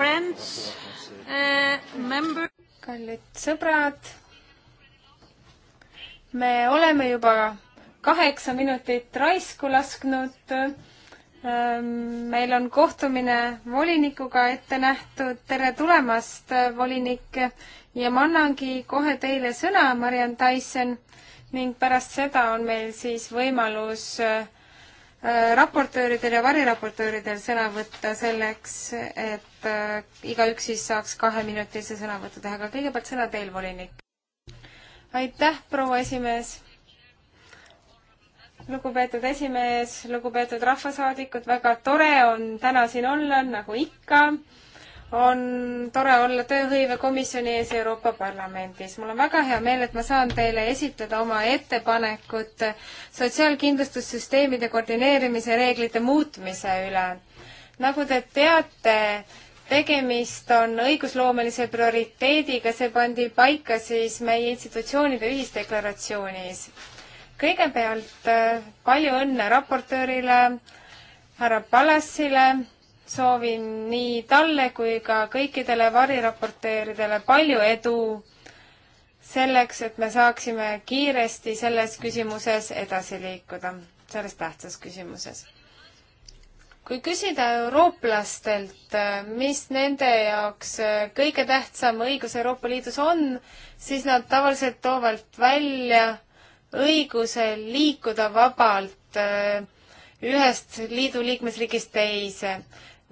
friends, uh, member. kallid sõbrad, me oleme juba kaheksa minutit raisku lasknud. Ähm, meil on kohtumine volinikuga ette nähtud. tere tulemast, volinik ja ma annangi kohe teile sõna, Mariann Tyson ning pärast seda on meil siis võimalus äh, Äh, raportööridel ja variraportööridel sõna võtta selleks, et äh, igaüks siis saaks kaheminutilise sõnavõttu teha, aga kõigepealt sõna teil, volinik. aitäh, proua esimees! lugupeetud esimees, lugupeetud rahvasaadikud, väga tore on täna siin olla, nagu ikka on tore olla tööhõivekomisjoni ees Euroopa Parlamendis. mul on väga hea meel, et ma saan teile esitleda oma ettepanekut sotsiaalkindlustussüsteemide koordineerimise reeglite muutmise üle. nagu te teate, tegemist on õigusloomelise prioriteediga, see pandi paika siis meie institutsioonide ühisdeklaratsioonis. kõigepealt äh, palju õnne raportöörile, härra Palasile soovin nii talle kui ka kõikidele variraporteeridele palju edu selleks, et me saaksime kiiresti selles küsimuses edasi liikuda, selles tähtsas küsimuses. kui küsida eurooplastelt, mis nende jaoks kõige tähtsam õigus Euroopa Liidus on, siis nad tavaliselt toovad välja õiguse liikuda vabalt ühest liidu liikmesriigist teise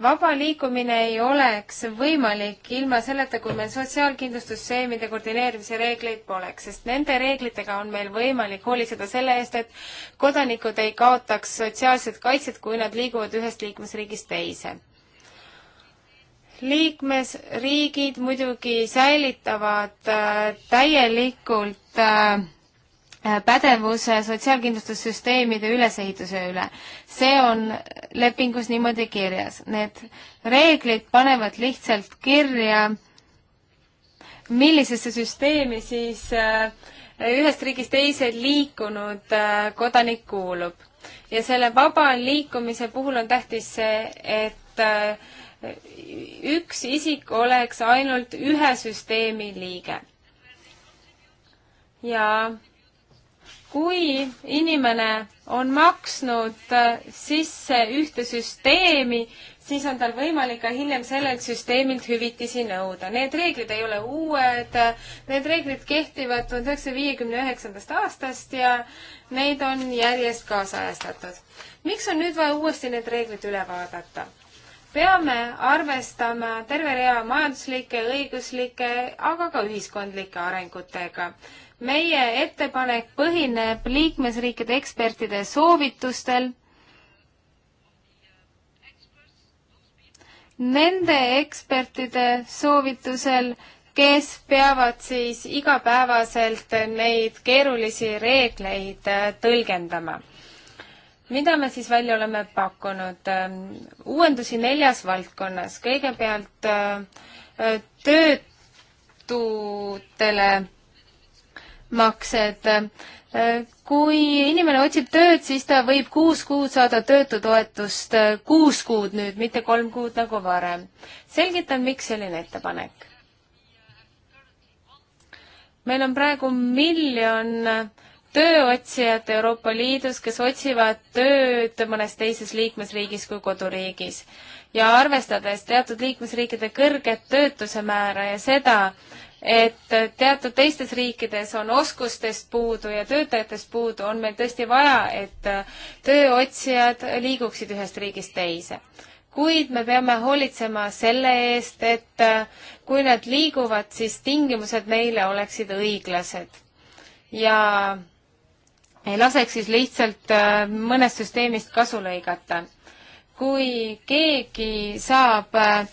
vaba liikumine ei oleks võimalik ilma selleta, kui meil sotsiaalkindlustussüsteemide koordineerimise reegleid poleks, sest nende reeglitega on meil võimalik hoolitseda selle eest, et kodanikud ei kaotaks sotsiaalset kaitset, kui nad liiguvad ühest liikmesriigist teise liikmesriigid muidugi säilitavad äh, täielikult äh, Äh, pädevuse sotsiaalkindlustussüsteemide ülesehituse üle. see on lepingus niimoodi kirjas. Need reeglid panevad lihtsalt kirja, millisesse süsteemi siis äh, ühest riigist teise liikunud äh, kodanik kuulub. ja selle vaba liikumise puhul on tähtis see, et üks isik oleks ainult ühe süsteemi liige. ja kui inimene on maksnud äh, sisse ühte süsteemi, siis on tal võimalik ka hiljem sellelt süsteemilt hüvitisi nõuda. Need reeglid ei ole uued, need reeglid kehtivad tuhande üheksasaja viiekümne üheksandast aastast ja neid on järjest kaasajastatud. miks on nüüd vaja uuesti need reeglid üle vaadata? peame arvestama terve rea majanduslike, õiguslike, aga ka ühiskondlike arengutega meie ettepanek põhineb liikmesriikide ekspertide soovitustel. Nende ekspertide soovitusel, kes peavad siis igapäevaselt neid keerulisi reegleid äh, tõlgendama. mida me siis välja oleme pakkunud? Ähm, uuendusi neljas valdkonnas, kõigepealt äh, äh, töötutele maksed. kui inimene otsib tööd, siis ta võib kuus kuud saada töötutoetust, kuus kuud nüüd, mitte kolm kuud nagu varem. selgitan, miks selline ettepanek. meil on praegu miljon tööotsijad Euroopa Liidus, kes otsivad tööd mõnes teises liikmesriigis kui koduriigis. ja arvestades teatud liikmesriikide kõrget töötuse määra ja seda, et teatud teistes riikides on oskustest puudu ja töötajatest puudu, on meil tõesti vaja, et tööotsijad liiguksid ühest riigist teise. kuid me peame hoolitsema selle eest, et kui nad liiguvad, siis tingimused neile oleksid õiglased. ja ei laseks siis lihtsalt äh, mõnest süsteemist kasu lõigata kui keegi saab äh,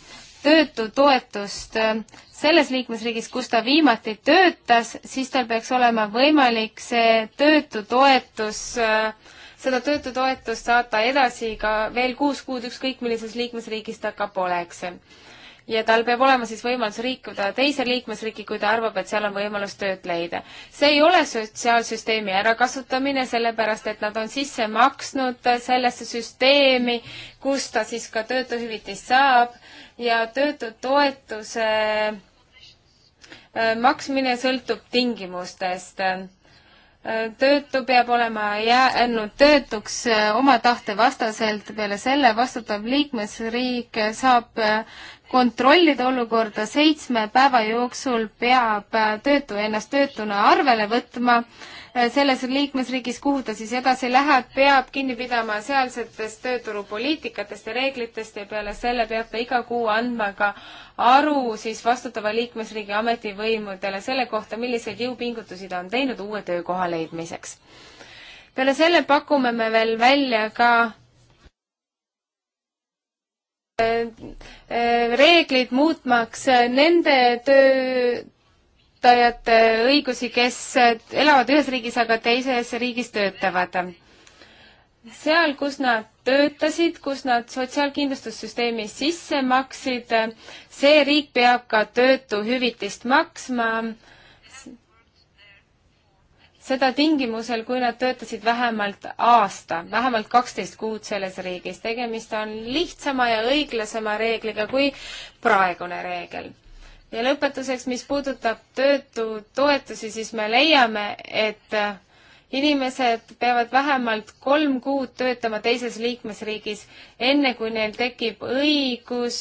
töötutoetust äh, selles liikmesriigis, kus ta viimati töötas, siis tal peaks olema võimalik see töötutoetus, äh, seda töötutoetust saata edasi ka veel kuus kuud, ükskõik millises liikmesriigis ta ka poleks ja tal peab olema siis võimalus liikuda teise liikmesriiki, kui ta arvab, et seal on võimalus tööd leida. see ei ole sotsiaalsüsteemi ärakasutamine, sellepärast et nad on sisse maksnud sellesse süsteemi, kus ta siis ka töötuhüvitist saab ja töötutoetuse äh, maksmine sõltub tingimustest äh, töötu peab olema jäänud töötuks äh, oma tahte vastaselt, peale selle vastutav liikmesriik saab kontrollida olukorda, seitsme päeva jooksul peab äh, töötu ennast töötuna arvele võtma, äh, selles liikmesriigis, kuhu ta siis edasi läheb, peab kinni pidama sealsetest tööturupoliitikatest ja reeglitest ja peale selle peab ta iga kuu andma ka aru siis vastutava liikmesriigi ametivõimudele selle kohta, milliseid jõupingutusi ta on teinud uue töökoha leidmiseks. peale selle pakume me veel välja ka Äh, äh, reeglid muutmaks nende töötajate õigusi, kes elavad ühes riigis, aga teises riigis töötavad. seal, kus nad töötasid, kus nad sotsiaalkindlustussüsteemi sisse maksid, see riik peab ka töötuhüvitist maksma seda tingimusel, kui nad töötasid vähemalt aasta, vähemalt kaksteist kuud selles riigis. tegemist on lihtsama ja õiglasema reegliga kui praegune reegel. ja lõpetuseks, mis puudutab töötutoetusi, siis me leiame, et inimesed peavad vähemalt kolm kuud töötama teises liikmesriigis, enne kui neil tekib õigus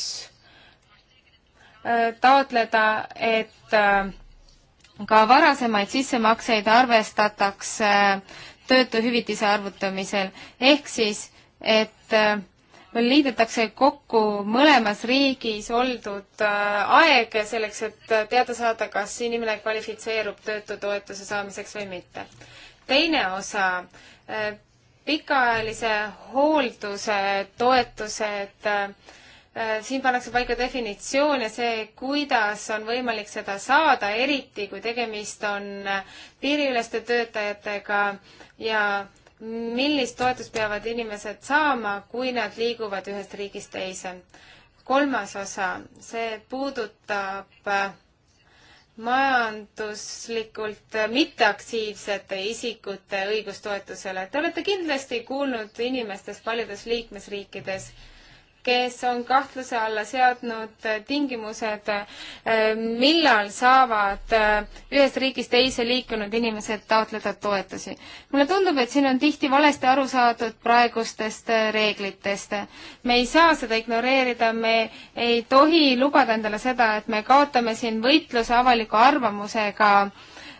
äh, taotleda, et äh, ka varasemaid sissemakseid arvestatakse töötuhüvitise arvutamisel, ehk siis, et äh, liidetakse kokku mõlemas riigis oldud äh, aeg selleks, et äh, teada saada, kas inimene kvalifitseerub töötutoetuse saamiseks või mitte. teine osa, pikaajalise hoolduse toetused äh, Äh, siin pannakse paika definitsioon ja see, kuidas on võimalik seda saada, eriti kui tegemist on äh, piiriüleste töötajatega ja millist toetust peavad inimesed saama, kui nad liiguvad ühest riigist teise. kolmas osa, see puudutab äh, majanduslikult mitteaktiivsete isikute õigustoetusele. Te olete kindlasti kuulnud inimestest paljudes liikmesriikides, kes on kahtluse alla seadnud tingimused, äh, millal saavad äh, ühest riigist teise liikunud inimesed taotleda toetusi. mulle tundub, et siin on tihti valesti aru saadud praegustest äh, reeglitest. me ei saa seda ignoreerida, me ei tohi lubada endale seda, et me kaotame siin võitluse avaliku arvamusega äh,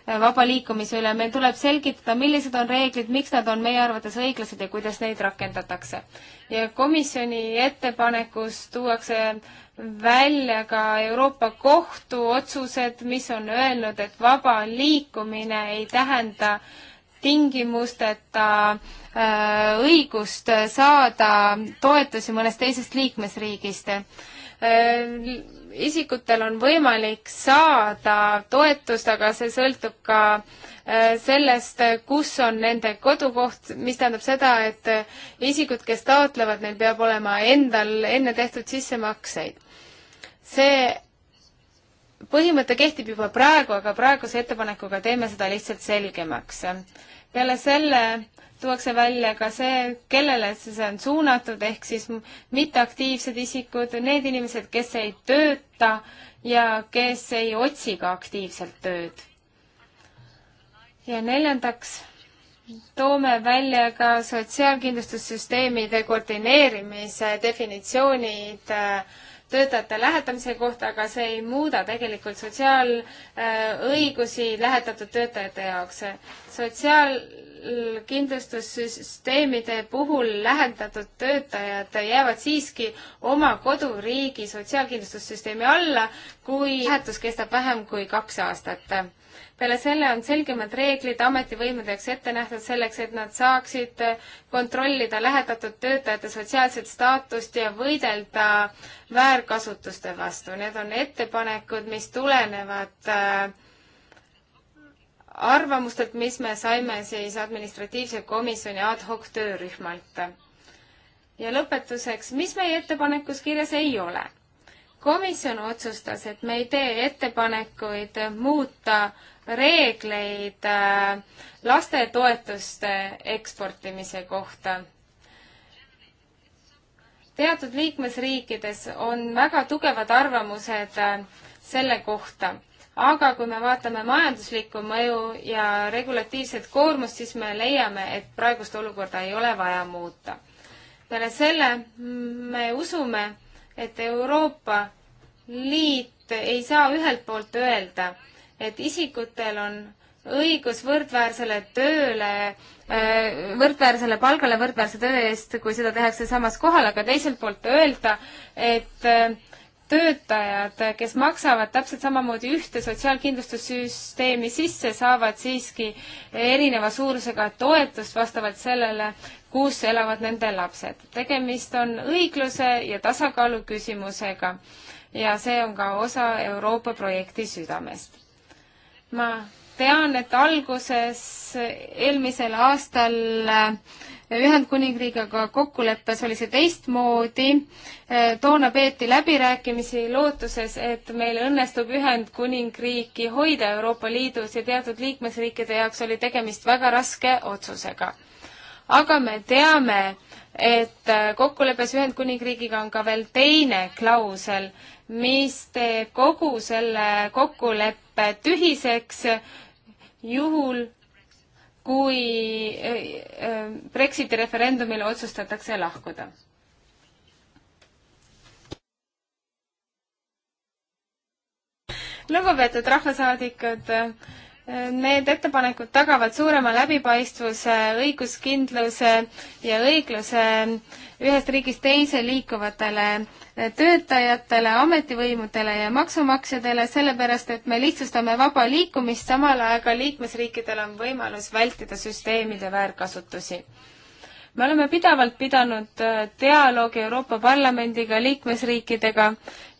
vaba liikumise üle, meil tuleb selgitada, millised on reeglid, miks nad on meie arvates õiglased ja kuidas neid rakendatakse. ja komisjoni ettepanekus tuuakse välja ka Euroopa Kohtu otsused, mis on öelnud, et vaba liikumine ei tähenda tingimusteta äh, õigust saada toetusi mõnest teisest liikmesriigist äh, isikutel on võimalik saada toetust, aga see sõltub ka äh, sellest, kus on nende kodukoht, mis tähendab seda, et äh, isikud, kes taotlevad, neil peab olema endal enne tehtud sissemakseid. see põhimõte kehtib juba praegu, aga praeguse ettepanekuga teeme seda lihtsalt selgemaks. peale selle tuuakse välja ka see, kellele see on suunatud, ehk siis mitteaktiivsed isikud, need inimesed, kes ei tööta ja kes ei otsi ka aktiivselt tööd. ja neljandaks toome välja ka sotsiaalkindlustussüsteemide koordineerimise definitsioonid äh, töötajate lähetamise kohta, aga see ei muuda tegelikult sotsiaalõigusi lähetatud töötajate jaoks. sotsiaal, kindlustussüsteemide puhul lähendatud töötajad jäävad siiski oma koduriigi sotsiaalkindlustussüsteemi alla, kui lähetus kestab vähem kui kaks aastat. peale selle on selgemad reeglid ametivõimudeks ette nähtud selleks, et nad saaksid kontrollida lähetatud töötajate sotsiaalset staatust ja võidelda väärkasutuste vastu. Need on ettepanekud, mis tulenevad äh, arvamustelt, mis me saime siis administratiivse komisjoni ad hoc töörühmalt. ja lõpetuseks, mis meie ettepanekus kirjas ei ole? komisjon otsustas, et me ei tee ettepanekuid muuta reegleid äh, lastetoetuste eksportimise kohta teatud liikmesriikides on väga tugevad arvamused äh, selle kohta aga kui me vaatame majanduslikku mõju ja regulatiivset koormust, siis me leiame, et praegust olukorda ei ole vaja muuta. peale selle me usume, et Euroopa Liit ei saa ühelt poolt öelda, et isikutel on õigus võrdväärsele tööle, äh, võrdväärsele palgale võrdväärse töö eest, kui seda tehakse samas kohal, aga teiselt poolt öelda, et äh, töötajad, kes maksavad täpselt samamoodi ühte sotsiaalkindlustussüsteemi sisse, saavad siiski erineva suurusega toetust vastavalt sellele, kus elavad nende lapsed. tegemist on õigluse ja tasakaalu küsimusega ja see on ka osa Euroopa projekti südamest. ma tean, et alguses eelmisel aastal äh, Ühendkuningriigiga kokkuleppes oli see teistmoodi. Eh, toona peeti läbirääkimisi lootuses, et meil õnnestub Ühendkuningriiki hoida Euroopa Liidus ja teatud liikmesriikide jaoks oli tegemist väga raske otsusega. aga me teame, et eh, kokkuleppes Ühendkuningriigiga on ka veel teine klausel, mis teeb kogu selle kokkuleppe tühiseks juhul, kui eh, eh, Brexiti referendumil otsustatakse lahkuda. lugupeetud rahvasaadikud, Need ettepanekud tagavad suurema läbipaistvuse, õiguskindluse ja õigluse ühest riigist teise liikuvatele töötajatele, ametivõimudele ja maksumaksjadele, sellepärast et me lihtsustame vaba liikumist, samal ajal liikmesriikidel on võimalus vältida süsteemide väärkasutusi me oleme pidevalt pidanud äh, dialoogi Euroopa Parlamendiga, liikmesriikidega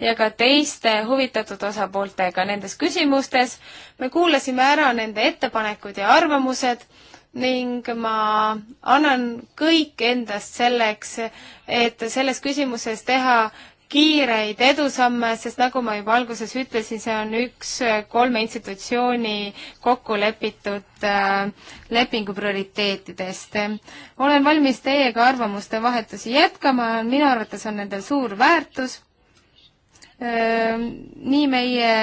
ja ka teiste huvitatud osapooltega nendes küsimustes. me kuulasime ära nende ettepanekud ja arvamused ning ma annan kõik endast selleks, et selles küsimuses teha kiireid edusamme, sest nagu ma juba alguses ütlesin, see on üks kolme institutsiooni kokku lepitud äh, lepingu prioriteetidest. olen valmis teiega arvamuste vahetusi jätkama, minu arvates on nendel suur väärtus äh, nii meie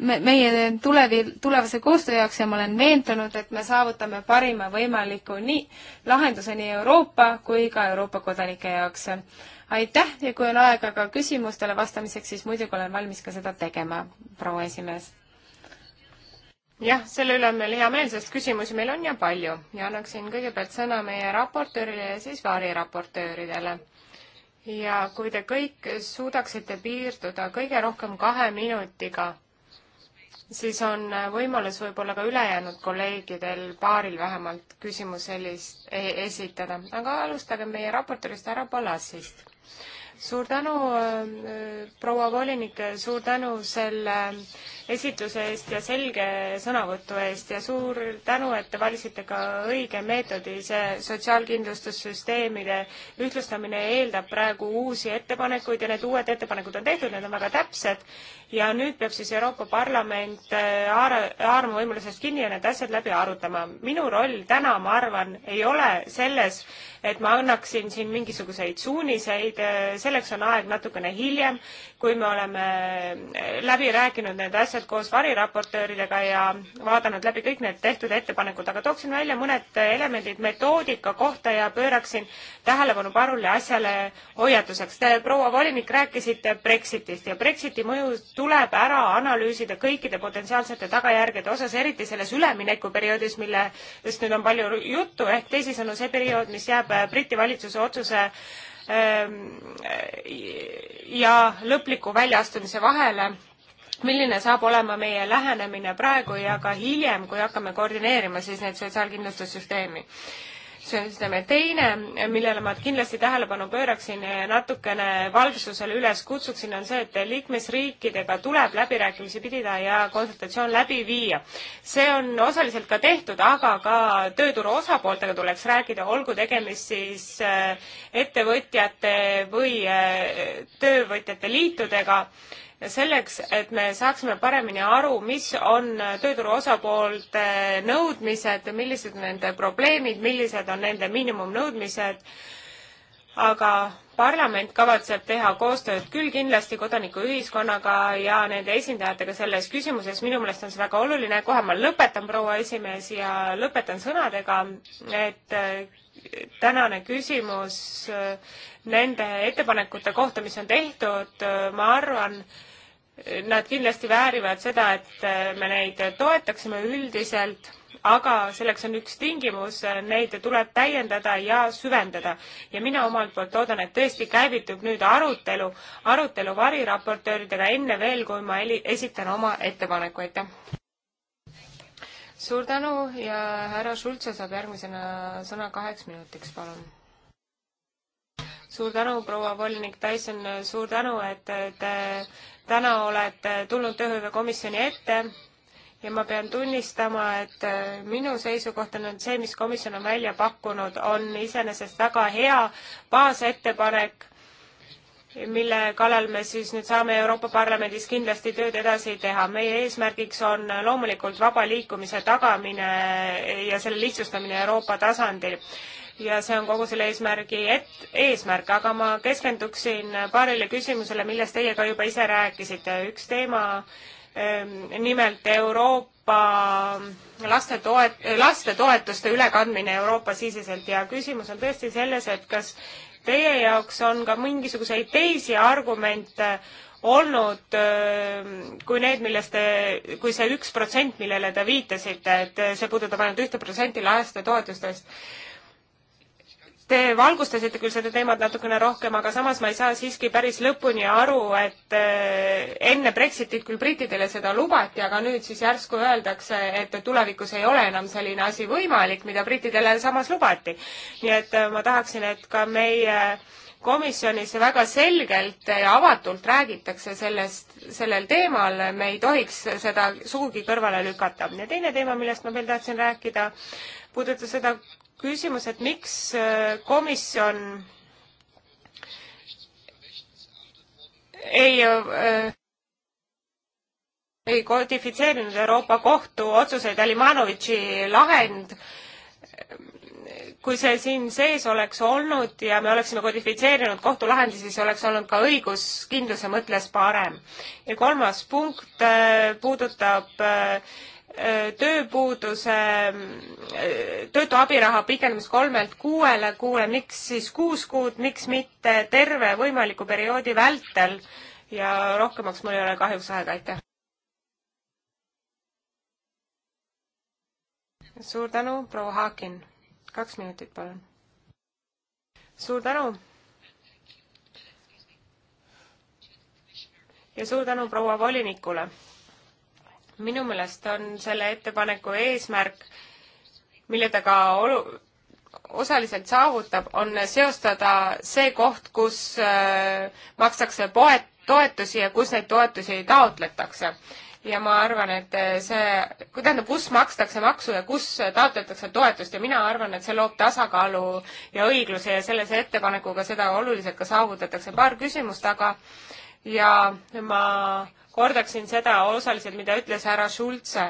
me, meie tulevi, tulevase koostöö jaoks ja ma olen veendunud, et me saavutame parima võimaliku nii lahenduse nii Euroopa kui ka Euroopa kodanike jaoks. aitäh ja kui on aega ka küsimustele vastamiseks, siis muidugi olen valmis ka seda tegema, proua esimees. jah, selle üle on meil hea meel, sest küsimusi meil on ja palju ja annaksin kõigepealt sõna meie raportöörile ja siis variraportööridele ja kui te kõik suudaksite piirduda kõige rohkem kahe minutiga siis on äh, võimalus võib-olla ka ülejäänud kolleegidel, paaril vähemalt, küsimus sellist e esitada. aga alustage meie raportöörist härra Palasist. suur tänu, äh, äh, proua volinik, suur tänu selle äh, esitluse eest ja selge sõnavõtu eest ja suur tänu, et te valisite ka õige meetodi, see sotsiaalkindlustussüsteemide ühtlustamine eeldab praegu uusi ettepanekuid ja need uued ettepanekud on tehtud, need on väga täpsed ja nüüd peab siis Euroopa Parlament haara-, äh, haarama võimalusest kinni ja need asjad läbi arutama. minu roll täna, ma arvan, ei ole selles, et ma annaksin siin mingisuguseid suuniseid, äh, selleks on aeg natukene hiljem, kui me oleme äh, läbi rääkinud need asjad, täpselt koos variraportööridega ja vaadanud läbi kõik need tehtud ettepanekud, aga tooksin välja mõned elemendid metoodika kohta ja pööraksin tähelepanu paarule asjale hoiatuseks. Te, proua volinik, rääkisite Brexitist ja Brexiti mõju tuleb ära analüüsida kõikide potentsiaalsete tagajärgede osas, eriti selles üleminekuperioodis, millest nüüd on palju juttu, ehk teisisõnu see periood, mis jääb Briti valitsuse otsuse ähm, ja lõpliku väljaastumise vahele milline saab olema meie lähenemine praegu ja ka hiljem, kui hakkame koordineerima siis neid sotsiaalkindlustussüsteemi. see on süsteemi teine, millele ma kindlasti tähelepanu pööraksin ja natukene valgsusele üles kutsuksin, on see, et liikmesriikidega tuleb läbirääkimisi pidada ja konsultatsioon läbi viia. see on osaliselt ka tehtud, aga ka tööturu osapooltega tuleks rääkida, olgu tegemist siis äh, ettevõtjate või äh, töövõtjate liitudega selleks, et me saaksime paremini aru, mis on tööturu osapoolte nõudmised, millised on nende probleemid, millised on nende miinimumnõudmised, aga parlament kavatseb teha koostööd küll kindlasti kodanikuühiskonnaga ja nende esindajatega selles küsimuses, minu meelest on see väga oluline, kohe ma lõpetan, proua esimees, ja lõpetan sõnadega, et äh, tänane küsimus äh, nende ettepanekute kohta, mis on tehtud, äh, ma arvan, Nad kindlasti väärivad seda, et äh, me neid toetaksime üldiselt, aga selleks on üks tingimus, äh, neid tuleb täiendada ja süvendada. ja mina omalt poolt loodan, et tõesti käivitub nüüd arutelu, arutelu variraportööridega enne veel, kui ma esitan oma ettepaneku, aitäh! suur tänu ja härra Schultze saab järgmisena sõna kaheks minutiks, palun suur tänu, proua volinik Tyson, suur tänu, et te täna oled tulnud tööhõivekomisjoni ette ja ma pean tunnistama, et äh, minu seisukoht on, et see, mis komisjon on välja pakkunud, on iseenesest väga hea baasettepanek, mille kallal me siis nüüd saame Euroopa Parlamendis kindlasti tööd edasi teha. meie eesmärgiks on loomulikult vaba liikumise tagamine ja selle lihtsustamine Euroopa tasandil ja see on kogu selle eesmärgi et-, eesmärk, aga ma keskenduksin paarile küsimusele, millest teie ka juba ise rääkisite. üks teema, ähm, nimelt Euroopa laste toet-, laste toetuste ülekandmine Euroopa-siseselt ja küsimus on tõesti selles, et kas teie jaoks on ka mingisuguseid teisi argumente olnud ähm, kui need, millest te, kui see üks protsent, millele te viitasite, et see puudutab ainult ühte protsenti laste toetustest Te valgustasite küll seda teemat natukene rohkem, aga samas ma ei saa siiski päris lõpuni aru, et äh, enne Brexitit küll brittidele seda lubati, aga nüüd siis järsku öeldakse, et tulevikus ei ole enam selline asi võimalik, mida brittidele samas lubati. nii et äh, ma tahaksin, et ka meie komisjonis väga selgelt ja avatult räägitakse sellest, sellel teemal, me ei tohiks seda sugugi kõrvale lükata. ja teine teema, millest ma veel tahtsin rääkida, puudutas seda, küsimus, et miks äh, komisjon ei äh, ei kodifitseerinud Euroopa Kohtu otsuseid Alimanovitši lahend, kui see siin sees oleks olnud ja me oleksime kodifitseerinud kohtulahendi, siis oleks olnud ka õiguskindluse mõttes parem. ja kolmas punkt äh, puudutab tööpuuduse, töötu abiraha pikendamist kolmelt kuuele kuule, miks siis kuus kuud, miks mitte terve võimaliku perioodi vältel ja rohkemaks mul ei ole kahjuks aega, aitäh. suur tänu, proua Haakin. kaks minutit, palun. suur tänu. ja suur tänu proua volinikule minu meelest on selle ettepaneku eesmärk, mille ta ka olu-, osaliselt saavutab, on seostada see koht, kus äh, makstakse poet-, toetusi ja kus neid toetusi taotletakse. ja ma arvan, et äh, see, kui tähendab, kus makstakse maksu ja kus taotletakse toetust ja mina arvan, et see loob tasakaalu ja õigluse ja sellise ettepanekuga seda oluliselt ka saavutatakse. paar küsimust aga ja ma kordaksin seda osaliselt, mida ütles härra Schulze.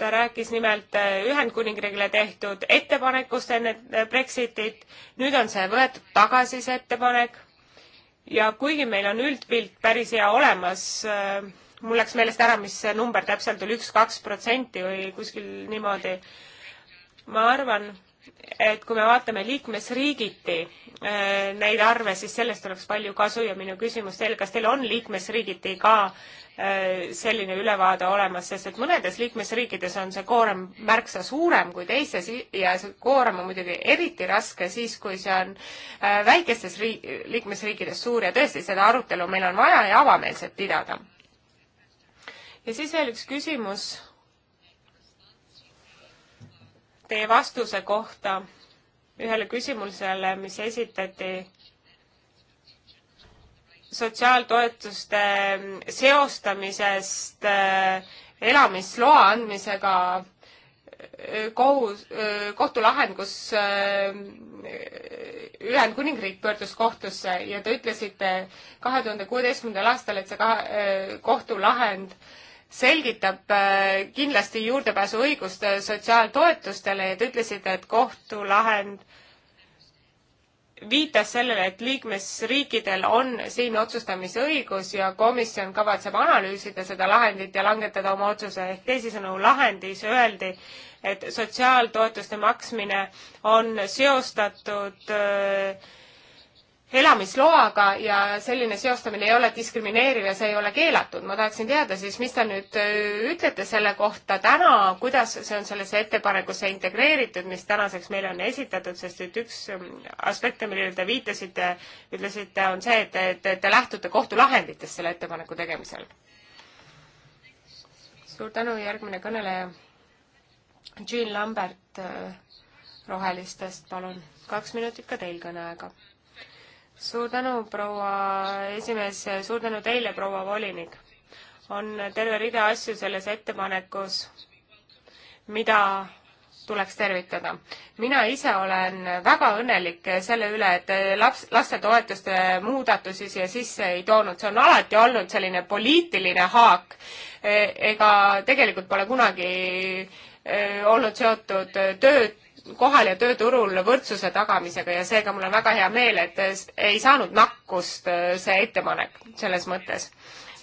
ta rääkis nimelt eh, Ühendkuningriigile tehtud ettepanekust enne eh, Brexitit, nüüd on see võetud tagasi, see ettepanek, ja kuigi meil on üldpilt päris hea olemas, eh, mul läks meelest ära, mis see number täpselt oli, üks-kaks protsenti või kuskil niimoodi, ma arvan, et kui me vaatame liikmesriigiti eh, neid arve, siis sellest oleks palju kasu ja minu küsimus teile, kas teil on liikmesriigiti ka eh, selline ülevaade olemas, sest et mõnedes liikmesriikides on see koorem märksa suurem kui teistes ja see koorem on muidugi eriti raske siis, kui see on eh, väikestes riik, liikmesriikides suur ja tõesti, seda arutelu meil on vaja ja avameelselt pidada. ja siis veel üks küsimus teie vastuse kohta ühele küsimusele, mis esitati sotsiaaltoetuste seostamisest äh, elamisloa andmisega äh, kohus, äh, kohtulahend, kus Ühendkuningriik pöördus kohtusse ja te ütlesite kahe tuhande kuueteistkümnendal aastal, et see kahe, kohtulahend selgitab äh, kindlasti juurdepääsuõigust äh, sotsiaaltoetustele ja te ütlesite, et kohtulahend viitas sellele, et liikmesriikidel on siin otsustamisõigus ja komisjon kavatseb analüüsida seda lahendit ja langetada oma otsuse, ehk teisisõnu lahendis öeldi, et sotsiaaltoetuste maksmine on seostatud öö, äh, elamisloaga ja selline seostamine ei ole diskrimineeriv ja see ei ole keelatud. ma tahaksin teada siis, mis te nüüd ütlete selle kohta täna, kuidas see on sellesse ettepanekusse integreeritud, mis tänaseks meile on esitatud, sest et üks aspekte, millele te viitasite, ütlesite, on see, et, et te, te lähtute kohtulahenditest selle ettepaneku tegemisel. suur tänu, järgmine kõneleja. Jean Lambert Rohelistest, palun. kaks minutit ka teil kõneaega suur tänu, proua esimees, suur tänu teile, proua volinik. on terve rida asju selles ettepanekus, mida tuleks tervitada. mina ise olen väga õnnelik selle üle, et laps, lastetoetuste muudatusi siia sisse ei toonud, see on alati olnud selline poliitiline haak. E, ega tegelikult pole kunagi e, olnud seotud tööd kohal ja tööturul võrdsuse tagamisega ja seega mul on väga hea meel, et ei saanud nakkust äh, see ettepanek selles mõttes.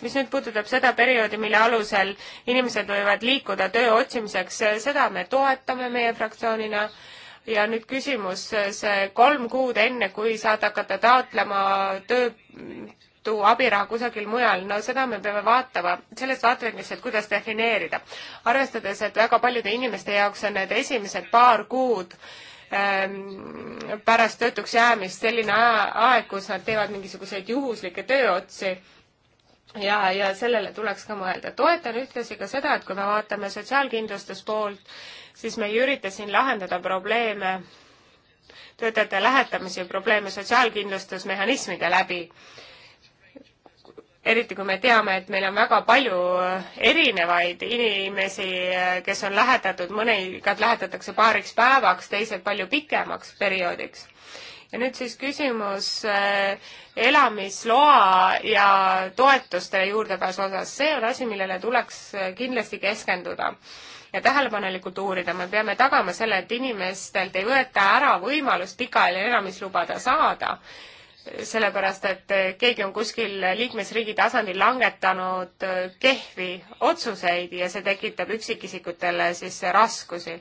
mis nüüd puudutab seda perioodi, mille alusel inimesed võivad liikuda töö otsimiseks, äh, seda me toetame meie fraktsioonina ja nüüd küsimus, äh, see kolm kuud enne, kui saad hakata taotlema töö, tuua abiraha kusagil mujal, no seda me peame vaatama sellest vaatevinklist, et kuidas defineerida. arvestades, et väga paljude inimeste jaoks on need esimesed paar kuud ähm, pärast töötuks jäämist selline aeg, kus nad teevad mingisuguseid juhuslikke tööotsi ja, ja sellele tuleks ka mõelda. toetan ühtlasi ka seda, et kui me vaatame sotsiaalkindlustuspoolt, siis me ei ürita siin lahendada probleeme, töötajate lähetamise probleeme sotsiaalkindlustusmehhanismide läbi eriti kui me teame, et meil on väga palju äh, erinevaid inimesi, äh, kes on lähetatud, mõningad lähetatakse paariks päevaks, teised palju pikemaks perioodiks. ja nüüd siis küsimus äh, elamisloa ja toetuste juurdepääsu osas, see on asi, millele tuleks kindlasti keskenduda ja tähelepanelikult uurida, me peame tagama selle, et inimestelt ei võeta ära võimalust pikaajaline elamislubada saada sellepärast et keegi on kuskil liikmesriigi tasandil langetanud kehvi otsuseid ja see tekitab üksikisikutele siis raskusi.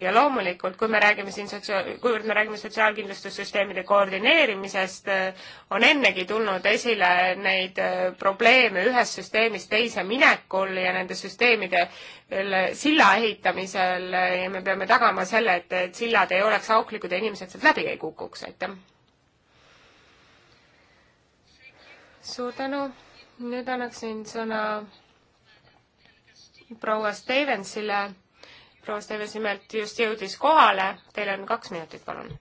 ja loomulikult, kui me räägime siin sotsio-, kuivõrd me räägime sotsiaalkindlustussüsteemide koordineerimisest, on ennegi tulnud esile neid probleeme ühest süsteemist teise minekul ja nende süsteemide silla ehitamisel ja me peame tagama selle, et, et sillad ei oleks auklikud ja inimesed sealt läbi ei kukuks, aitäh suur tänu, nüüd annaksin sõna proua Stevensile, proua Stevens nimelt just jõudis kohale, teil on kaks minutit, palun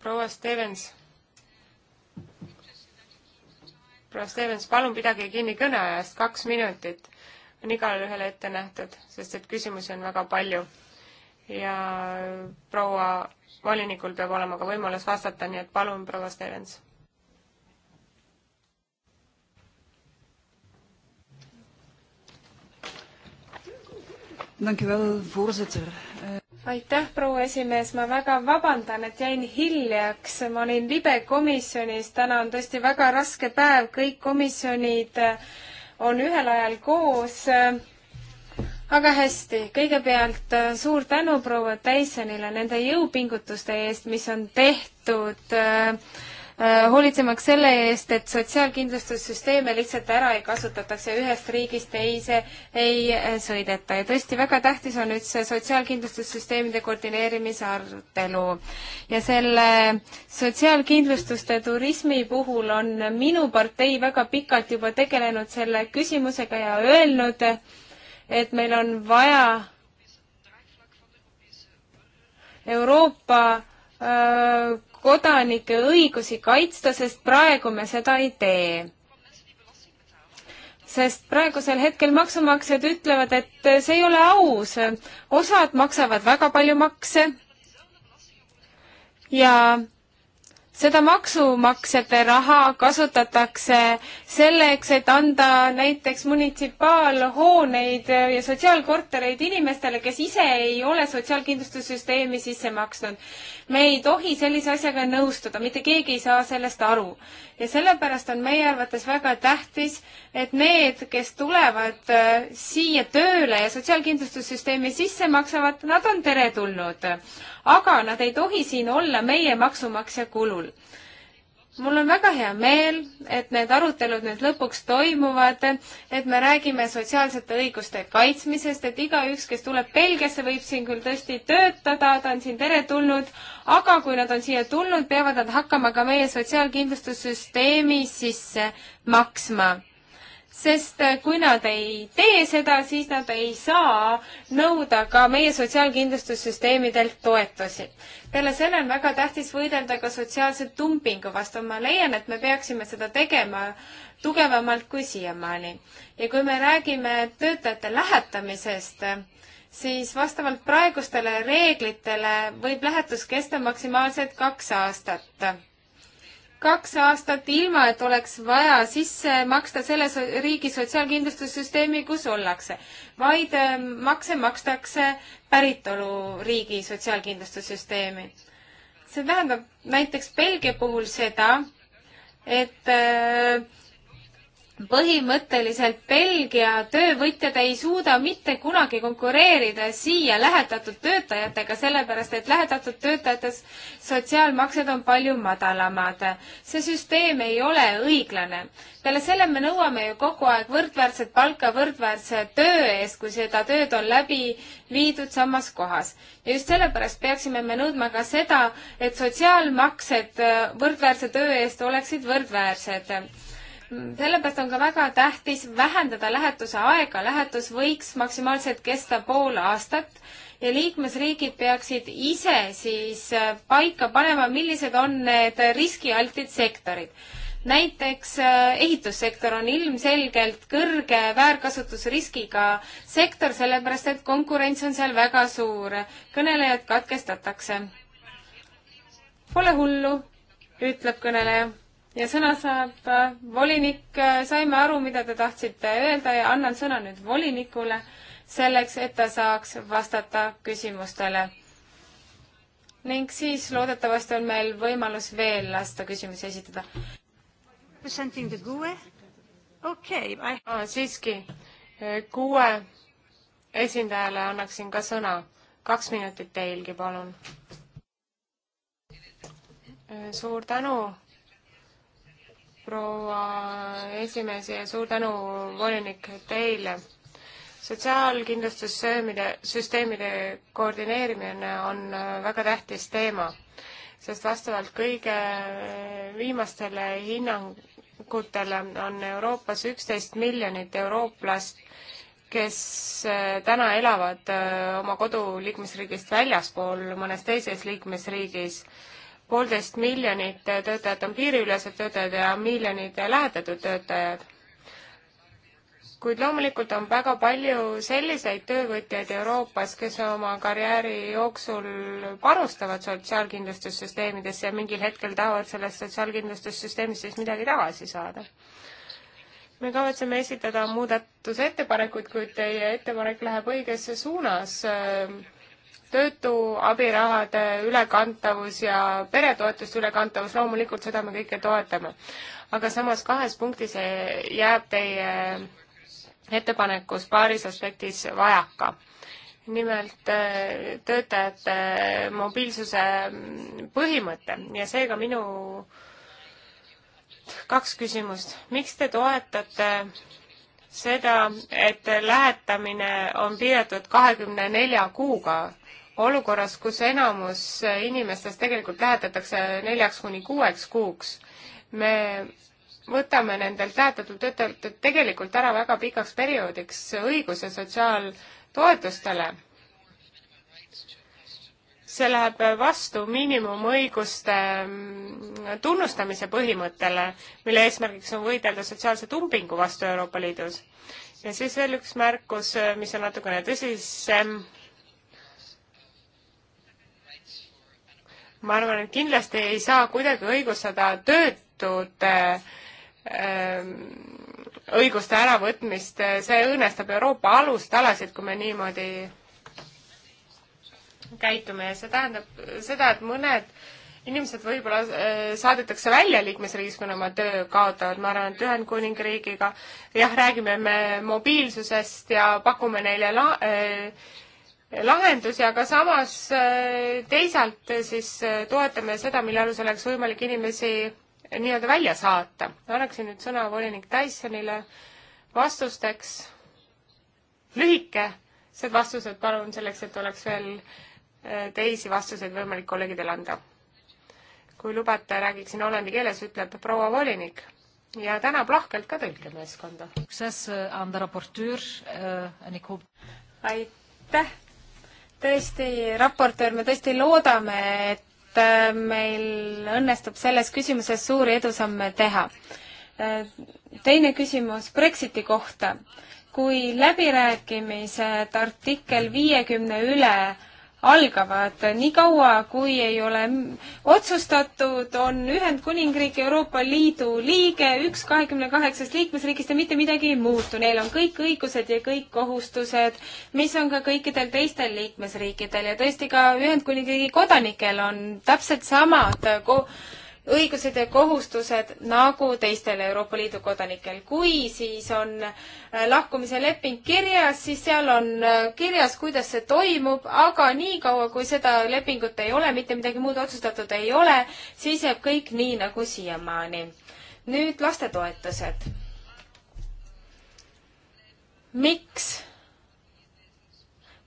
proua Stevens. proua Stevens, palun pidage kinni kõneajast, kaks minutit on igale ühele ette nähtud, sest et küsimusi on väga palju. ja proua volinikul peab olema ka võimalus vastata, nii et palun, proua Stevens. Dank u wel, voorzitter aitäh, proua esimees, ma väga vabandan, et jäin hiljaks, ma olin libe komisjonis, täna on tõesti väga raske päev, kõik komisjonid eh, on ühel ajal koos. aga hästi, kõigepealt eh, suur tänu proua Tysonile nende jõupingutuste eest, mis on tehtud äh, Äh, hoolitsemaks selle eest, et sotsiaalkindlustussüsteeme lihtsalt ära ei kasutataks ja ühest riigist teise ei äh, sõideta ja tõesti väga tähtis on nüüd see sotsiaalkindlustussüsteemide koordineerimise arutelu. ja selle sotsiaalkindlustuste turismi puhul on minu partei väga pikalt juba tegelenud selle küsimusega ja öelnud, et meil on vaja Euroopa öö, äh, kodanike õigusi kaitsta, sest praegu me seda ei tee sest praegusel hetkel maksumaksjad ütlevad, et see ei ole aus. osad maksavad väga palju makse ja seda maksumaksjate raha kasutatakse selleks, et anda näiteks munitsipaalhooneid ja sotsiaalkortereid inimestele, kes ise ei ole sotsiaalkindlustussüsteemi sisse maksnud. me ei tohi sellise asjaga nõustuda, mitte keegi ei saa sellest aru. ja sellepärast on meie arvates väga tähtis, et need, kes tulevad äh, siia tööle ja sotsiaalkindlustussüsteemi sisse maksavad, nad on teretulnud aga nad ei tohi siin olla meie maksumaksja kulul. mul on väga hea meel, et need arutelud nüüd lõpuks toimuvad, et me räägime sotsiaalsete õiguste kaitsmisest, et igaüks, kes tuleb Belgiasse, võib siin küll tõesti töötada, ta on siin teretulnud, aga kui nad on siia tulnud, peavad nad hakkama ka meie sotsiaalkindlustussüsteemi sisse maksma sest eh, kui nad ei tee seda, siis nad ei saa nõuda ka meie sotsiaalkindlustussüsteemidelt toetusi. peale selle on väga tähtis võidelda ka sotsiaalse dumpingu vastu. ma leian, et me peaksime seda tegema tugevamalt kui siiamaani. ja kui me räägime töötajate lähetamisest, siis vastavalt praegustele reeglitele võib lähetus kesta maksimaalselt kaks aastat kaks aastat ilma, et oleks vaja sisse maksta selles riigi sotsiaalkindlustussüsteemi, kus ollakse, vaid ähm, makse makstakse päritoluriigi sotsiaalkindlustussüsteemi. see tähendab näiteks Belgia puhul seda, et äh, põhimõtteliselt Belgia töövõtjad ei suuda mitte kunagi konkureerida siia lähetatud töötajatega, sellepärast et lähetatud töötajates sotsiaalmaksed on palju madalamad. see süsteem ei ole õiglane. peale selle me nõuame ju kogu aeg võrdväärset palka võrdväärse töö eest, kui seda tööd on läbi viidud samas kohas. ja just sellepärast peaksime me nõudma ka seda, et sotsiaalmaksed võrdväärse töö eest oleksid võrdväärsed sellepärast on ka väga tähtis vähendada lähetuse aega, lähetus võiks maksimaalselt kesta pool aastat ja liikmesriigid peaksid ise siis äh, paika panema, millised on need riskialtid sektorid. näiteks äh, ehitussektor on ilmselgelt kõrge väärkasutusriskiga sektor, sellepärast et konkurents on seal väga suur. kõnelejad katkestatakse. Pole hullu, ütleb kõneleja ja sõna saab äh, volinik, äh, saime aru, mida te tahtsite öelda ja annan sõna nüüd volinikule selleks, et ta saaks vastata küsimustele. ning siis loodetavasti on meil võimalus veel lasta küsimusi esitada. E? Okay, I... ah, siiski, kuue äh, esindajale annaksin ka sõna. kaks minutit teilgi, palun. suur tänu proua esimees ja suur tänu, volinik, teile. sotsiaalkindlustussöömide, süsteemide koordineerimine on äh, väga tähtis teema, sest vastavalt kõige äh, viimastele hinnangutele on Euroopas üksteist miljonit eurooplast, kes äh, täna elavad oma kodu liikmesriigist väljaspool mõnes teises liikmesriigis poolteist miljonit töötajat on piiriülesed töötajad ja miljonid lähetatud töötajad. kuid loomulikult on väga palju selliseid töövõtjaid Euroopas, kes oma karjääri jooksul panustavad sotsiaalkindlustussüsteemidesse ja mingil hetkel tahavad sellest sotsiaalkindlustussüsteemist siis midagi tagasi saada. me kavatseme esitada muudatusettepanekuid, kuid teie ettepanek läheb õigesse suunas äh, töötu abirahade ülekantavus ja peretoetuste ülekantavus, loomulikult seda me kõike toetame. aga samas kahes punktis jääb teie ettepanekus paaris aspektis vajaka. nimelt äh, töötajate mobiilsuse põhimõte ja seega minu kaks küsimust. miks te toetate seda, et lähetamine on piiratud kahekümne nelja kuuga olukorras, kus enamus inimestest tegelikult lähetatakse neljaks kuni kuueks kuuks, me võtame nendelt lähetatud töötajatelt tegelikult ära väga pikaks perioodiks õiguse sotsiaaltoetustele. see läheb vastu miinimumõiguste mm, tunnustamise põhimõttele, mille eesmärgiks on võidelda sotsiaalse tumpingu vastu Euroopa Liidus. ja siis veel üks märkus, mis on natukene tõsisem ähm, ma arvan, et kindlasti ei saa kuidagi õigustada töötute ähm, õiguste äravõtmist, see õõnestab Euroopa alustalasid, kui me niimoodi käitume ja see tähendab seda, et mõned inimesed võib-olla äh, saadetakse välja liikmesriigis, kui nad oma töö kaotavad, ma arvan, et Ühendkuningriigiga jah, räägime me mobiilsusest ja pakume neile la-, äh, lahendusi, aga samas äh, teisalt äh, siis äh, toetame seda, mille alusel oleks võimalik inimesi nii-öelda välja saata. annaksin nüüd sõna volinik Tysonile vastusteks. lühikesed vastused palun, selleks et oleks veel teisi vastuseid võimalik kolleegidele anda. kui lubate, räägiksin hollandi keeles, ütleb proua volinik ja tänab lahkelt ka tõlkemeeskonda. aitäh tõesti, raportöör, me tõesti loodame, et äh, meil õnnestub selles küsimuses suuri edusamme teha. Äh, teine küsimus Brexiti kohta. kui läbirääkimised artikkel viiekümne üle algavad. niikaua, kui ei ole otsustatud, on Ühendkuningriik Euroopa Liidu liige, üks kahekümne kaheksast liikmesriigist ja mitte midagi ei muutu. Neil on kõik õigused ja kõik kohustused, mis on ka kõikidel teistel liikmesriikidel ja tõesti ka Ühendkuningriigi kodanikel on täpselt samad ko-, õigused ja kohustused nagu teistel Euroopa Liidu kodanikel. kui siis on äh, lahkumise leping kirjas, siis seal on äh, kirjas, kuidas see toimub, aga niikaua, kui seda lepingut ei ole, mitte midagi muud otsustatud ei ole, siis jääb kõik nii nagu siiamaani. nüüd lastetoetused. miks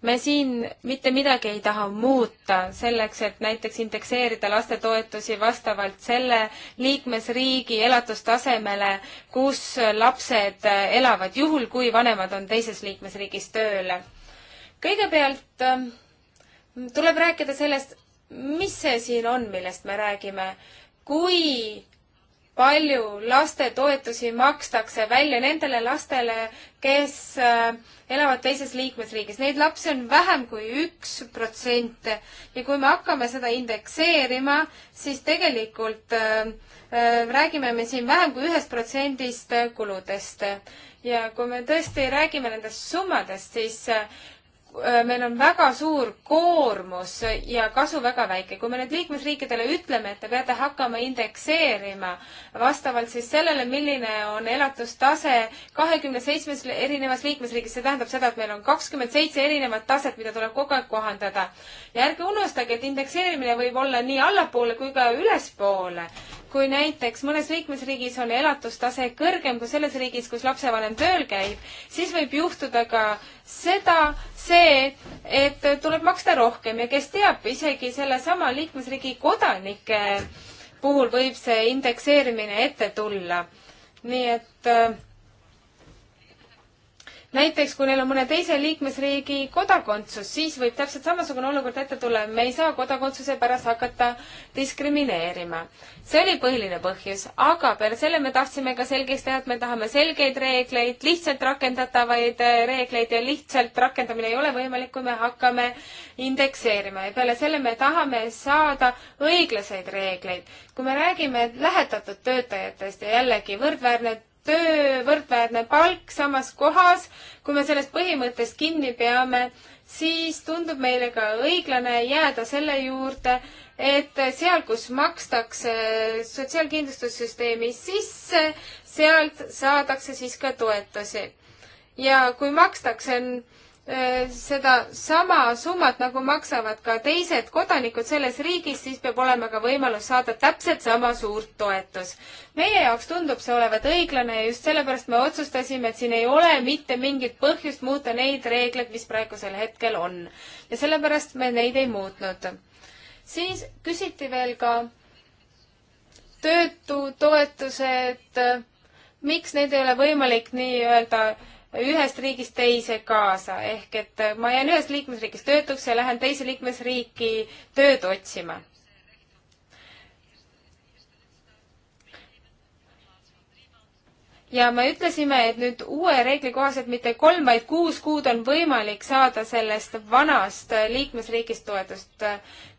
me siin mitte midagi ei taha muuta selleks, et näiteks indekseerida lastetoetusi vastavalt selle liikmesriigi elatustasemele, kus lapsed elavad, juhul kui vanemad on teises liikmesriigis tööl. kõigepealt ähm, tuleb rääkida sellest, mis see siin on, millest me räägime. kui palju lastetoetusi makstakse välja nendele lastele, kes äh, elavad teises liikmesriigis. Neid lapsi on vähem kui üks protsent ja kui me hakkame seda indekseerima, siis tegelikult äh, äh, räägime me siin vähem kui ühest protsendist kuludest. ja kui me tõesti räägime nendest summadest, siis äh, Äh, meil on väga suur koormus ja kasu väga väike. kui me nüüd liikmesriikidele ütleme, et te peate hakkama indekseerima vastavalt siis sellele, milline on elatustase kahekümne seitsmes erinevas liikmesriigis, see tähendab seda, et meil on kakskümmend seitse erinevat taset, mida tuleb kogu aeg kohandada. ja ärge unustage, et indekseerimine võib olla nii allapoole kui ka ülespoole kui näiteks mõnes liikmesriigis on elatustase kõrgem kui selles riigis, kus lapsevanem tööl käib, siis võib juhtuda ka seda, see, et tuleb maksta rohkem ja kes teab, isegi sellesama liikmesriigi kodanike puhul võib see indekseerimine ette tulla. nii et äh, näiteks kui neil on mõne teise liikmesriigi kodakondsus, siis võib täpselt samasugune olukord ette tulla, me ei saa kodakondsuse pärast hakata diskrimineerima. see oli põhiline põhjus, aga peale selle me tahtsime ka selgeks teha, et me tahame selgeid reegleid, lihtsalt rakendatavaid eh, reegleid ja lihtsalt rakendamine ei ole võimalik, kui me hakkame indekseerima ja peale selle me tahame saada õiglaseid reegleid. kui me räägime lähetatud töötajatest ja jällegi võrdväärne töö, võrdväärne palk samas kohas, kui me sellest põhimõttest kinni peame, siis tundub meile ka õiglane jääda selle juurde, et seal, kus makstakse sotsiaalkindlustussüsteemi sisse, sealt saadakse siis ka toetusi. ja kui makstakse Äh, seda sama summat, nagu maksavad ka teised kodanikud selles riigis, siis peab olema ka võimalus saada täpselt sama suurt toetus. meie jaoks tundub see olevat õiglane ja just sellepärast me otsustasime, et siin ei ole mitte mingit põhjust muuta neid reegleid, mis praegusel hetkel on. ja sellepärast me neid ei muutnud. siis küsiti veel ka töötutoetused, miks neid ei ole võimalik nii-öelda ühest riigist teise kaasa, ehk et ma jään ühes liikmesriigis töötuks ja lähen teise liikmesriiki tööd otsima. ja me ütlesime, et nüüd uue reegli kohaselt mitte kolm, vaid kuus kuud on võimalik saada sellest vanast liikmesriigist toetust.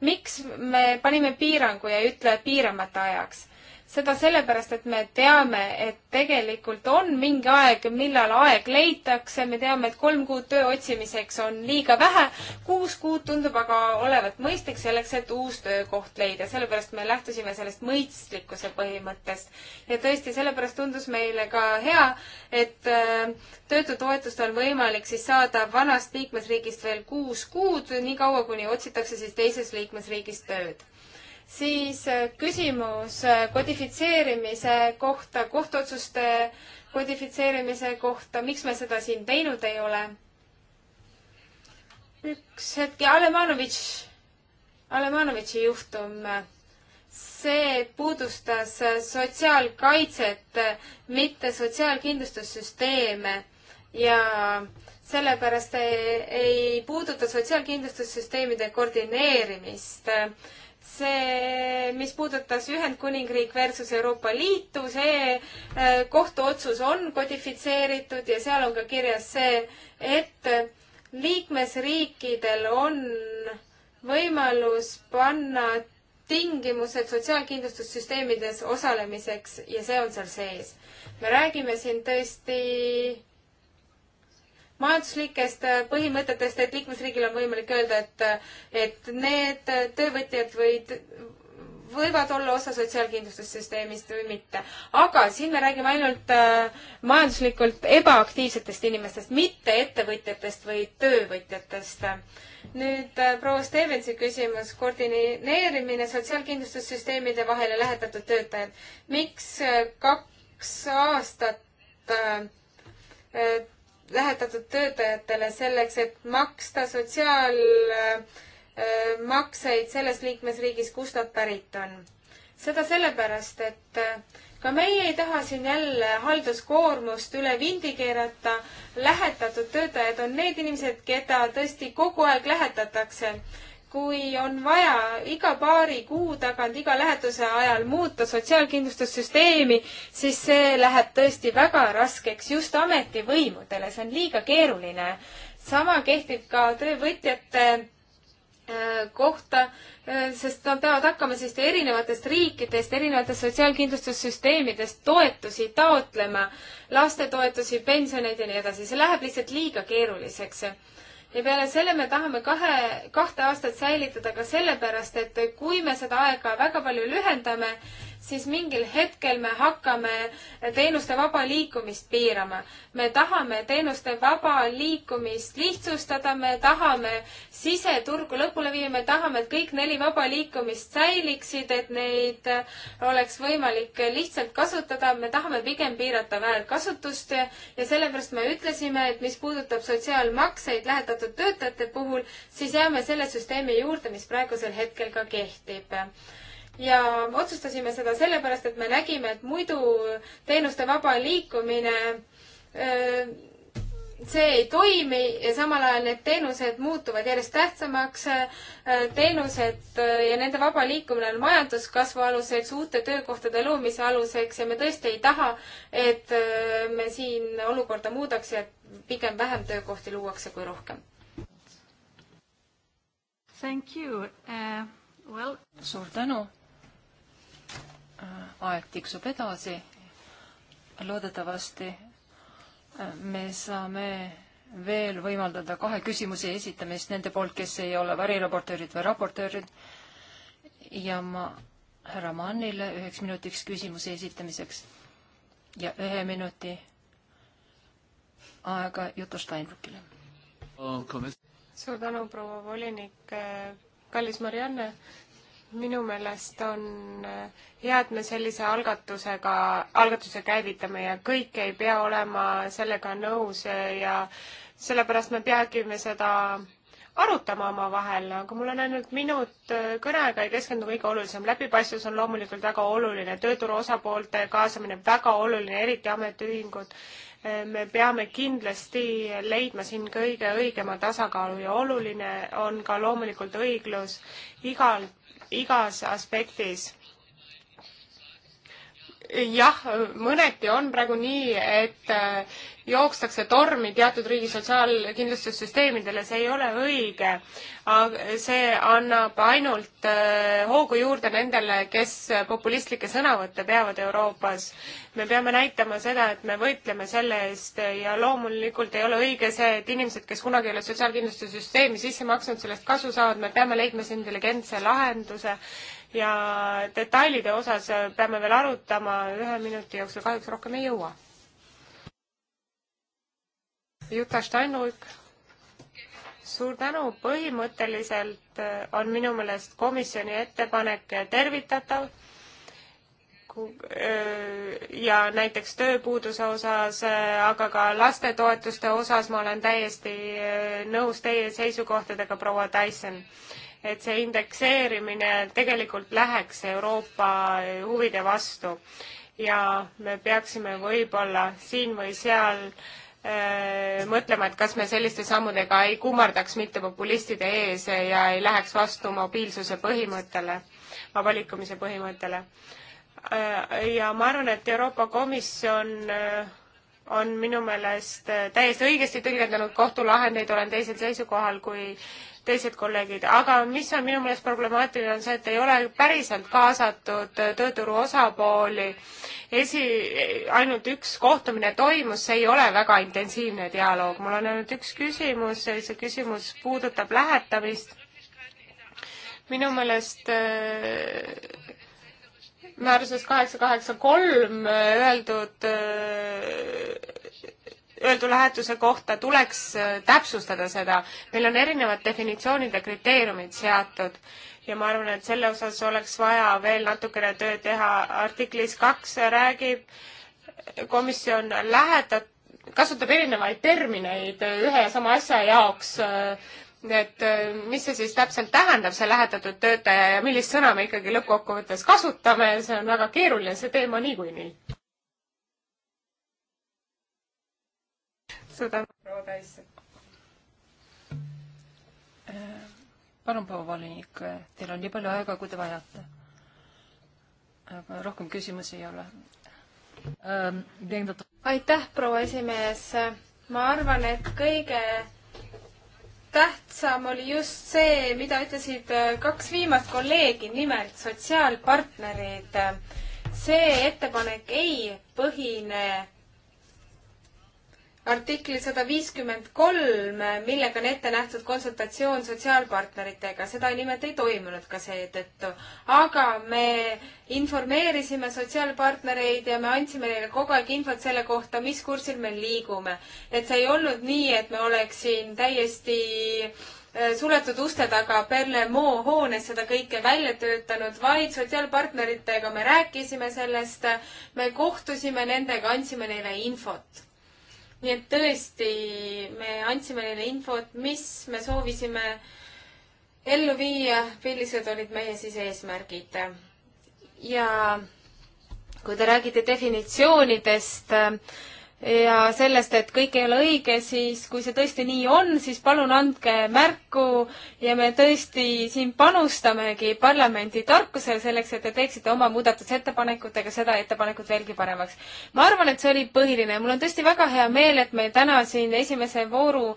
miks me panime piirangu ja ei ütle piiramata ajaks? seda sellepärast, et me teame, et tegelikult on mingi aeg, millal aeg leitakse, me teame, et kolm kuud töö otsimiseks on liiga vähe, kuus kuud tundub aga olevat mõistlik selleks, et uus töökoht leida, sellepärast me lähtusime sellest mõistlikkuse põhimõttest. ja tõesti, sellepärast tundus meile ka hea, et äh, töötutoetust on võimalik siis saada vanast liikmesriigist veel kuus kuud, niikaua kuni otsitakse siis teises liikmesriigis tööd siis äh, küsimus äh, kodifitseerimise kohta, kohtuotsuste kodifitseerimise kohta, miks me seda siin teinud ei ole? üks hetk ja Alemanovitš, Alemanovitši juhtum, see puudustas äh, sotsiaalkaitset, mitte sotsiaalkindlustussüsteeme ja sellepärast ei, ei puuduta sotsiaalkindlustussüsteemide koordineerimist see, mis puudutas Ühendkuningriik versus Euroopa Liitu, see äh, kohtuotsus on kodifitseeritud ja seal on ka kirjas see, et liikmesriikidel on võimalus panna tingimused sotsiaalkindlustussüsteemides osalemiseks ja see on seal sees. me räägime siin tõesti majanduslikest äh, põhimõtetest, et liikmesriigil on võimalik öelda, et, äh, et need äh, töövõtjad võid, võivad olla osa sotsiaalkindlustussüsteemist või mitte. aga siin me räägime ainult majanduslikult ebaaktiivsetest inimestest, mitte ettevõtjatest või töövõtjatest. nüüd proua Stevensi küsimus, koordineerimine sotsiaalkindlustussüsteemide vahel ja lähetatud töötajad. miks kaks aastat lähetatud töötajatele selleks, et maksta sotsiaalmakseid äh, selles liikmesriigis, kust nad pärit on. seda sellepärast, et äh, ka meie ei taha siin jälle halduskoormust üle vindi keerata. lähetatud töötajad on need inimesed, keda tõesti kogu aeg lähetatakse kui on vaja iga paari kuu tagant, iga lähetuse ajal muuta sotsiaalkindlustussüsteemi, siis see läheb tõesti väga raskeks just ametivõimudele, see on liiga keeruline. sama kehtib ka töövõtjate äh, kohta, äh, sest nad peavad hakkama siis erinevatest riikidest, erinevatest sotsiaalkindlustussüsteemidest toetusi taotlema, lastetoetusi, pensioneid ja nii edasi, see läheb lihtsalt liiga keeruliseks ja peale selle me tahame kahe, kahte aastat säilitada ka sellepärast, et kui me seda aega väga palju lühendame, siis mingil hetkel me hakkame teenuste vaba liikumist piirama. me tahame teenuste vaba liikumist lihtsustada, me tahame siseturgu lõpule viia, me tahame, et kõik neli vaba liikumist säiliksid, et neid oleks võimalik lihtsalt kasutada, me tahame pigem piirata väärkasutust ja, ja sellepärast me ütlesime, et mis puudutab sotsiaalmakseid lähetatud töötajate puhul, siis jääme selle süsteemi juurde, mis praegusel hetkel ka kehtib ja otsustasime seda sellepärast, et me nägime, et muidu teenuste vaba liikumine see ei toimi ja samal ajal need teenused muutuvad järjest tähtsamaks. teenused ja nende vaba liikumine on majanduskasvu aluseks, uute töökohtade loomise aluseks ja me tõesti ei taha, et me siin olukorda muudaks ja pigem vähem töökohti luuakse kui rohkem. Thank you uh,. Well. suur tänu Äh, aeg tiksub edasi. loodetavasti äh, me saame veel võimaldada kahe küsimuse esitamist nende poolt, kes ei ole variraportöörid või raportöörid. ja ma härra Mannile üheks minutiks küsimuse esitamiseks ja ühe minuti aega Juto Steinbrückile. suur tänu, proua volinik. kallis Marianne, minu meelest on äh, hea, et me sellise algatusega, algatuse käivitame ja kõik ei pea olema sellega nõus ja sellepärast me peagime seda arutama omavahel, aga mul on ainult minut äh, kõneaega ja keskendun kõige olulisem. läbipaistvus on loomulikult väga oluline, tööturu osapoolte kaasamine väga oluline, eriti ametiühingud. Äh, me peame kindlasti leidma siin kõige õigema tasakaalu ja oluline on ka loomulikult õiglus igalt igas aspektis jah, mõneti on praegu nii, et jookstakse tormi teatud riigi sotsiaalkindlustussüsteemidele, see ei ole õige. see annab ainult äh, hoogu juurde nendele, kes populistlikke sõnavõtte peavad Euroopas. me peame näitama seda, et me võitleme selle eest ja loomulikult ei ole õige see, et inimesed, kes kunagi ei ole sotsiaalkindlustussüsteemi sisse maksnud, sellest kasu saavad, me peame leidma siin intelligentse lahenduse ja detailide osas peame veel arutama, ühe minuti jooksul kahjuks rohkem ei jõua. Juta Steinruik. suur tänu, põhimõtteliselt äh, on minu meelest komisjoni ettepanek tervitatav äh, ja näiteks tööpuuduse osas, äh, aga ka lastetoetuste osas ma olen täiesti nõus teie seisukohtadega, proua Tyson. et see indekseerimine tegelikult läheks Euroopa huvide vastu ja me peaksime võib-olla siin või seal äh, Äh, mõtlema, et kas me selliste sammudega ei kummardaks mitte populistide ees ja ei läheks vastu mobiilsuse põhimõttele, vaba liikumise põhimõttele. Äh, ja ma arvan, et Euroopa Komisjon äh, on minu meelest täiesti õigesti tõlgendanud kohtulahendeid, olen teisel seisukohal kui teised kolleegid, aga mis on minu meelest problemaatiline, on see, et ei ole päriselt kaasatud tööturu osapooli. esi, ainult üks kohtumine toimus, see ei ole väga intensiivne dialoog. mul on ainult üks küsimus, see küsimus puudutab lähetamist. minu meelest äh, määruses kaheksa, kaheksa, kolm öeldud äh, öeldu lähetuse kohta tuleks äh, täpsustada seda. meil on erinevad definitsioonid ja kriteeriumid seatud ja ma arvan, et selle osas oleks vaja veel natukene tööd teha. artiklis kaks räägib äh, komisjon lähetat-, kasutab erinevaid termineid äh, ühe ja sama asja jaoks et mis see siis täpselt tähendab, see lähetatud töötaja ja millist sõna me ikkagi lõppkokkuvõttes kasutame, see on väga keeruline, see teema niikuinii. Nii. suur tänu, proua Täisse. Äh, palun, proua volinik, teil on nii palju aega, kui te vajate. aga rohkem küsimusi ei ole. Ähm, aitäh, proua esimees. ma arvan, et kõige tähtsam oli just see, mida ütlesid äh, kaks viimast kolleegi, nimelt sotsiaalpartnerid. see ettepanek ei põhine artikli sada viiskümmend kolm, millega on ette nähtud konsultatsioon sotsiaalpartneritega, seda nimelt ei toimunud ka seetõttu. aga me informeerisime sotsiaalpartnereid ja me andsime neile kogu aeg infot selle kohta, mis kursil me liigume. et see ei olnud nii, et me oleks siin täiesti äh, suletud uste taga Berlemoo hoones seda kõike välja töötanud, vaid sotsiaalpartneritega me rääkisime sellest, me kohtusime nendega, andsime neile infot nii et tõesti, me andsime neile infot, mis me soovisime ellu viia, millised olid meie siis eesmärgid. ja kui te räägite definitsioonidest äh,, ja sellest, et kõik ei ole õige, siis kui see tõesti nii on, siis palun andke märku ja me tõesti siin panustamegi parlamendi tarkusele selleks, et te teeksite oma muudatusettepanekutega seda ettepanekut veelgi paremaks. ma arvan, et see oli põhiline ja mul on tõesti väga hea meel, et me täna siin esimese vooru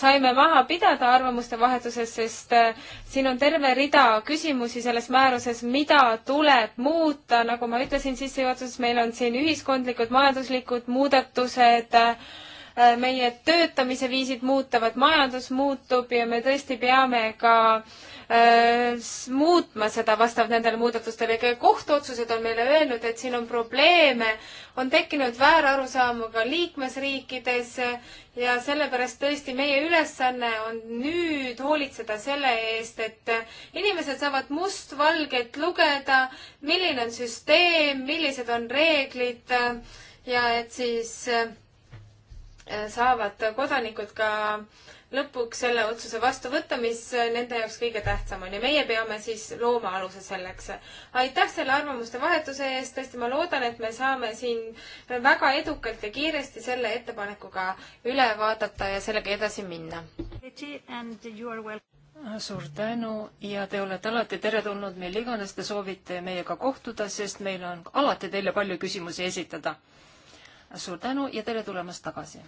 saime maha pidada arvamuste vahetuses, sest äh, siin on terve rida küsimusi selles määruses, mida tuleb muuta, nagu ma ütlesin sissejuhatuses, meil on siin ühiskondlikud, majanduslikud muudatused, äh, äh, meie töötamise viisid muutuvad, majandus muutub ja me tõesti peame ka äh, Äh, muutma seda vastavalt nendele muudatustele. ka kohtuotsused on meile öelnud, et siin on probleeme, on tekkinud väärarusaamu ka liikmesriikides ja sellepärast tõesti meie ülesanne on nüüd hoolitseda selle eest, et inimesed saavad mustvalgelt lugeda, milline on süsteem, millised on reeglid ja et siis Äh, saavad kodanikud ka lõpuks selle otsuse vastu võtta, mis äh, nende jaoks kõige tähtsam on ja meie peame siis looma aluse selleks. aitäh selle arvamuste vahetuse eest, tõesti ma loodan, et me saame siin väga edukalt ja kiiresti selle ettepanekuga üle vaadata ja sellega edasi minna. suur tänu ja te olete alati teretulnud, mil iganes te soovite meiega kohtuda, sest meil on alati teile palju küsimusi esitada suur tänu ja tere tulemast tagasi!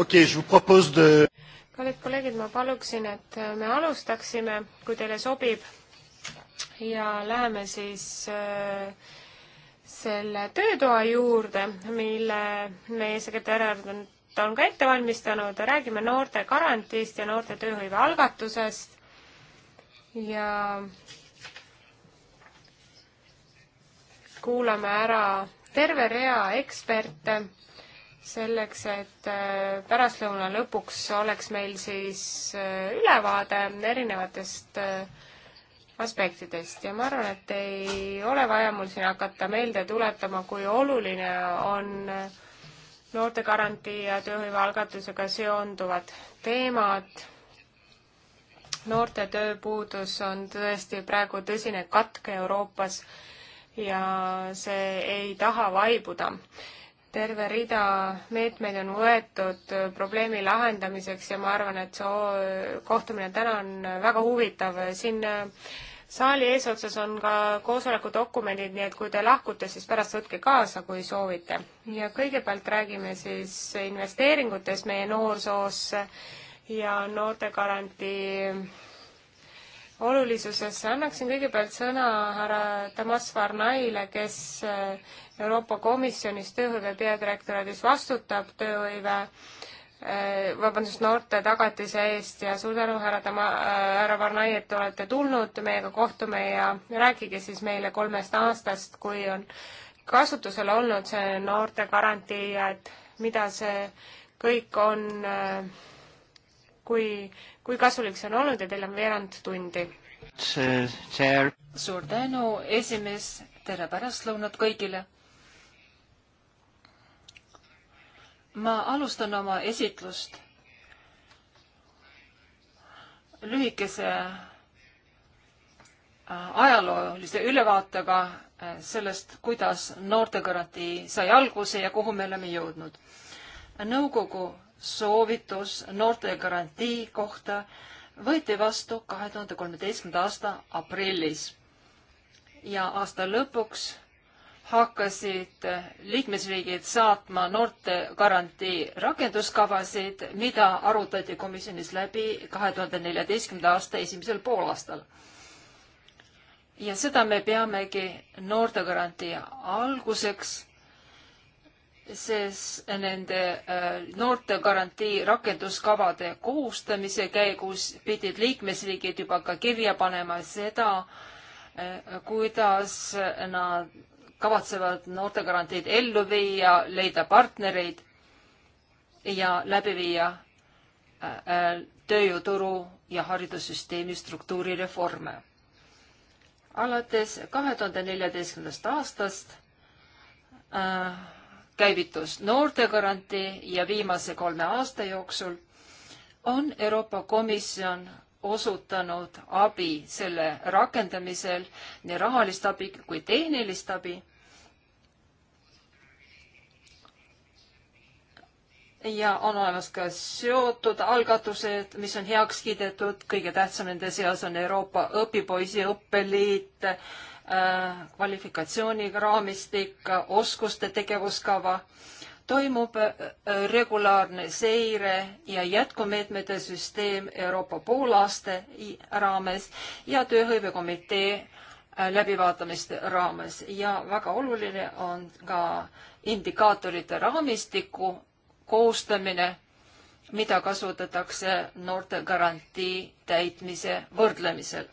okay, de... kallid kolleegid, ma paluksin, et me alustaksime, kui teile sobib, ja läheme siis äh, selle töötoa juurde, mille meie sekretär on, ta on ka ette valmistanud, räägime noorte garantiist ja noorte tööhõive algatusest ja kuulame ära terve rea eksperte selleks, et äh, pärastlõuna lõpuks oleks meil siis äh, ülevaade erinevatest äh, aspektidest ja ma arvan, et ei ole vaja mul siin hakata meelde tuletama, kui oluline on noortegarantii ja tööhõivealgatusega seonduvad teemad. noorte tööpuudus on tõesti praegu tõsine katk Euroopas ja see ei taha vaibuda terve rida meetmeid on võetud probleemi lahendamiseks ja ma arvan, et see kohtumine täna on väga huvitav. siin äh, saali eesotsas on ka koosoleku dokumendid, nii et kui te lahkute, siis pärast võtke kaasa, kui soovite. ja kõigepealt räägime siis investeeringutest meie noorsoosse ja noortegarantii olulisusesse. annaksin kõigepealt sõna härra Tamas Varnaile, kes äh, Euroopa Komisjonis tööhõive peadirektoraadis vastutab tööhõive eh, vabandust, noorte tagatise eest ja suur tänu, härra Tama, äh, härra Varnai, et olete tulnud meiega kohtuma ja rääkige siis meile kolmest aastast, kui on kasutusel olnud see noorte garantii ja et mida see kõik on, äh, kui, kui kasulik see on olnud ja teil on veerand tundi. suur tänu, esimees, tere pärastlõunat kõigile ma alustan oma esitlust lühikese äh, ajaloolise ülevaatega äh, sellest, kuidas noortegarantii sai alguse ja kuhu me oleme jõudnud. nõukogu soovitus noortegarantii kohta võeti vastu kahe tuhande kolmeteistkümnenda aasta aprillis ja aasta lõpuks hakkasid liikmesriigid saatma noortegarantii rakenduskavasid, mida arutati komisjonis läbi kahe tuhande neljateistkümnenda aasta esimesel poolaastal. ja seda me peamegi noortegarantii alguseks, sest nende äh, noortegarantii rakenduskavade koostamise käigus pidid liikmesriigid juba ka kirja panema seda, äh, kuidas nad kavatsevad noortegarantiid ellu viia, leida partnereid ja läbi viia äh, äh, tööjõuturu ja haridussüsteemi struktuurireforme. alates kahe tuhande neljateistkümnendast aastast äh, käivitus noortegarantii ja viimase kolme aasta jooksul on Euroopa Komisjon osutanud abi selle rakendamisel, nii rahalist abi kui tehnilist abi ja on olemas ka seotud algatused, mis on heaks kiidetud, kõige tähtsam nende seas on Euroopa õpipoisi õppeliit äh,, kvalifikatsiooniga raamistik, oskuste tegevuskava, toimub äh, regulaarne seire ja jätkumeetmete süsteem Euroopa poolaaste raames ja tööhõivekomitee äh, läbivaatamiste raames ja väga oluline on ka indikaatorite raamistiku koostamine, mida kasutatakse noorte garantii täitmise võrdlemisel.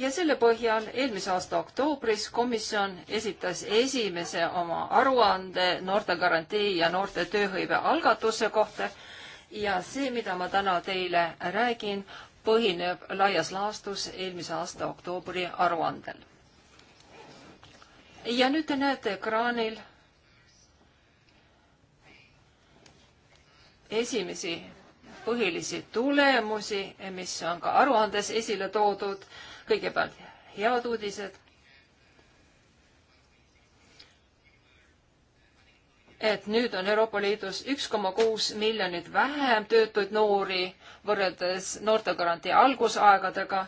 ja selle põhjal eelmise aasta oktoobris komisjon esitas esimese oma aruande noorte garantii ja noorte tööhõive algatuse kohta ja see, mida ma täna teile räägin, põhineb laias laastus eelmise aasta oktoobri aruandel. ja nüüd te näete ekraanil esimesi põhilisi tulemusi, mis on ka aruandes esile toodud. kõigepealt head uudised. et nüüd on Euroopa Liidus üks koma kuus miljonit vähem töötuid noori võrreldes noortegarantii algusaegadega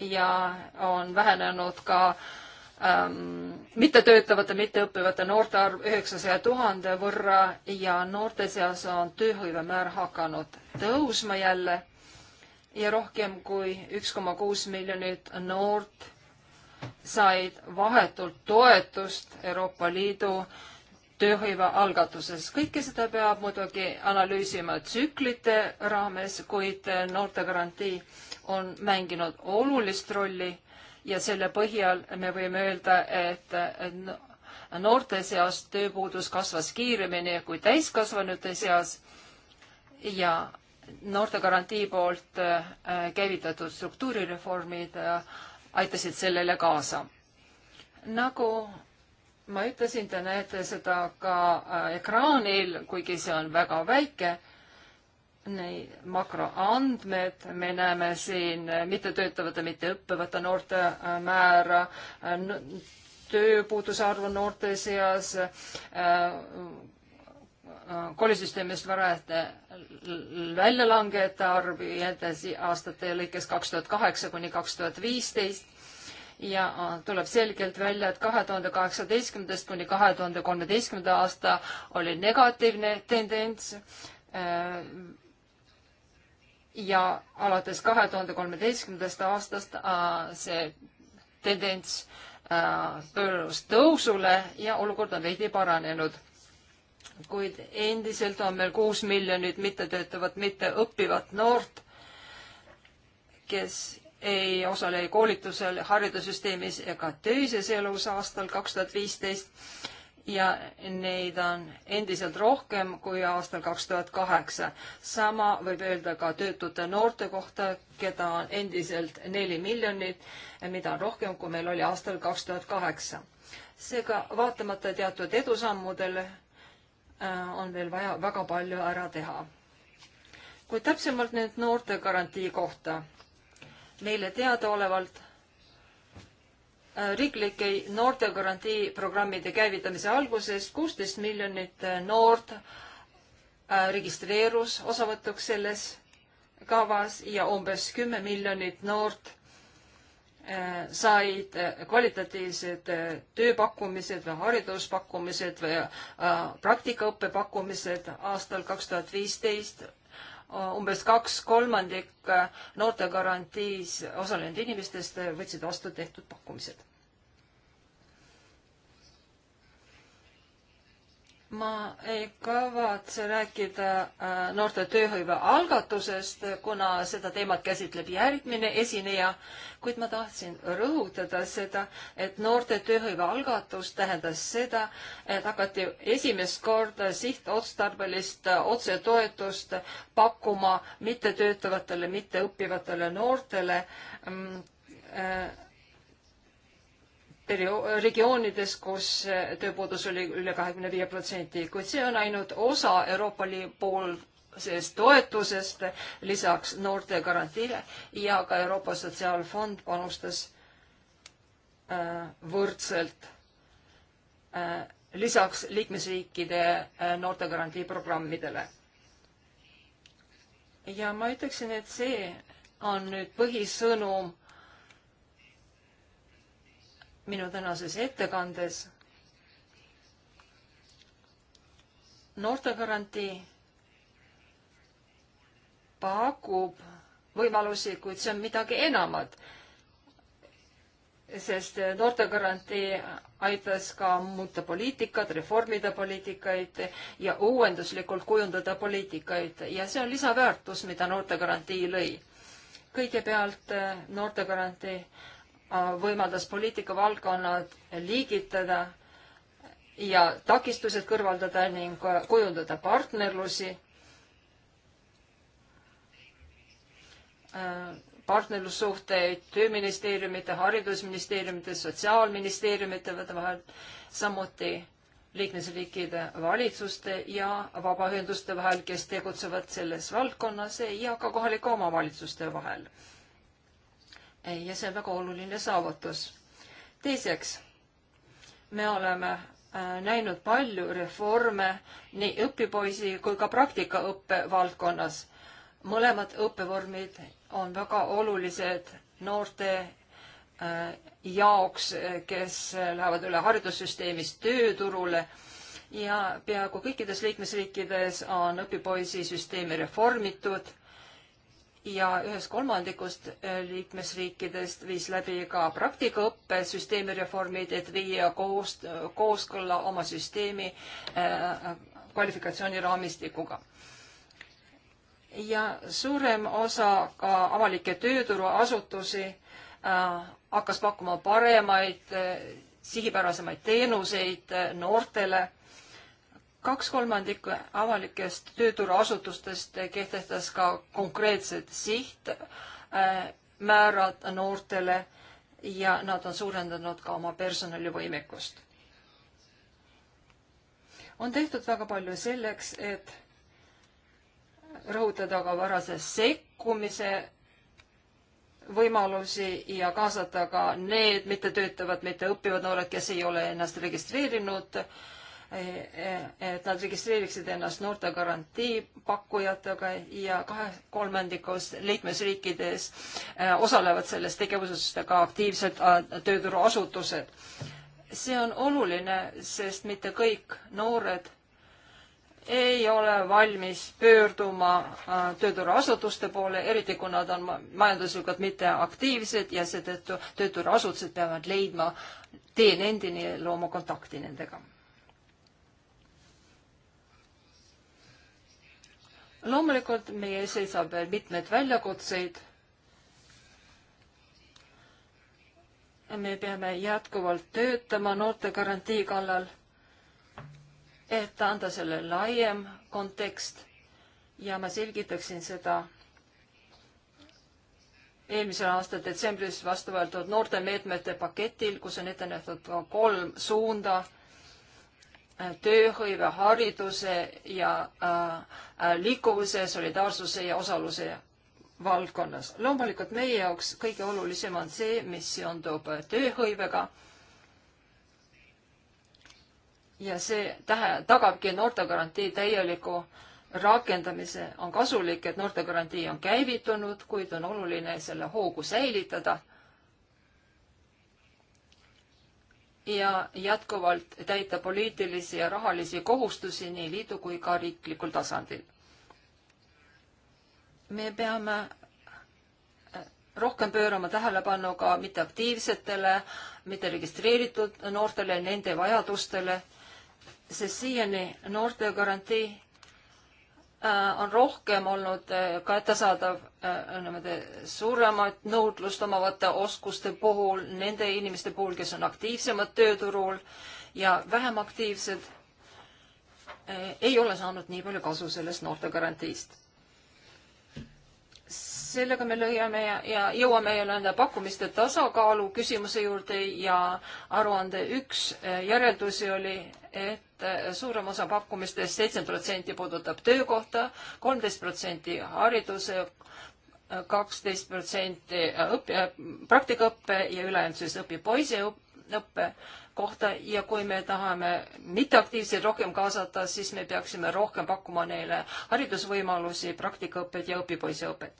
ja on vähenenud ka äh, Ähm, mittetöötavate, mitteõppivate noorte arv üheksasaja tuhande võrra ja noorte seas on tööhõive määr hakanud tõusma jälle ja rohkem kui üks koma kuus miljonit noort said vahetult toetust Euroopa Liidu tööhõive algatuses. kõike seda peab muidugi analüüsima tsüklite raames, kuid noortegarantii on mänginud olulist rolli ja selle põhjal me võime öelda, et noorte seas tööpuudus kasvas kiiremini kui täiskasvanute seas ja noortegarantii poolt äh, käivitatud struktuurireformid äh, aitasid sellele kaasa. nagu ma ütlesin, te näete seda ka äh, ekraanil, kuigi see on väga väike neid makroandmed, me näeme siin mittetöötavate, mitteõppivate noorte äh, määra, äh, tööpuuduse arvu noorte seas, äh, koolisüsteemist varajate väljalangejate arv edasi aastate lõikes kaks tuhat kaheksa kuni kaks tuhat viisteist ja tuleb selgelt välja, et kahe tuhande kaheksateistkümnendast kuni kahe tuhande kolmeteistkümnenda aasta oli negatiivne tendents ja alates kahe tuhande kolmeteistkümnendast aastast äh, see tendents äh, pöördus tõusule ja olukord on veidi paranenud. kuid endiselt on meil kuus miljonit mittetöötavat, mitteõppivat noort, kes ei osale koolitusel, haridussüsteemis ega töises elus aastal kaks tuhat viisteist ja neid on endiselt rohkem kui aastal kaks tuhat kaheksa. sama võib öelda ka töötute noorte kohta, keda on endiselt neli miljonit, mida on rohkem, kui meil oli aastal kaks tuhat kaheksa. seega vaatamata teatud edusammudele äh, on veel vaja väga palju ära teha. kuid täpsemalt nüüd noorte garantii kohta. meile teadaolevalt Äh, riiklike noortegarantii programmide käivitamise algusest kuusteist miljonit äh, noort äh, registreerus osavõtuks selles kavas ja umbes kümme miljonit noort said kvalitatiivsed tööpakkumised või hariduspakkumised või praktikaõppe pakkumised aastal kaks tuhat viisteist umbes kaks kolmandik äh, noortegarantiis osalenud inimestest võtsid vastu tehtud pakkumised ma ei kavatse rääkida äh, noorte tööhõive algatusest, kuna seda teemat käsitleb järgmine esineja, kuid ma tahtsin rõhutada seda, et noorte tööhõive algatus tähendas seda, et hakati esimest korda sihtotstarbelist äh, otsetoetust pakkuma mittetöötavatele, mitteõppivatele noortele mm, äh, perio-, regioonides, kus tööpuudus oli üle kahekümne viie protsendi, kuid see on ainult osa Euroopa Liidu poolsest toetusest lisaks noorte garantiile ja ka Euroopa Sotsiaalfond panustas äh, võrdselt äh, lisaks liikmesriikide äh, noortegarantii programmidele. ja ma ütleksin, et see on nüüd põhisõnum minu tänases ettekandes. noortegarantii pakub võimalusi, kuid see on midagi enamat. sest noortegarantii aitas ka muuta poliitikat, reformida poliitikaid ja uuenduslikult kujundada poliitikaid ja see on lisaväärtus, mida noortegarantii lõi. kõigepealt eh, noortegarantii võimaldas poliitikavaldkonnad liigitada ja takistused kõrvaldada ning kujundada partnerlusi, partnerlussuhteid tööministeeriumite, haridusministeeriumite, sotsiaalministeeriumite vahel, samuti liikmesriikide valitsuste ja vabaühenduste vahel, kes tegutsevad selles valdkonnas ja ka kohalike omavalitsuste vahel ja see on väga oluline saavutus. teiseks, me oleme äh, näinud palju reforme nii õpipoisi kui ka praktikaõppe valdkonnas. mõlemad õppevormid on väga olulised noorte äh, jaoks, kes lähevad üle haridussüsteemist tööturule ja peaaegu kõikides liikmesriikides on õpipoisi süsteemi reformitud ja ühes kolmandikust äh, liikmesriikidest viis läbi ka praktikaõppe süsteemi reformid, et viia koos, kooskõlla oma süsteemi äh, kvalifikatsiooniraamistikuga. ja suurem osa ka avalikke tööturuasutusi äh, hakkas pakkuma paremaid äh,, sihipärasemaid teenuseid äh, noortele kaks kolmandikku avalikest tööturuasutustest kehtestas ka konkreetsed sihtmäärad noortele ja nad on suurendanud ka oma personalivõimekust. on tehtud väga palju selleks, et rõhutada ka varase sekkumise võimalusi ja kaasata ka need mittetöötavad, mitteõppivad noored, kes ei ole ennast registreerinud äh, et nad registreeriksid ennast noorte garantii pakkujatega ja kahe kolmandikus liikmesriikides äh, osalevad selles tegevuses ka aktiivsed äh, tööturuasutused. see on oluline, sest mitte kõik noored ei ole valmis pöörduma äh, tööturuasutuste poole, eriti kui nad on majanduslikult mitteaktiivsed ja seetõttu tööturuasutused peavad leidma tee nendeni ja looma kontakti nendega loomulikult meie ees seisab veel mitmeid väljakutseid. me peame jätkuvalt töötama noortegarantii kallal, et anda selle laiem kontekst ja ma selgitaksin seda eelmisel aastal detsembris vastu võetud noortemeetmete paketil, kus on ette nähtud kolm suunda tööhõive, hariduse ja äh, äh, liikuvuse, solidaarsuse ja osaluse valdkonnas. loomulikult meie jaoks kõige olulisem on see, mis seondub tööhõivega. ja see tähe, tagabki noortegarantii täieliku rakendamise. on kasulik, et noortegarantii on käivitunud, kuid on oluline selle hoogu säilitada ja jätkuvalt täita poliitilisi ja rahalisi kohustusi nii liidu kui ka riiklikul tasandil. me peame äh, rohkem pöörama tähelepanu ka mitteaktiivsetele, mitte registreeritud noortele, nende vajadustele, sest siiani noorte garantii äh, on rohkem olnud äh, kättesaadav Äh, niimoodi suuremat nõudlust omavate oskuste puhul, nende inimeste puhul, kes on aktiivsemad tööturul ja vähem aktiivsed, äh, ei ole saanud nii palju kasu sellest noortegarantiist. sellega me leiame ja, ja jõuame jälle nende pakkumiste tasakaalu küsimuse juurde ja aruande üks äh, järeldusi oli, et suurem osa pakkumistest, seitsekümmend protsenti puudutab töökohta, kolmteist protsenti hariduse kaksteist protsenti äh, õpi-, äh, praktikaõppe ja ülejäänud siis õpib poisi õppe kohta ja kui me tahame mitteaktiivseid rohkem kaasata, siis me peaksime rohkem pakkuma neile haridusvõimalusi, praktikaõpet ja õpipoisiõpet.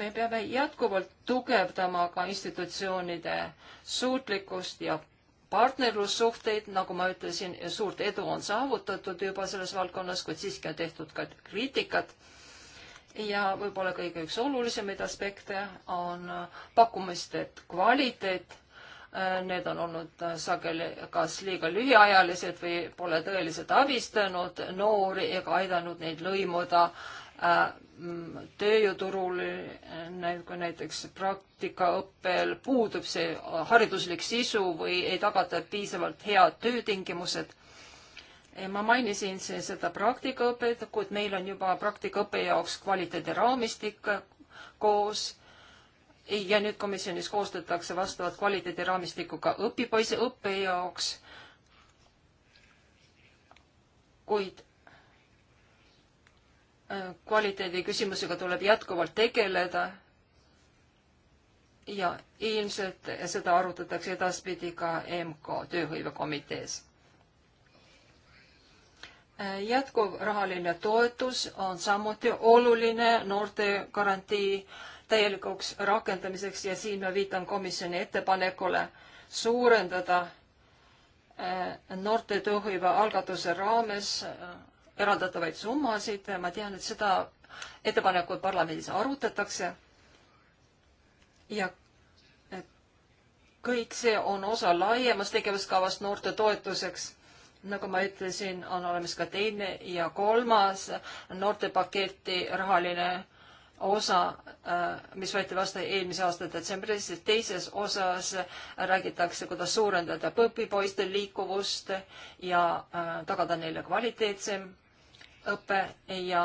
me peame jätkuvalt tugevdama ka institutsioonide suutlikkust ja partnerlussuhteid, nagu ma ütlesin, suurt edu on saavutatud juba selles valdkonnas, kuid siiski on tehtud ka kriitikat ja võib-olla kõige üks olulisemaid aspekte on pakkumiste kvaliteet. Äh, need on olnud äh, sageli kas liiga lühiajalised või pole tõeliselt abistanud noori ega aidanud neid lõimuda äh, mm, tööjõuturul, kui näiteks praktikaõppel puudub see hariduslik sisu või ei tagata piisavalt head töötingimused Eh, ma mainisin seda praktikaõpet, kuid meil on juba praktikaõppe jaoks kvaliteediraamistik eh, koos ja nüüd komisjonis koostatakse vastavat kvaliteediraamistikku ka õpipoisi õppe jaoks. kuid eh, kvaliteedi küsimusega tuleb jätkuvalt tegeleda. ja ilmselt seda arutatakse edaspidi ka EMKO tööhõivekomitees jätkuv rahaline toetus on samuti oluline noorte garantii täielikuks rakendamiseks ja siin ma viitan komisjoni ettepanekule suurendada eh, noorte tööhõive algatuse raames eh, eraldatavaid summasid. ma tean, et seda ettepanekut parlamendis arutatakse. ja eh, kõik see on osa laiemast tegevuskavast noorte toetuseks nagu ma ütlesin, on olemas ka teine ja kolmas noortepaketi rahaline osa, äh, mis võeti vastu eelmise aasta detsembris, teises osas räägitakse, kuidas suurendada põpipoiste liikuvust ja äh, tagada neile kvaliteetsem õpe ja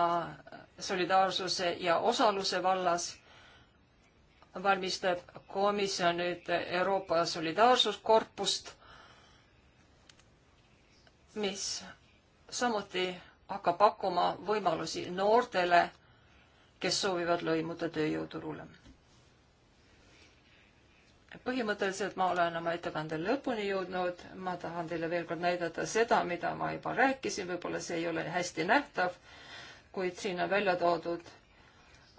solidaarsuse ja osaluse vallas valmistab komisjon nüüd Euroopa solidaarsuskorpust mis samuti hakkab pakkuma võimalusi noortele, kes soovivad lõimuda tööjõuturule. põhimõtteliselt ma olen oma ettekande lõpuni jõudnud, ma tahan teile veel kord näidata seda, mida ma juba rääkisin, võib-olla see ei ole hästi nähtav, kuid siin on välja toodud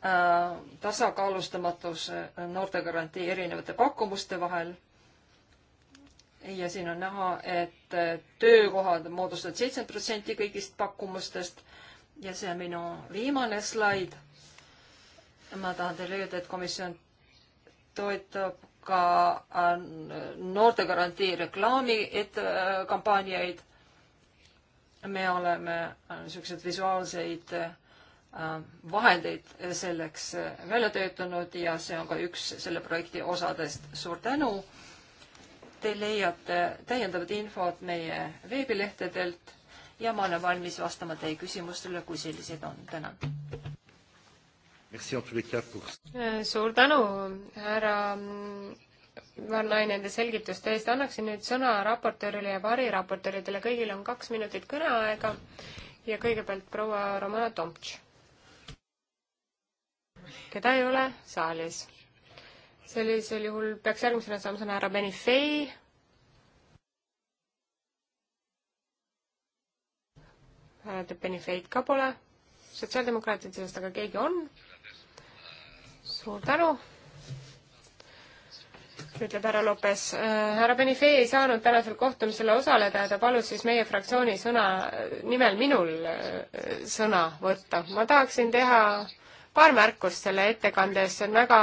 äh, tasakaalustamatus äh, noortegarantii erinevate pakkumuste vahel ja siin on näha, et äh, töökohad moodustavad seitsekümmend protsenti kõigist pakkumustest ja see on minu viimane slaid. ma tahan teile öelda, et komisjon toetab ka äh, noortegarantii reklaami äh, kampaaniaid. me oleme niisuguseid visuaalseid vahendeid selleks välja töötanud ja see on ka üks selle projekti osadest. suur tänu Te leiate täiendavat infot meie veebilehtedelt ja ma olen valmis vastama teie küsimustele, kui sellised on. tänan. Äh, suur tänu, härra Varnain nende selgituste eest. annaksin nüüd sõna raportöörile ja variraportööridele. kõigil on kaks minutit kõneaega ja kõigepealt proua Romana Tomtš, keda ei ole saalis sellisel juhul peaks järgmisena saama sõna härra Benifei. Äh, härra Benifeid ka pole, sotsiaaldemokraatide seast aga keegi on. suur tänu, ütleb härra Lopes. Äh, härra Benifei ei saanud tänasel kohtumisel osaleda ja ta palus siis meie fraktsiooni sõna, äh, nimel minul sõna võtta. ma tahaksin teha paar märkust selle ettekande eest, see on väga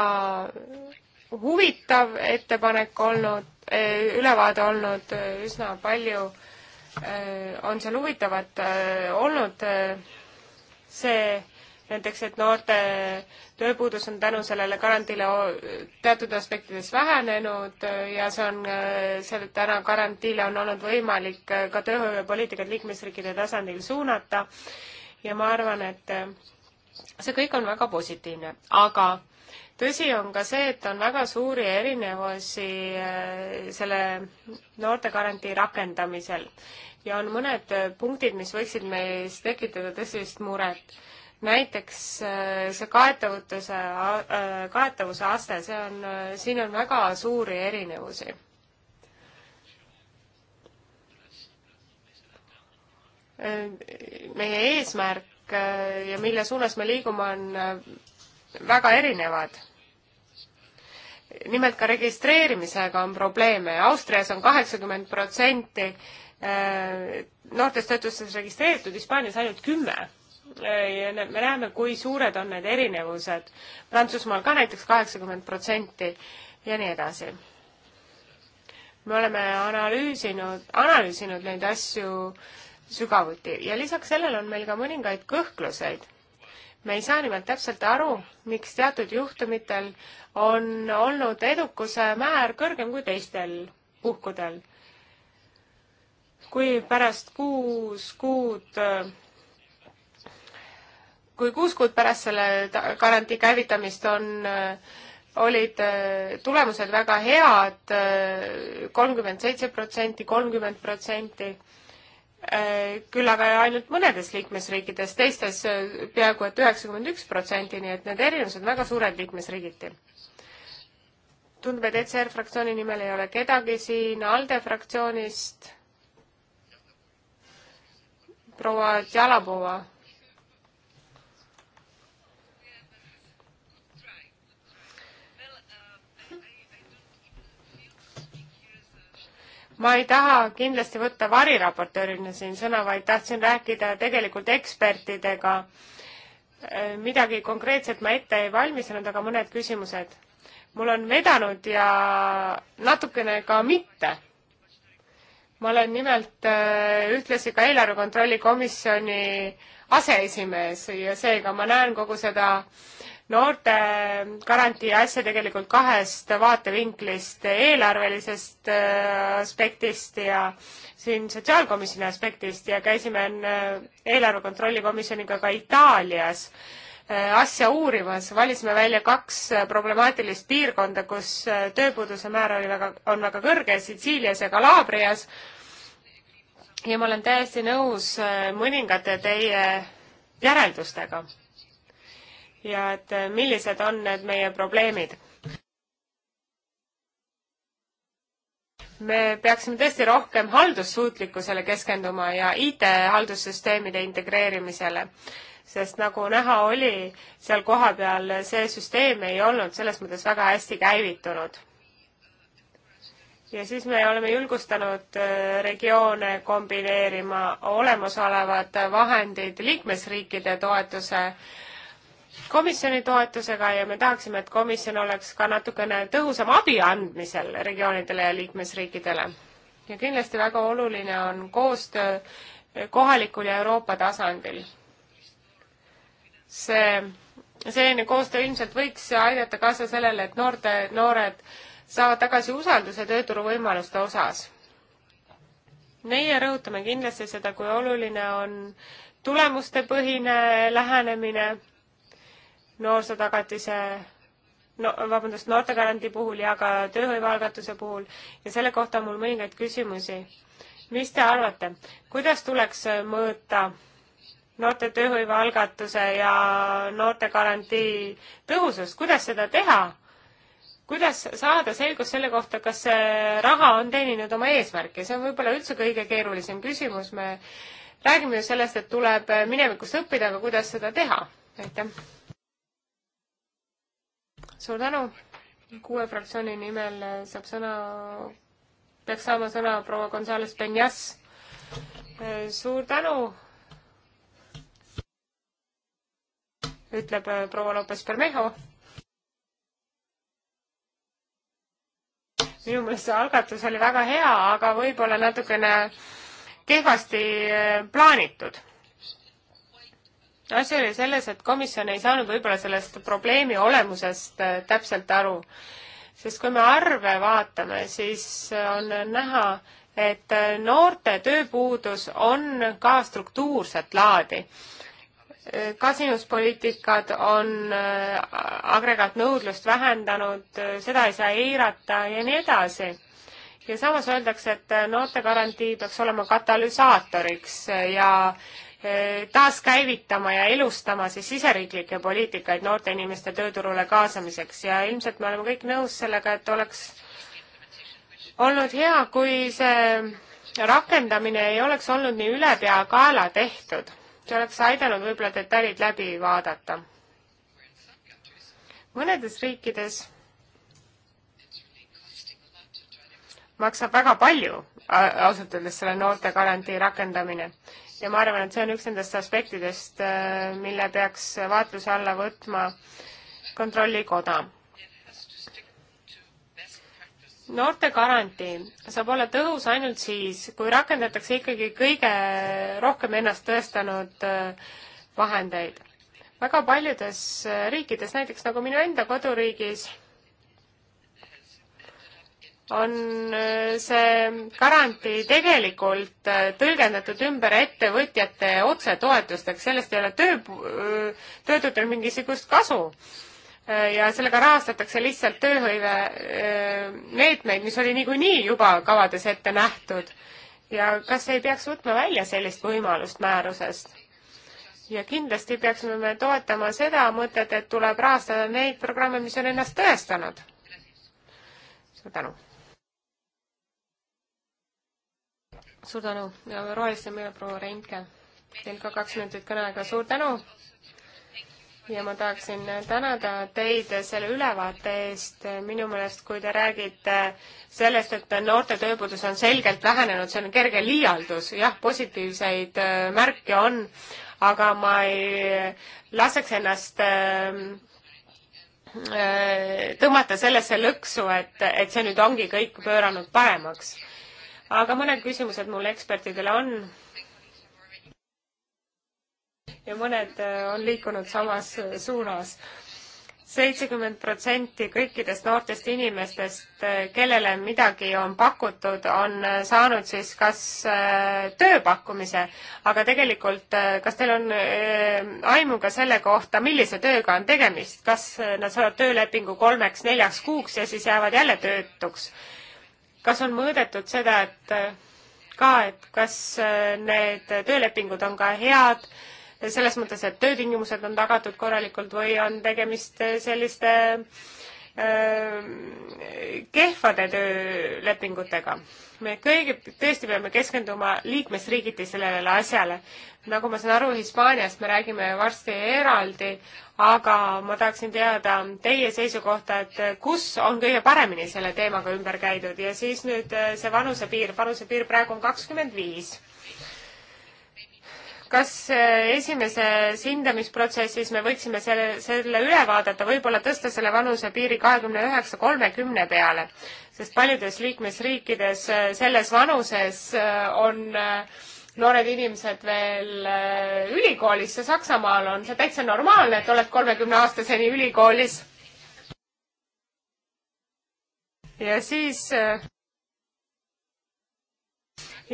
huvitav ettepanek olnud, eh, ülevaade olnud, eh, üsna palju eh, on seal huvitavat olnud. see näiteks, et noorte tööpuudus on tänu sellele garandile teatud aspektides vähenenud ja see on, selle täna garantiile on olnud võimalik ka tööhõivepoliitikat liikmesriikide tasandil suunata. ja ma arvan, et see kõik on väga positiivne, aga tõsi on ka see, et on väga suuri erinevusi äh, selle noortegarantii rakendamisel ja on mõned äh, punktid, mis võiksid meis tekitada tõsist muret. näiteks äh, see kaetavutuse, kaetavuse aste, see on, siin on väga suuri erinevusi. meie eesmärk ja mille suunas me liigume, on väga erinevad nimelt ka registreerimisega on probleeme. Austrias on kaheksakümmend protsenti äh, noortest töötustest registreeritud, Hispaanias ainult kümme. Äh, ja me näeme, kui suured on need erinevused. Prantsusmaal ka näiteks kaheksakümmend protsenti ja nii edasi. me oleme analüüsinud, analüüsinud neid asju sügavuti ja lisaks sellele on meil ka mõningaid kõhkluseid me ei saa nimelt täpselt aru, miks teatud juhtumitel on olnud edukuse määr kõrgem kui teistel puhkudel. kui pärast kuus kuud kui kuus kuud pärast selle garantii käivitamist on, olid tulemused väga head, kolmkümmend seitse protsenti, kolmkümmend protsenti küll aga ainult mõnedes liikmesriikides, teistes peaaegu et üheksakümmend üks protsenti, nii et need erinevused on väga suured liikmesriigiti. tundub, et ECR fraktsiooni nimel ei ole kedagi siin, ALDE fraktsioonist proua Tjalapova ma ei taha kindlasti võtta variraportöörina siin sõna, vaid tahtsin rääkida tegelikult ekspertidega. Äh, midagi konkreetset ma ette ei valmistanud, aga mõned küsimused. mul on vedanud ja natukene ka mitte. ma olen nimelt äh, ühtlasi ka eelarve kontrolli komisjoni aseesimees ja seega ma näen kogu seda noorte garantii asja tegelikult kahest vaatevinklist, eelarvelisest äh, aspektist ja siin sotsiaalkomisjoni aspektist ja käisime äh, eelarve kontrolli komisjoniga ka Itaalias äh, asja uurimas, valisime välja kaks problemaatilist piirkonda, kus tööpuuduse määr oli väga, on väga kõrge, Sitsiilias ja Kalaabrias. ja ma olen täiesti nõus mõningate teie järeldustega ja et eh, millised on need meie probleemid. me peaksime tõesti rohkem haldussuutlikkusele keskenduma ja IT-haldussüsteemide integreerimisele, sest nagu näha oli, seal kohapeal see süsteem ei olnud selles mõttes väga hästi käivitunud ja siis me oleme julgustanud eh, regioone kombineerima olemasolevad vahendid liikmesriikide toetuse komisjoni toetusega ja me tahaksime, et komisjon oleks ka natukene tõhusam abi andmisel regioonidele ja liikmesriikidele. ja kindlasti väga oluline on koostöö kohalikul ja Euroopa tasandil. see, selline koostöö ilmselt võiks aidata kaasa sellele, et noorte, noored saavad tagasi usalduse tööturuvõimaluste osas. meie rõhutame kindlasti seda, kui oluline on tulemustepõhine lähenemine noorsootagatise no vabandust, noortegarantii puhul ja ka tööhõivealgatuse puhul ja selle kohta on mul mõningaid küsimusi. mis te arvate, kuidas tuleks mõõta noorte tööhõivealgatuse ja noortegarantii tõhusust, kuidas seda teha? kuidas saada selgust selle kohta, kas see raha on teeninud oma eesmärki, see on võib-olla üldse kõige keerulisem küsimus, me räägime ju sellest, et tuleb minevikust õppida, aga kuidas seda teha? aitäh! suur tänu! kuue fraktsiooni nimel saab sõna, peaks saama sõna proua Gonzales Penjas. suur tänu! ütleb äh, proua Lopez Bermejo. minu meelest see algatus oli väga hea, aga võib-olla natukene kehvasti äh, plaanitud asi oli selles, et komisjon ei saanud võib-olla sellest probleemi olemusest äh, täpselt aru. sest kui me arve vaatame, siis äh, on näha, et äh, noorte tööpuudus on ka struktuurset laadi. kasinuspoliitikad on agregaatnõudlust vähendanud, seda ei saa eirata ja nii edasi ja samas öeldakse, et noortegarantii peaks olema katalüsaatoriks ja äh, Eh, taaskäivitama ja elustama siis siseriiklikke poliitikaid noorte inimeste tööturule kaasamiseks ja ilmselt me oleme kõik nõus sellega, et oleks olnud hea, kui see rakendamine ei oleks olnud nii ülepeakaela tehtud. see oleks aidanud võib-olla detailid läbi vaadata. mõnedes riikides maksab väga palju ausalt öeldes selle noortegarantii rakendamine ja ma arvan, et see on üks nendest aspektidest, äh, mille peaks vaatluse alla võtma kontrollikoda. noorte garantii saab olla tõhus ainult siis, kui rakendatakse ikkagi kõige rohkem ennast tõestanud äh, vahendeid. väga paljudes äh, riikides, näiteks nagu minu enda koduriigis, on äh, see garantii tegelikult äh, tõlgendatud ümber ettevõtjate otsetoetusteks, sellest ei ole töö, äh, töötutel mingisugust kasu. ja sellega rahastatakse lihtsalt tööhõive meetmeid, mis oli niikuinii juba kavades ette nähtud. ja kas ei peaks võtma välja sellist võimalust määrusest? ja kindlasti peaksime me toetama seda mõtet, et tuleb rahastada neid programme, mis on ennast tõestanud. suur tänu! suur tänu ja roheliste meile proua Reinke. Teil ka kaks minutit kõneaega, suur tänu! ja ma tahaksin tänada teid selle ülevaate eest, minu meelest, kui te räägite sellest, et noorte tööpuudus on selgelt vähenenud, see on kerge liialdus, jah, positiivseid äh, märke on, aga ma ei äh, laseks ennast ähm, äh, tõmmata sellesse lõksu, et, et see nüüd ongi kõik pööranud paremaks aga mõned küsimused mul ekspertidele on. ja mõned äh, on liikunud samas äh, suunas. seitsekümmend protsenti kõikidest noortest inimestest, äh, kellele midagi on pakutud, on saanud siis kas tööpakkumise, aga tegelikult kas teil on aimu ka selle kohta, millise tööga on tegemist, kas nad saavad töölepingu kolmeks-neljaks kuuks ja siis jäävad jälle töötuks? kas on mõõdetud seda, et ka, et kas äh, need töölepingud on ka head, selles mõttes, et töötingimused on tagatud korralikult või on tegemist äh, selliste äh, kehvade töölepingutega. me kõige, tõesti peame keskenduma liikmesriigiti sellele asjale. nagu ma saan aru, Hispaaniast me räägime varsti eraldi, aga ma tahaksin teada teie seisukohta, et kus on kõige paremini selle teemaga ümber käidud ja siis nüüd äh, see vanusepiir, vanusepiir praegu on kakskümmend viis kas äh, esimeses hindamisprotsessis me võiksime selle, selle üle vaadata, võib-olla tõsta selle vanusepiiri kahekümne üheksa, kolmekümne peale, sest paljudes liikmesriikides äh, selles vanuses äh, on noored inimesed veel ülikoolis ja Saksamaal on see täitsa normaalne, et oled kolmekümne aastaseni ülikoolis. ja siis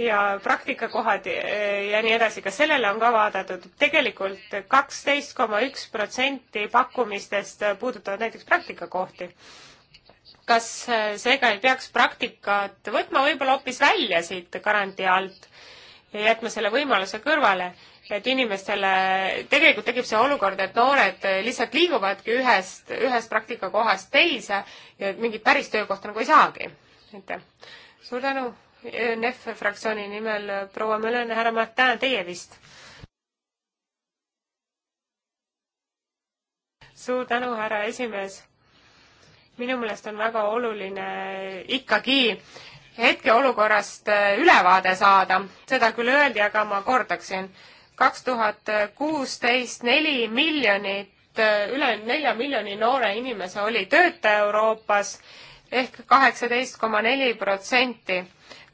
ja praktikakohad eh, ja nii edasi, ka sellele on ka vaadatud tegelikult. tegelikult kaksteist koma üks protsenti pakkumistest puudutavad näiteks praktikakohti. kas eh, seega ei peaks praktikat võtma võib-olla hoopis välja siit garantii alt ja jätma selle võimaluse kõrvale? et inimestele, tegelikult tekib see olukord, et noored lihtsalt liiguvadki ühest, ühest praktikakohast teise ja mingit päris töökohta nagu ei saagi. aitäh. suur tänu NEF fraktsiooni nimel proua Mölen, härra Martin, teie vist? suur tänu, härra esimees. minu meelest on väga oluline ikkagi hetkeolukorrast äh, ülevaade saada, seda küll öeldi, aga ma kordaksin. kaks tuhat kuusteist neli miljonit, äh, üle nelja miljoni noore inimese oli tööta Euroopas ehk kaheksateist koma neli protsenti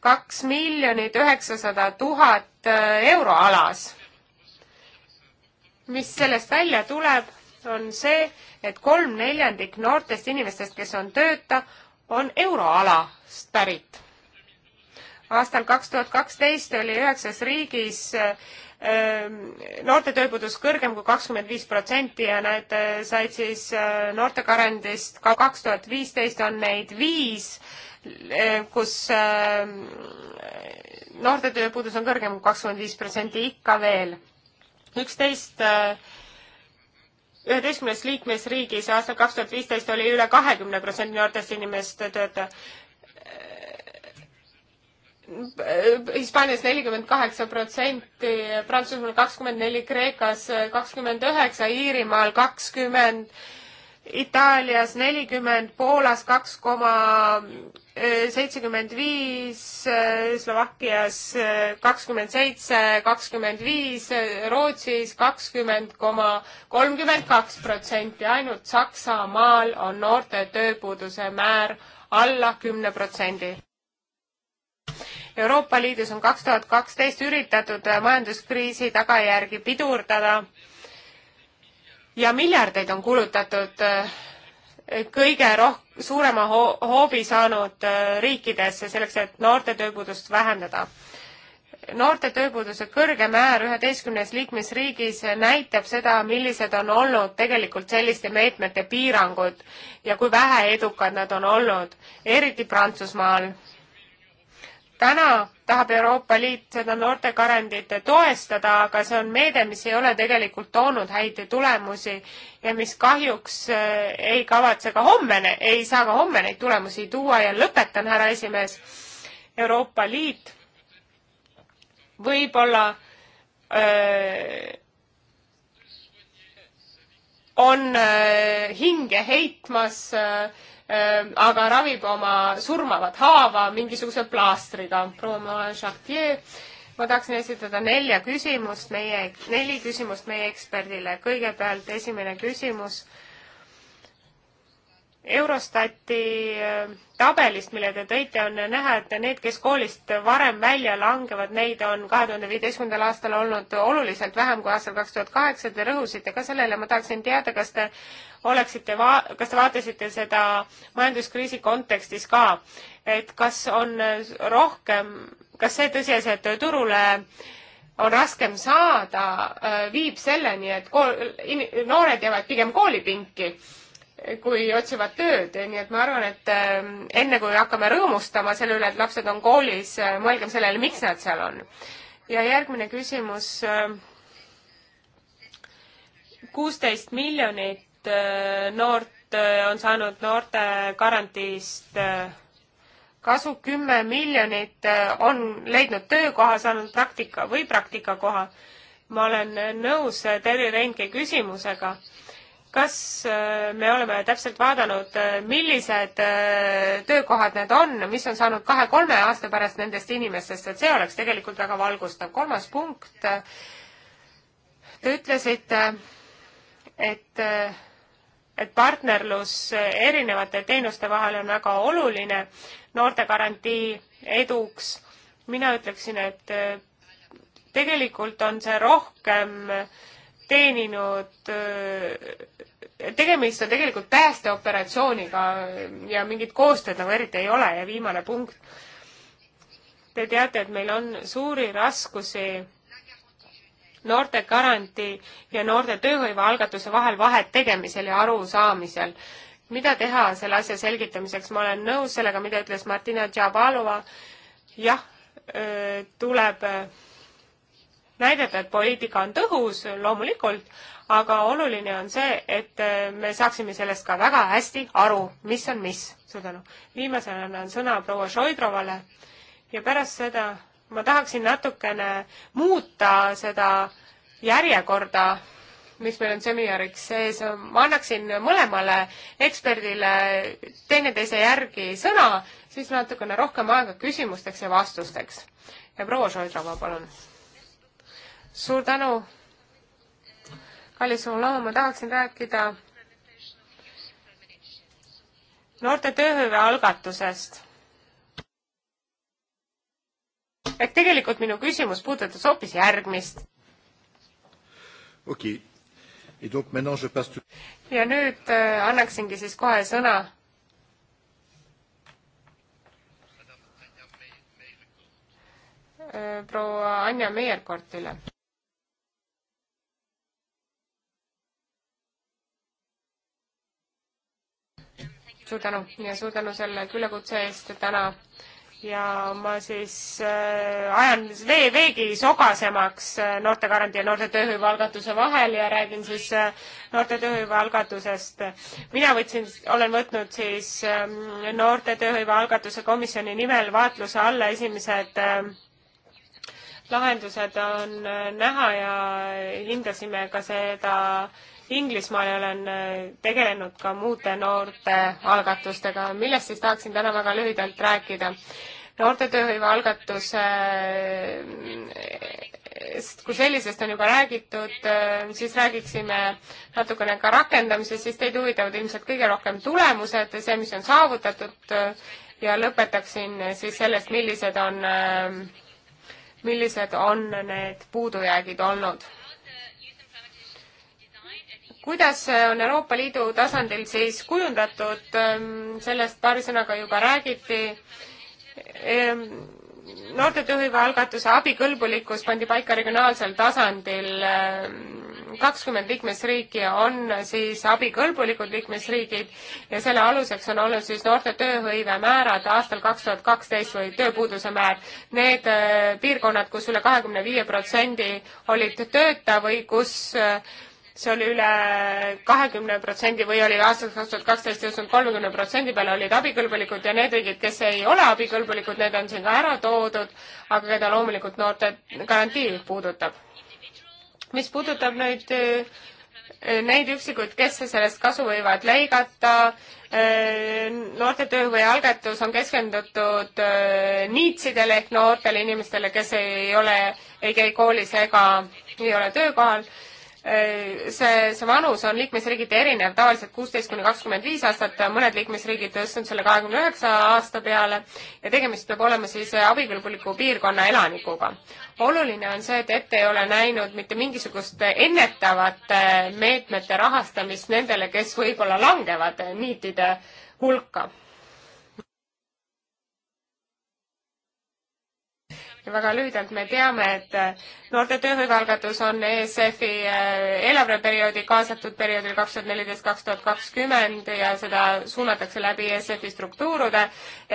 kaks miljonit üheksasada tuhat äh, euroalas. mis sellest välja tuleb, on see, et kolm neljandik noortest inimestest, kes on tööta, on euroalast pärit. aastal kaks tuhat kaksteist oli üheksas riigis ähm, noorte tööpuudus kõrgem kui kakskümmend viis protsenti ja need äh, said siis äh, noortekarendist ka kaks tuhat viisteist on neid viis Eh, kus eh, noorte tööpuudus on kõrgem kui kakskümmend viis protsenti ikka veel. üksteist eh, üheteistkümnes liikmesriigis aastal kaks tuhat viisteist oli üle kahekümne protsendi noortest inimest töötaja. Hispaanias nelikümmend kaheksa protsenti, Prantsusmaal kakskümmend neli, Kreekas kakskümmend üheksa, Iirimaal kakskümmend 20 Itaalias nelikümmend, Poolas kaks koma seitsekümmend viis, Slovakkias kakskümmend seitse, kakskümmend viis, Rootsis kakskümmend koma kolmkümmend kaks protsenti, ainult Saksamaal on noorte tööpuuduse määr alla kümne protsendi. Euroopa Liidus on kaks tuhat kaksteist üritatud majanduskriisi tagajärgi pidurdada ja miljardeid on kulutatud eh, kõige roh-, suurema ho-, hoobi saanud eh, riikidesse selleks, et noorte tööpuudust vähendada. noorte tööpuuduse kõrge määr üheteistkümnes liikmesriigis näitab seda, millised on olnud tegelikult selliste meetmete piirangud ja kui vähe edukad nad on olnud, eriti Prantsusmaal täna tahab Euroopa Liit seda noortekarendit toestada, aga see on meede, mis ei ole tegelikult toonud häid tulemusi ja mis kahjuks eh, ei kavatse ka homme, ei saa ka homme neid tulemusi tuua ja lõpetan, härra esimees. Euroopa Liit võib-olla öö, eh, on äh, hinge heitmas, äh, äh, aga ravib oma surmavat haava mingisuguse plaastriga. proua Moulin Chartier, ma tahaksin esitada nelja küsimust meie, neli küsimust meie eksperdile. kõigepealt esimene küsimus Eurostati äh, tabelist, mille te tõite, on näha, et need, kes koolist varem välja langevad, neid on kahe tuhande viieteistkümnendal aastal olnud oluliselt vähem kui aastal kaks tuhat kaheksa. Te rõhusite ka sellele, ma tahaksin teada, kas te oleksite va-, kas te vaatasite seda majanduskriisi kontekstis ka, et kas on rohkem, kas see tõsiasi, et turule on raskem saada, äh, viib selleni, et kool, noored jäävad pigem koolipinki kui otsivad tööd, nii et ma arvan, et ähm, enne kui hakkame rõõmustama selle üle, et lapsed on koolis, äh, mõelgem sellele, miks nad seal on. ja järgmine küsimus. Äh, kuusteist miljonit äh, noort on saanud noorte garantiist kasu, kümme miljonit on leidnud töökoha, saanud praktika või praktikakoha. ma olen nõus Terri Reinke küsimusega kas äh, me oleme täpselt vaadanud, äh, millised äh, töökohad need on, mis on saanud kahe-kolme aasta pärast nendest inimestest, et see oleks tegelikult väga valgustav. kolmas punkt, te ütlesite, et, et partnerlus erinevate teenuste vahel on väga oluline noortegarantii eduks. mina ütleksin, et tegelikult on see rohkem äh, teeninud, tegemist on tegelikult päästeoperatsiooniga ja mingit koostööd nagu eriti ei ole ja viimane punkt. Te teate, et meil on suuri raskusi noorte garantii ja noorte tööhõive algatuse vahel vahet tegemisel ja arusaamisel mida teha selle asja selgitamiseks, ma olen nõus sellega, mida ütles Martina Tšabalova, jah, tuleb näidata, et poliitika on tõhus, loomulikult, aga oluline on see, et äh, me saaksime sellest ka väga hästi aru, mis on mis. suur tänu. viimasena annan sõna proua Šoidrovale ja pärast seda ma tahaksin natukene muuta seda järjekorda, mis meil on seminariks sees, ma annaksin mõlemale eksperdile teineteise järgi sõna, siis natukene rohkem aega küsimusteks ja vastusteks. ja proua Šoidrova, palun suur tänu, kallis Olav, ma tahaksin rääkida noorte tööhõive algatusest. ehk tegelikult minu küsimus puudutas hoopis järgmist. okei okay.. Et donc maintenant je passe tout... ja nüüd äh, annaksingi siis kohe sõna äh, proua Anja Meierkortile. suur tänu ja suur tänu selle küllakutse eest täna ja ma siis äh, ajan vee veegi sogasemaks äh, noortekaranti ja noorte tööhõive algatuse vahel ja räägin siis äh, noorte tööhõive algatusest. mina võtsin, olen võtnud siis äh, noorte tööhõive algatuse komisjoni nimel vaatluse alla esimesed äh, lahendused on äh, näha ja hindasime ka seda Inglismaal ja olen äh, tegelenud ka muude noorte algatustega, millest siis tahaksin täna väga lühidalt rääkida. noorte tööhõive algatuse äh, kui sellisest on juba räägitud, siis räägiksime natukene ka rakendamisest, siis teid huvitavad ilmselt kõige rohkem tulemused, see, mis on saavutatud ja lõpetaksin siis sellest, millised on äh, millised on need puudujäägid olnud. kuidas on Euroopa Liidu tasandil siis kujundatud, ähm, sellest paari sõnaga juba räägiti, ähm, noorte tööhõive algatuse abikõlbulikkus pandi paika regionaalsel tasandil ähm, kakskümmend liikmesriiki on siis abikõlbulikud liikmesriigid ja selle aluseks on olnud siis noorte tööhõive määrad aastal kaks tuhat kaksteist või tööpuuduse määr. Need äh, piirkonnad, kus üle kahekümne viie protsendi olid tööta või kus äh, see oli üle kahekümne protsendi või oli aastaks kaks tuhat kaksteist tõusnud kolmekümne protsendi peale, olid abikõlbulikud ja need riigid, kes ei ole abikõlbulikud, need on siin ka ära toodud, aga keda loomulikult noorte garantii puudutab mis puudutab nüüd äh, neid üksikuid, kes sellest kasu võivad lõigata, äh, noorte tööhõive algatus on keskendutud äh, niitsidele ehk noortele inimestele, kes ei ole, ei käi koolis ega ei ole töökohal Äh, see, see vanus on liikmesriigiti erinev, tavaliselt kuusteist kuni kakskümmend viis aastat, mõned liikmesriigid tõstnud selle kahekümne üheksa aasta peale ja tegemist peab olema siis abikõlbuliku piirkonna elanikuga. oluline on see, et ette ei ole näinud mitte mingisugust ennetavat meetmete rahastamist nendele, kes võib-olla langevad niitide hulka ja väga lühidalt me teame, et äh, noorte tööhõivealgatus on ESF-i äh, eelarveperioodi kaasatud perioodil kaks tuhat neliteist, kaks tuhat kakskümmend ja seda suunatakse läbi ESF-i struktuurude,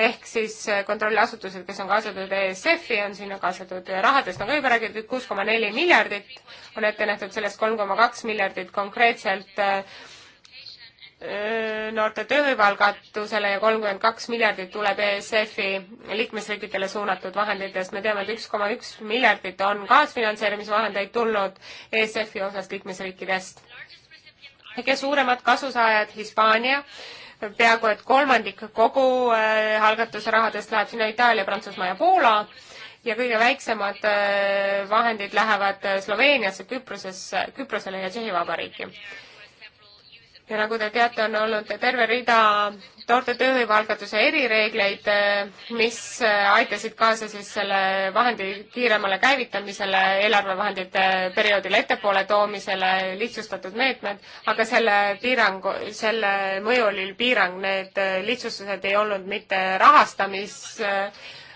ehk siis äh, kontrolliasutused, kes on kaasatud ESF-i, on sinna kaasatud rahadest, nagu juba räägitud, kuus koma neli miljardit on ette nähtud, sellest kolm koma kaks miljardit konkreetselt äh, noorte tööhõivealgatusele ja kolmkümmend kaks miljardit tuleb ESF-i liikmesriikidele suunatud vahenditest. me teame, et üks koma üks miljardit on kaasfinantseerimisvahendeid tulnud ESF-i osast liikmesriikidest. kõige suuremad kasusaajad Hispaania, peaaegu et kolmandik kogu algatuse rahadest läheb sinna Itaalia, Prantsusmaa ja Poola ja kõige väiksemad vahendid lähevad Sloveeniasse, Küprosesse, Küprosele ja Tšehhi Vabariiki ja nagu te teate, on olnud terve rida noorte tööhõivealgatuse erireegleid, eh, mis eh, aitasid kaasa siis selle vahendi kiiremale käivitamisele, eelarvevahendite perioodile ettepoole toomisele, lihtsustatud meetmed, aga selle piirangu, selle mõju oli piirang, need eh, lihtsustused ei olnud mitte rahastamis äh,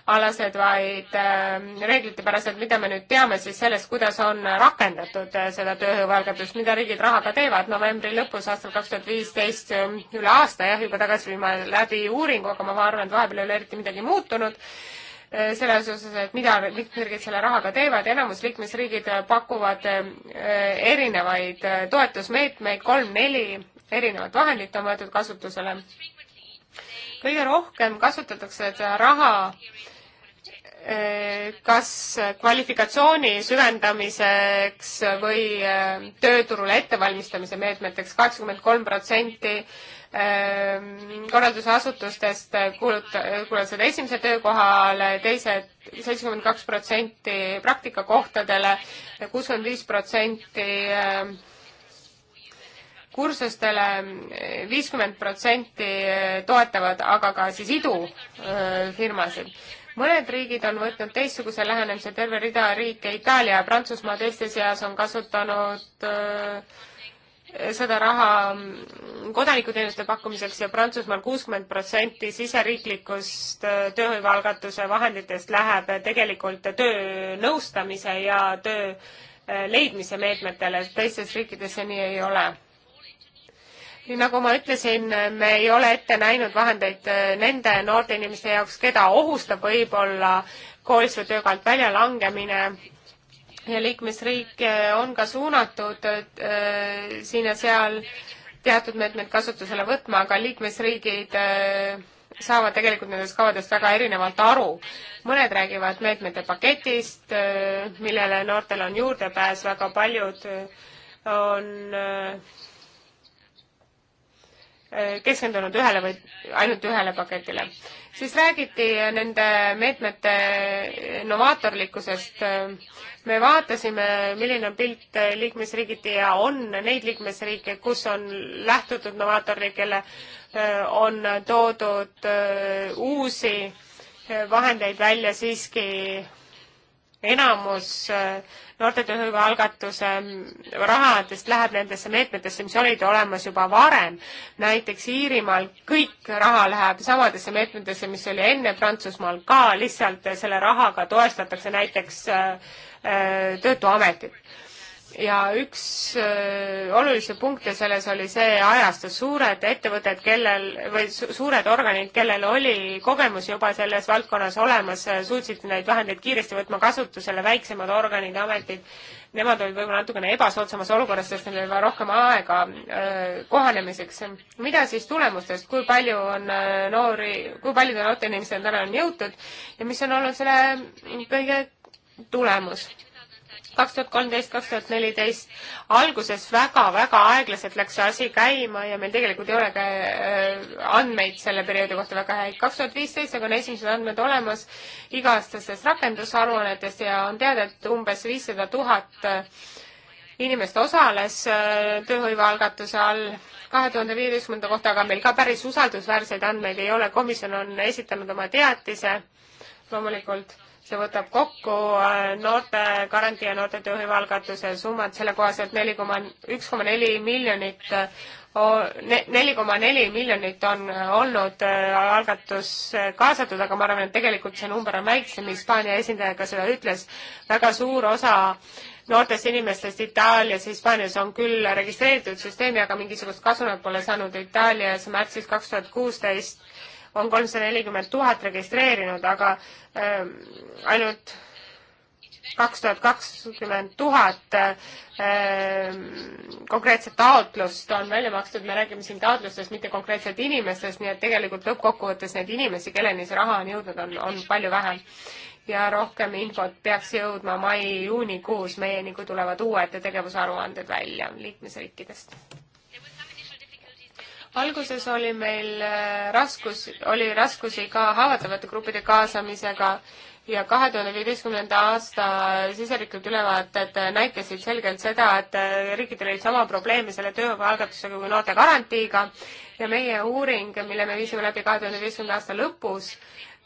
alased, vaid ähm, reeglitepärased, mida me nüüd teame siis sellest, kuidas on rakendatud äh, seda tööhõivealgatust, mida riigid rahaga teevad. novembri lõpus aastal kaks tuhat viisteist, ähm, üle aasta jah, juba tagasi viima läbi uuringu, aga ma arvan, et vahepeal ei ole eriti midagi muutunud äh, selles osas, et mida liikmesriigid selle rahaga teevad, enamus liikmesriigid äh, pakuvad erinevaid toetusmeetmeid, kolm-neli erinevat vahendit on võetud kasutusele. kõige rohkem kasutatakse seda raha äh, Äh, kas kvalifikatsiooni süvendamiseks või äh, tööturule ettevalmistamise meetmeteks kaheksakümmend kolm protsenti ähm, korraldusasutustest kuulut-, äh, kuulutavad esimese töökohale, teised seitsekümmend kaks protsenti praktikakohtadele, kuuskümmend viis protsenti ähm, kursustele, viiskümmend protsenti toetavad aga ka siis idufirmasid mõned riigid on võtnud teistsuguse lähenemise, terve rida riike, Itaalia ja Prantsusmaa teiste seas on kasutanud äh, seda raha mm, kodanikuteenuste pakkumiseks ja Prantsusmaal kuuskümmend protsenti siseriiklikust äh, tööhõivealgatuse vahenditest läheb äh, tegelikult töö nõustamise ja töö leidmise meetmetele, teistes riikides see nii ei ole nagu ma ütlesin, me ei ole ette näinud vahendeid äh, nende noorte inimeste jaoks, keda ohustab võib-olla koolist või töökohalt välja langemine ja liikmesriik äh, on ka suunatud äh, siin ja seal teatud meetmed kasutusele võtma, aga liikmesriigid äh, saavad tegelikult nendest kavadest väga erinevalt aru. mõned räägivad meetmete paketist, äh, millele noortel on juurdepääs, väga paljud on keskendunud ühele või ainult ühele paketile. siis räägiti nende meetmete novaatorlikkusest. me vaatasime, milline on pilt liikmesriigiti ja on neid liikmesriike, kus on lähtutud novaatorlikele, on toodud äh, uusi äh, vahendeid välja siiski enamus äh, noorte tööhõive algatuse mm, rahadest läheb nendesse meetmetesse, mis olid olemas juba varem. näiteks Iirimaal kõik raha läheb samadesse meetmetesse, mis oli enne Prantsusmaal ka, lihtsalt selle rahaga toestatakse näiteks äh, äh, Töötuametit ja üks äh, olulisi punkte selles oli see ajastus, suured ettevõtted, kellel või suured organid, kellel oli kogemus juba selles valdkonnas olemas, äh, suutsid neid vahendeid kiiresti võtma kasutusele, väiksemad organid, ametid, nemad olid võib-olla natukene ebasoodsamas olukorras, sest neil oli rohkem aega öö, äh, kohanemiseks. mida siis tulemustest, kui palju on noori, kui paljude noorte inimesteni täna on jõutud ja mis on olnud selle kõige tulemus? kaks tuhat kolmteist, kaks tuhat neliteist. alguses väga-väga aeglaselt läks see asi käima ja meil tegelikult ei ole ka äh, andmeid selle perioodi kohta väga häid. kaks tuhat viisteist aga on esimesed andmed olemas iga-aastastest rakendusaruannetest ja on teada, et umbes viissada tuhat äh, inimest osales äh, tööhõivealgatuse all kahe tuhande viieteistkümnenda kohta, aga meil ka päris usaldusväärseid andmeid ei ole. komisjon on esitanud oma teatise loomulikult see võtab kokku äh, noorte garantii ja noorte tööhõive algatuse summad selle kohaselt neli koma, üks koma neli miljonit, neli koma neli miljonit on olnud äh, algatus kaasatud, aga ma arvan, et tegelikult see number on väiksem, Hispaania esindaja ka seda ütles, väga suur osa noortest inimestest Itaalias, Hispaanias on küll registreeritud süsteemi, aga mingisugust kasu nad pole saanud. Itaalias märtsis kaks tuhat kuusteist on kolmsada nelikümmend tuhat registreerinud, aga äh, ainult kaks tuhat kakskümmend tuhat ähm, konkreetset taotlust on välja makstud, me räägime siin taotlustest, mitte konkreetselt inimestest, nii et tegelikult lõppkokkuvõttes neid inimesi, kelleni see raha on jõudnud, on, on palju vähem. ja rohkem infot peaks jõudma mai-juunikuus meieni, kui tulevad uued tegevusaruanded välja liikmesriikidest alguses oli meil äh, raskus, oli raskusi ka haavatavate gruppide kaasamisega ja kahe tuhande viieteistkümnenda aasta siseriiklikud ülevaated äh, näitasid selgelt seda, et äh, riikidel oli sama probleeme selle tööga, algatusega kui noorte garantiiga ja meie uuring, mille me viisime läbi kahe tuhande viieteistkümnenda aasta lõpus,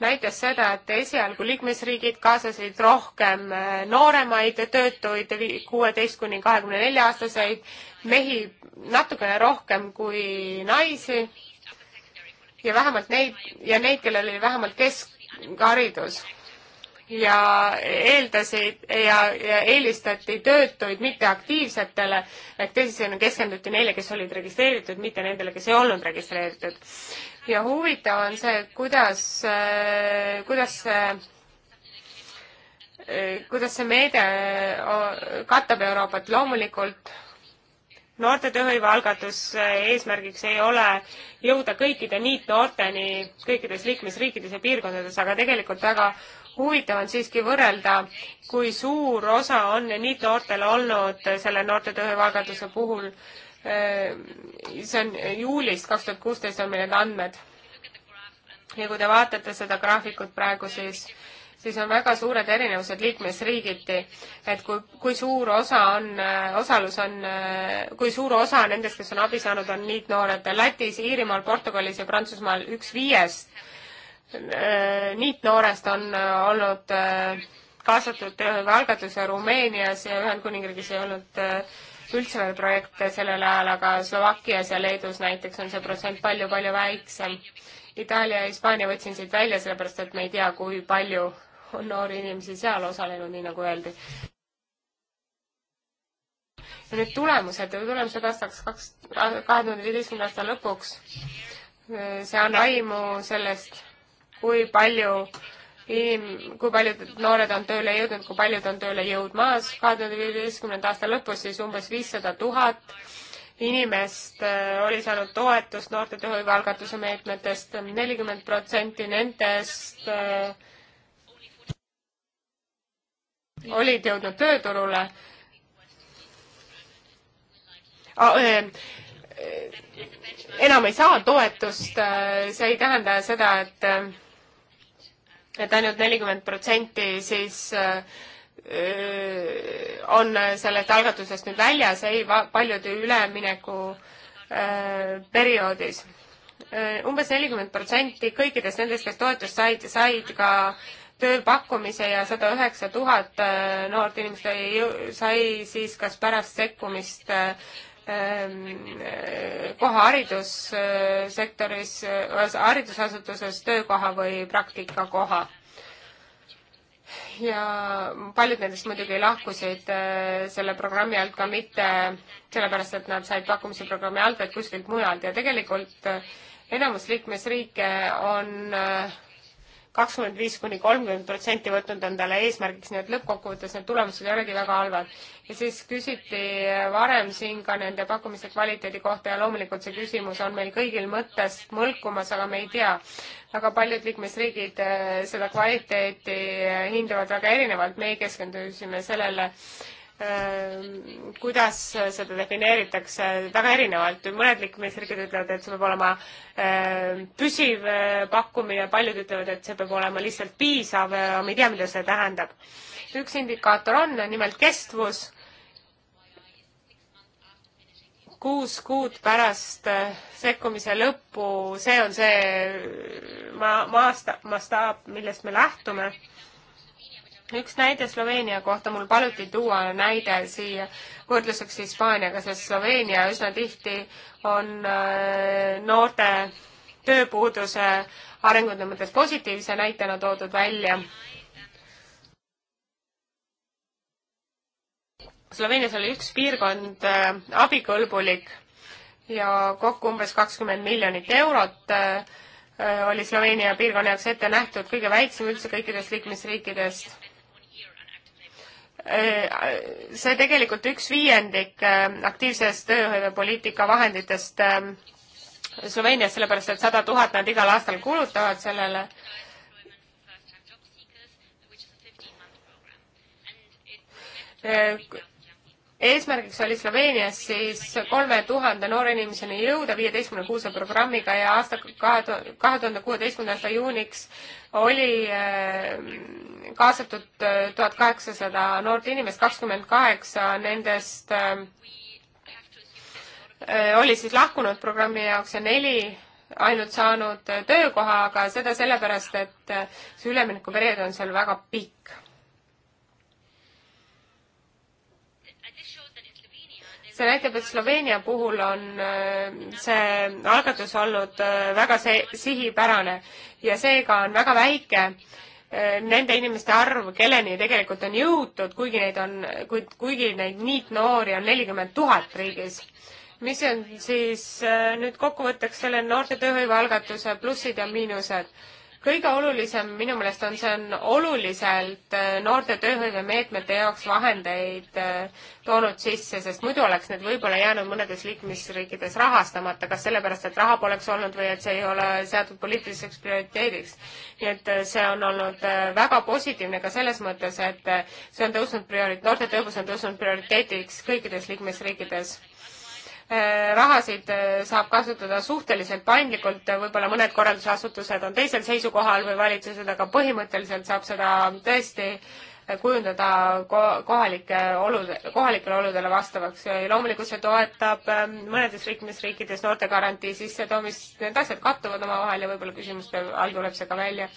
näitas seda, et esialgu liikmesriigid kaasasid rohkem äh, nooremaid töötuid, kuueteist kuni kahekümne nelja aastaseid, mehi natukene rohkem kui naisi ja vähemalt neid ja neid, kellel oli vähemalt keskharidus ja eeldasid ja, ja eelistati töötuid mitteaktiivsetele, ehk teisisõnu keskenduti neile, kes olid registreeritud, mitte nendele, kes ei olnud registreeritud ja huvitav on see, kuidas, äh, kuidas see äh, kuidas see meede äh, katab Euroopat, loomulikult noorte tööhõive algatus eesmärgiks ei ole jõuda kõikide niitnoorteni kõikides liikmesriikides ja piirkondades, aga tegelikult väga huvitav on siiski võrrelda, kui suur osa on niitnoortel olnud selle noorte tööhõive algatuse puhul äh, Äh, see on juulist kaks tuhat kuusteist on meil need andmed. ja kui te vaatate seda graafikut praegu, siis siis on väga suured erinevused liikmesriigiti, et kui, kui suur osa on, äh, osalus on, äh, kui suur osa nendest, kes on abi saanud, on niitnoored Lätis, Iirimaal, Portugalis ja Prantsusmaal üks viiest niitnoorest on olnud kaasatud tööhõive algatuse Rumeenias ja Ühendkuningriigis ei olnud äh, üldse veel projekte sellel ajal, aga Slovakkias ja Leedus näiteks on see protsent palju-palju väiksem. Itaalia ja Hispaania võtsin siit välja, sellepärast et me ei tea, kui palju on noori inimesi seal osalenud, nii nagu öeldi. ja nüüd tulemused, tulemused aastaks kaks, kahe tuhande viieteistkümnenda aasta lõpuks. see annab aimu sellest, kui palju äh, kui paljud noored on tööle jõudnud, kui paljud on tööle jõudmas. kahe tuhande viieteistkümnenda aasta lõpus siis umbes viissada tuhat inimest äh, oli saanud toetust noorte tööhõivealgatuse meetmetest, nelikümmend protsenti nendest äh, olid jõudnud tööturule ah,. Äh, äh enam ei saa toetust, see ei tähenda seda, et et ainult nelikümmend protsenti siis äh, on sellest algatusest nüüd väljas, ei, paljude ülemineku äh, perioodis. Äh, umbes nelikümmend protsenti kõikidest nendest, kes toetust said, said ka tööpakkumise ja sada üheksa tuhat noort inimest sai siis kas pärast sekkumist Ehm, eh, koha haridussektoris, eh, haridusasutuses töökoha või praktikakoha. ja paljud nendest muidugi lahkusid eh, selle programmi alt ka mitte sellepärast, et nad said pakkumise programmi alt, vaid kuskilt mujalt ja tegelikult enamus liikmesriike on äh, kakskümmend viis kuni kolmkümmend protsenti võtnud endale eesmärgiks, nii et lõppkokkuvõttes need tulemused ei olegi väga halvad. ja siis küsiti varem siin ka nende pakkumiste kvaliteedi kohta ja loomulikult see küsimus on meil kõigil mõttes mõlkumas, aga me ei tea. väga paljud liikmesriigid eh, seda kvaliteeti hindavad väga erinevalt, meie keskendusime sellele, Ehm, kuidas seda defineeritakse väga erinevalt, mõned liikmesriigid ütlevad, et see peab olema ehm, püsiv eh, pakkumine, paljud ütlevad, et see peab olema lihtsalt piisav, ma eh, ei tea, mida see tähendab. üks indikaator on nimelt kestvus. kuus kuud pärast eh, sekkumise lõppu, see on see ma-, maasta-, mastaap, millest me lähtume üks näide Sloveenia kohta, mul paluti tuua näide siia võrdluseks Hispaaniaga, sest Sloveenia üsna tihti on äh, noorte tööpuuduse arengute mõttes positiivse näitena toodud välja. Sloveenias oli üks piirkond äh, abikõlbulik ja kokku umbes kakskümmend miljonit eurot äh, oli Sloveenia piirkonna jaoks ette nähtud kõige väiksem üldse kõikidest liikmesriikidest Äh, see tegelikult üks viiendik äh, aktiivsest tööhõivepoliitika vahenditest äh, Sloveenias, sellepärast et sada tuhat nad igal aastal kulutavad sellele eesmärgiks oli Sloveenias siis kolme tuhande noore inimeseni jõuda viieteistkümne kuuse programmiga ja aasta kahe tuhande kuueteistkümnenda aasta juuniks oli äh, kaasatud äh, tuhat kaheksasada noort inimest, kakskümmend kaheksa nendest äh, oli siis lahkunud programmi jaoks ja neli ainult saanud töökoha, aga seda sellepärast, et see üleminekuperiood on seal väga pikk see näitab, et Sloveenia puhul on äh, see algatus olnud äh, väga see sihipärane ja seega on väga väike äh, nende inimeste arv, kelleni tegelikult on jõutud, kuigi neid on, kuid, kuigi neid niitnoori on nelikümmend tuhat riigis. mis on siis nüüd kokkuvõtteks selle noorte tööhõive algatuse plussid ja miinused? kõige olulisem minu meelest on, see on oluliselt äh, noorte tööhõivemeetmete jaoks vahendeid äh, toonud sisse, sest muidu oleks need võib-olla jäänud mõnedes liikmesriikides rahastamata, kas sellepärast, et raha poleks olnud või et see ei ole seatud poliitiliseks prioriteediks. nii et äh, see on olnud väga positiivne ka selles mõttes, et see on tõusnud priori-, noorte tööpuudus on tõusnud prioriteediks kõikides liikmesriikides Äh, rahasid äh, saab kasutada suhteliselt paindlikult, võib-olla mõned korraldusasutused on teisel seisukohal või valitsused, aga põhimõtteliselt saab seda tõesti äh, kujundada kohalike olude, kohalikele oludele vastavaks. loomulikult see toetab ähm, mõnedes liikmesriikides noortegarantii sissetoomist, need asjad kattuvad omavahel ja võib-olla küsimuste all tuleb see ka välja.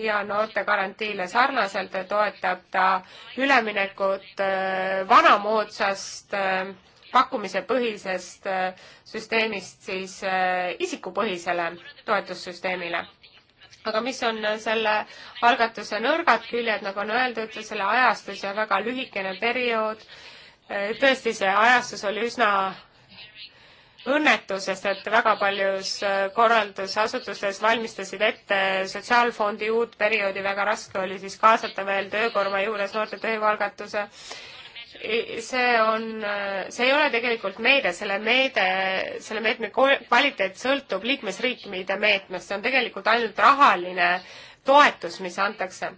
ja noortegarantiile sarnaselt toetab ta üleminekut vanamoodsast äh, pakkumisepõhisest äh, süsteemist siis äh, isikupõhisele toetussüsteemile. aga mis on äh, selle algatuse nõrgad küljed, nagu on öeldud, selle ajastus ja väga lühikene periood, tõesti, see ajastus oli üsna õnnetu, sest et väga paljus korraldusasutustes valmistasid ette Sotsiaalfondi uut perioodi, väga raske oli siis kaasata veel töökoorma juures noorte tööalgatuse see on, see ei ole tegelikult meede, selle meede, selle meetme kvaliteet sõltub liikmesriikide meetmest, see on tegelikult ainult rahaline toetus, mis antakse.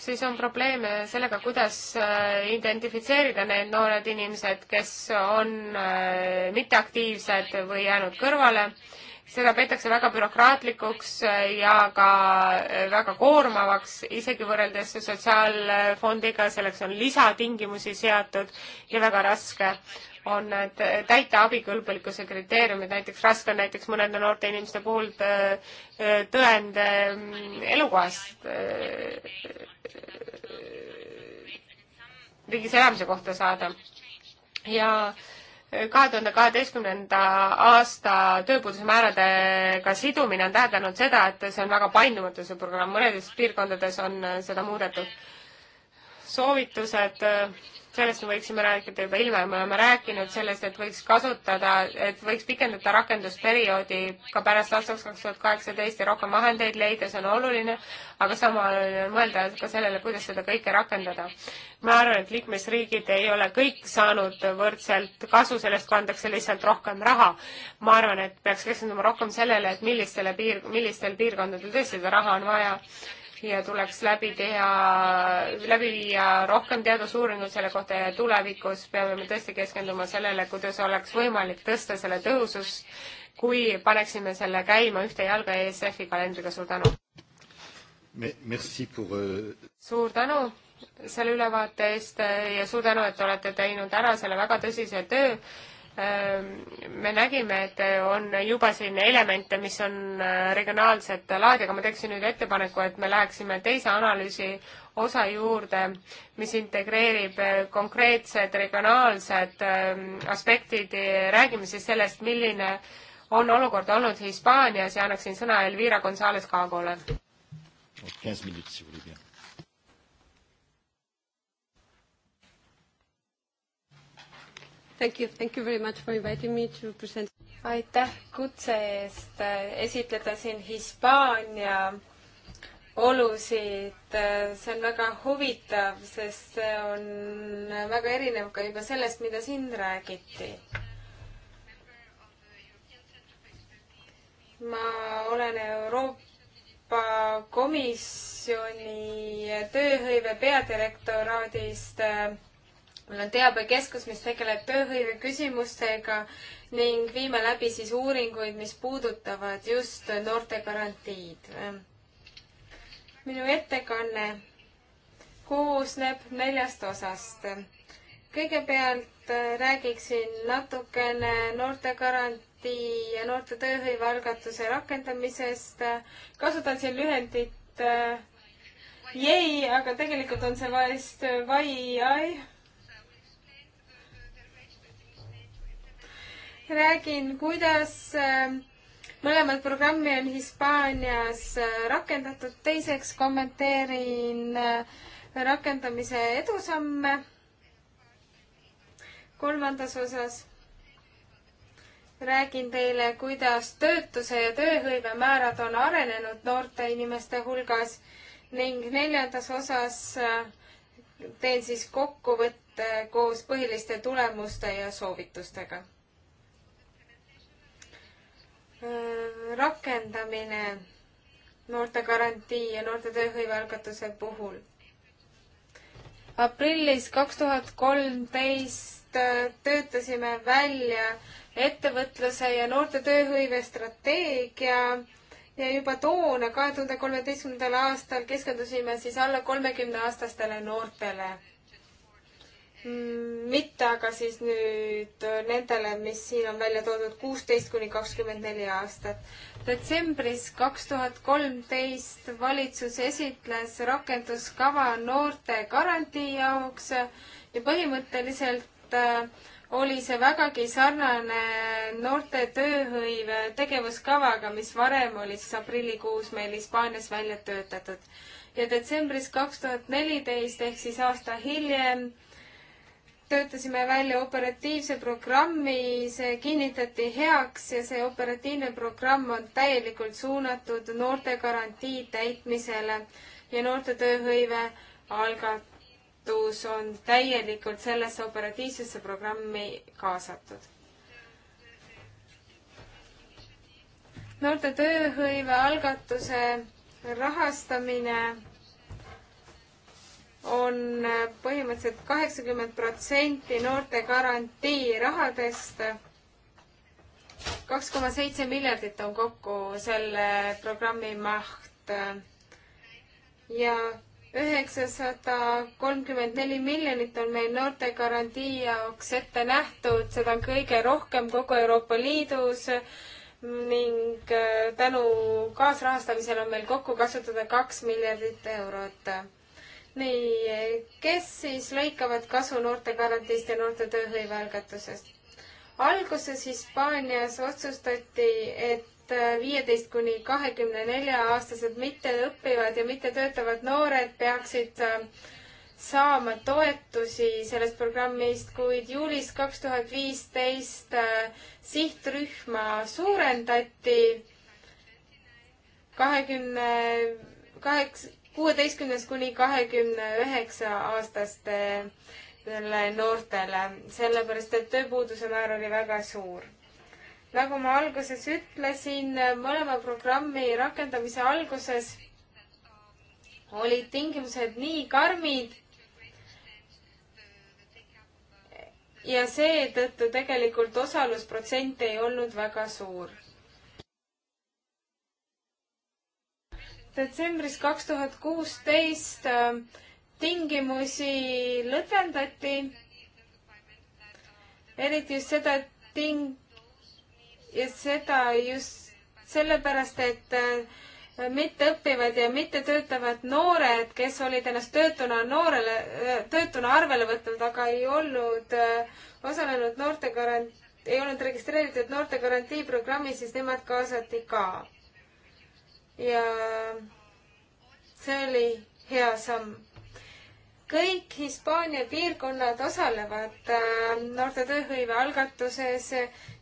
siis on probleeme sellega, kuidas äh, identifitseerida need noored inimesed, kes on äh, mitteaktiivsed või jäänud kõrvale seda peetakse väga bürokraatlikuks äh, ja ka äh, väga koormavaks, isegi võrreldes sotsiaalfondiga, selleks on lisatingimusi seatud ja väga raske on äh, täita abikõlbulikkuse kriteeriumid, näiteks raske on näiteks mõnede noorte inimeste puhul tõend mm, elukohast riigis elamise kohta saada ja äh, kahe tuhande kaheteistkümnenda aasta tööpuuduse määradega sidumine on tähendanud seda, et see on väga paindumatuse programm, mõnedes piirkondades on seda muudetud. soovitused äh, sellest me võiksime rääkida juba hiljem, me oleme rääkinud sellest, et võiks kasutada, et võiks pikendada rakendusperioodi ka pärast aastaks kaks tuhat kaheksateist ja rohkem vahendeid leida, see on oluline, aga samal ajal mõelda ka sellele, kuidas seda kõike rakendada. ma arvan, et liikmesriigid ei ole kõik saanud võrdselt kasu sellest, kui antakse lihtsalt rohkem raha. ma arvan, et peaks keskenduma rohkem sellele, et millistele piir, millistel piirkondadel tõesti seda raha on vaja ja tuleks läbi teha, läbi viia rohkem teadusuuringuid selle kohta ja tulevikus peame me tõesti keskenduma sellele, kuidas oleks võimalik tõsta selle tõhusust, kui paneksime selle käima ühte jalga ESF-i kalendriga, suur tänu! Pour... Euh, suur tänu selle ülevaate eest ja suur tänu, et olete teinud ära selle väga tõsise töö Ehm, me nägime, et on juba selline elemente, mis on äh, regionaalset laadi, aga ma teeksin nüüd ettepaneku, et me läheksime teise analüüsi osa juurde, mis integreerib äh, konkreetsed regionaalsed ähm, aspektid, räägime siis sellest, milline on olukord olnud Hispaanias ja annaksin sõna Elvira Gonzalez Cagole. Thank you, thank you very much for inviting me to present. aitäh kutse eest äh, esitleda siin Hispaania olusid. Äh, see on väga huvitav, sest see on väga erinev ka juba sellest, mida siin räägiti. ma olen Euroopa Komisjoni tööhõive peadirektoraadist äh, meil on teabekeskus, mis tegeleb tööhõive küsimustega ning viime läbi siis uuringuid, mis puudutavad just noortegarantiid. minu ettekanne koosneb neljast osast. kõigepealt äh, räägiksin natukene noortegarantii Eesti ja noorte tööhõive algatuse rakendamisest. kasutan siin lühendit äh, JEI, aga tegelikult on see vahest äh, YEI. räägin, kuidas ähm, mõlemat programmi on Hispaanias äh, rakendatud, teiseks kommenteerin äh, rakendamise edusamme kolmandas osas räägin teile, kuidas töötuse ja tööhõive määrad on arenenud noorte inimeste hulgas ning neljandas osas äh, teen siis kokkuvõtte koos põhiliste tulemuste ja soovitustega rakendamine noortegarantii ja noorte tööhõive algatuse puhul. aprillis kaks tuhat kolmteist töötasime välja ettevõtluse ja noorte tööhõive strateegia ja juba toona, kahe tuhande kolmeteistkümnendal aastal keskendusime siis alla kolmekümne aastastele noortele Mm, mitte aga siis nüüd äh, nendele, mis siin on välja toodud, kuusteist kuni kakskümmend neli aastat. detsembris kaks tuhat kolmteist valitsus esitles rakenduskava noorte garantii jaoks ja põhimõtteliselt äh, oli see vägagi sarnane noorte tööhõive tegevuskavaga, mis varem oli siis aprillikuus meil Hispaanias välja töötatud. ja detsembris kaks tuhat neliteist ehk siis aasta hiljem töötasime välja operatiivse programmi, see kinnitati heaks ja see operatiivne programm on täielikult suunatud noorte garantii täitmisele ja noorte tööhõive algatus on täielikult sellesse operatiivsesse programmi kaasatud. noorte tööhõive algatuse rahastamine on põhimõtteliselt kaheksakümmend protsenti noorte garantii rahadest. kaks koma seitse miljardit on kokku selle programmi maht ja üheksasada kolmkümmend neli miljonit on meil noorte garantii jaoks ette nähtud, seda on kõige rohkem kogu Euroopa Liidus ning äh, tänu kaasrahastamisele on meil kokku kasutada kaks miljardit eurot nii, kes siis lõikavad kasu noortegarantiist ja noorte tööhõive algatusest? alguses Hispaanias otsustati, et viieteist kuni kahekümne nelja aastased mitteõppivad ja mittetöötavad noored peaksid äh, saama toetusi sellest programmist, kuid juulis kaks tuhat viisteist äh, sihtrühma suurendati kahekümne kaheksa kuueteistkümnes kuni kahekümne üheksa aastastele noortele, sellepärast et tööpuuduse määr oli väga suur. nagu ma alguses ütlesin, mõlema programmi rakendamise alguses olid tingimused nii karmid, ja seetõttu tegelikult osalusprotsent ei olnud väga suur. detsembris kaks tuhat kuusteist äh, tingimusi lõdvendati, eriti just seda ting- ja seda just sellepärast, et äh, mitteõppivad ja mittetöötavad noored, kes olid ennast töötuna noorele, äh, töötuna arvele võtnud, aga ei olnud osalenud noorte garant-, ei olnud registreeritud noorte garantiiprogrammis, siis nemad kaasati ka ja see oli hea samm. kõik Hispaania piirkonnad osalevad äh, noorte tööhõive algatuses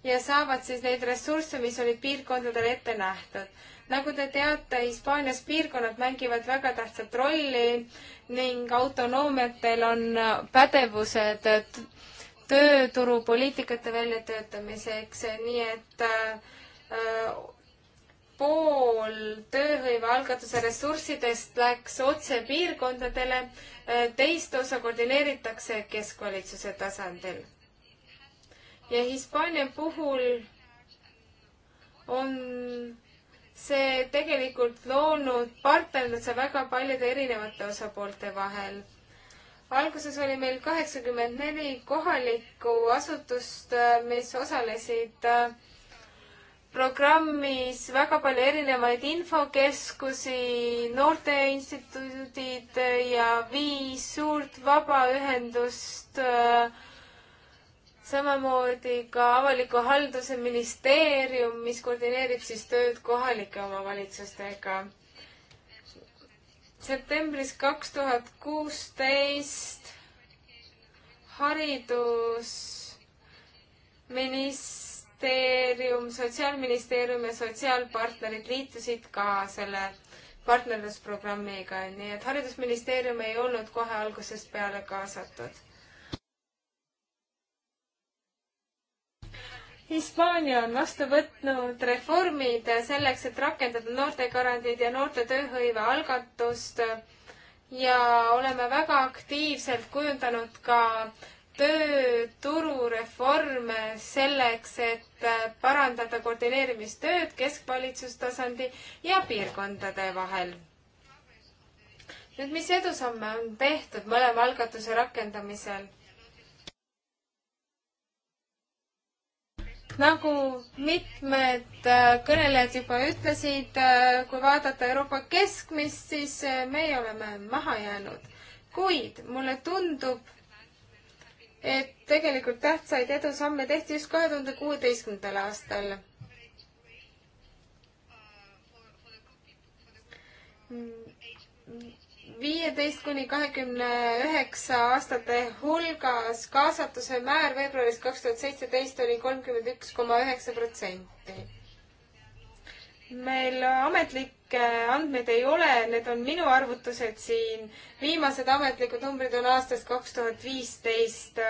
ja saavad siis neid ressursse, mis olid piirkondadele ette nähtud. nagu te teate, Hispaanias piirkonnad mängivad väga tähtsat rolli ning autonoomiatel on pädevused tööturupoliitikate väljatöötamiseks, nii et äh, äh pool tööhõivealgatuse ressurssidest läks otse piirkondadele, teist osa koordineeritakse keskvalitsuse tasandil. ja Hispaania puhul on see tegelikult loonud partnerluse väga paljude erinevate osapoolte vahel. alguses oli meil kaheksakümmend neli kohalikku asutust, mis osalesid äh, programmis väga palju erinevaid infokeskusi, noorteinstituudid ja viis suurt vabaühendust, samamoodi ka avaliku halduse ministeerium, mis koordineerib siis tööd kohalike omavalitsustega. septembris kaks tuhat kuusteist haridusminister ministeerium, Sotsiaalministeerium ja sotsiaalpartnerid liitusid ka selle partnerlusprogrammiga, nii et Haridusministeerium ei olnud kohe algusest peale kaasatud. Hispaania on vastu võtnud reformid selleks, et rakendada noortegarantid ja noorte tööhõive algatust ja oleme väga aktiivselt kujundanud ka tööturureforme selleks, et äh, parandada koordineerimistööd keskvalitsustasandi ja piirkondade vahel. nüüd, mis edusamme on tehtud mõlema algatuse rakendamisel? nagu mitmed äh, kõnelejad juba ütlesid, äh, kui vaadata Euroopa keskmist, siis meie oleme maha jäänud. kuid mulle tundub, et tegelikult tähtsaid edusamme tehti just kahe tuhande kuueteistkümnendal aastal. viieteist kuni kahekümne üheksa aastate hulgas kaasatuse määr veebruaris kaks tuhat seitseteist oli kolmkümmend üks koma üheksa protsenti meil ametlikke andmeid ei ole, need on minu arvutused siin. viimased ametlikud numbrid on aastast kaks tuhat viisteist.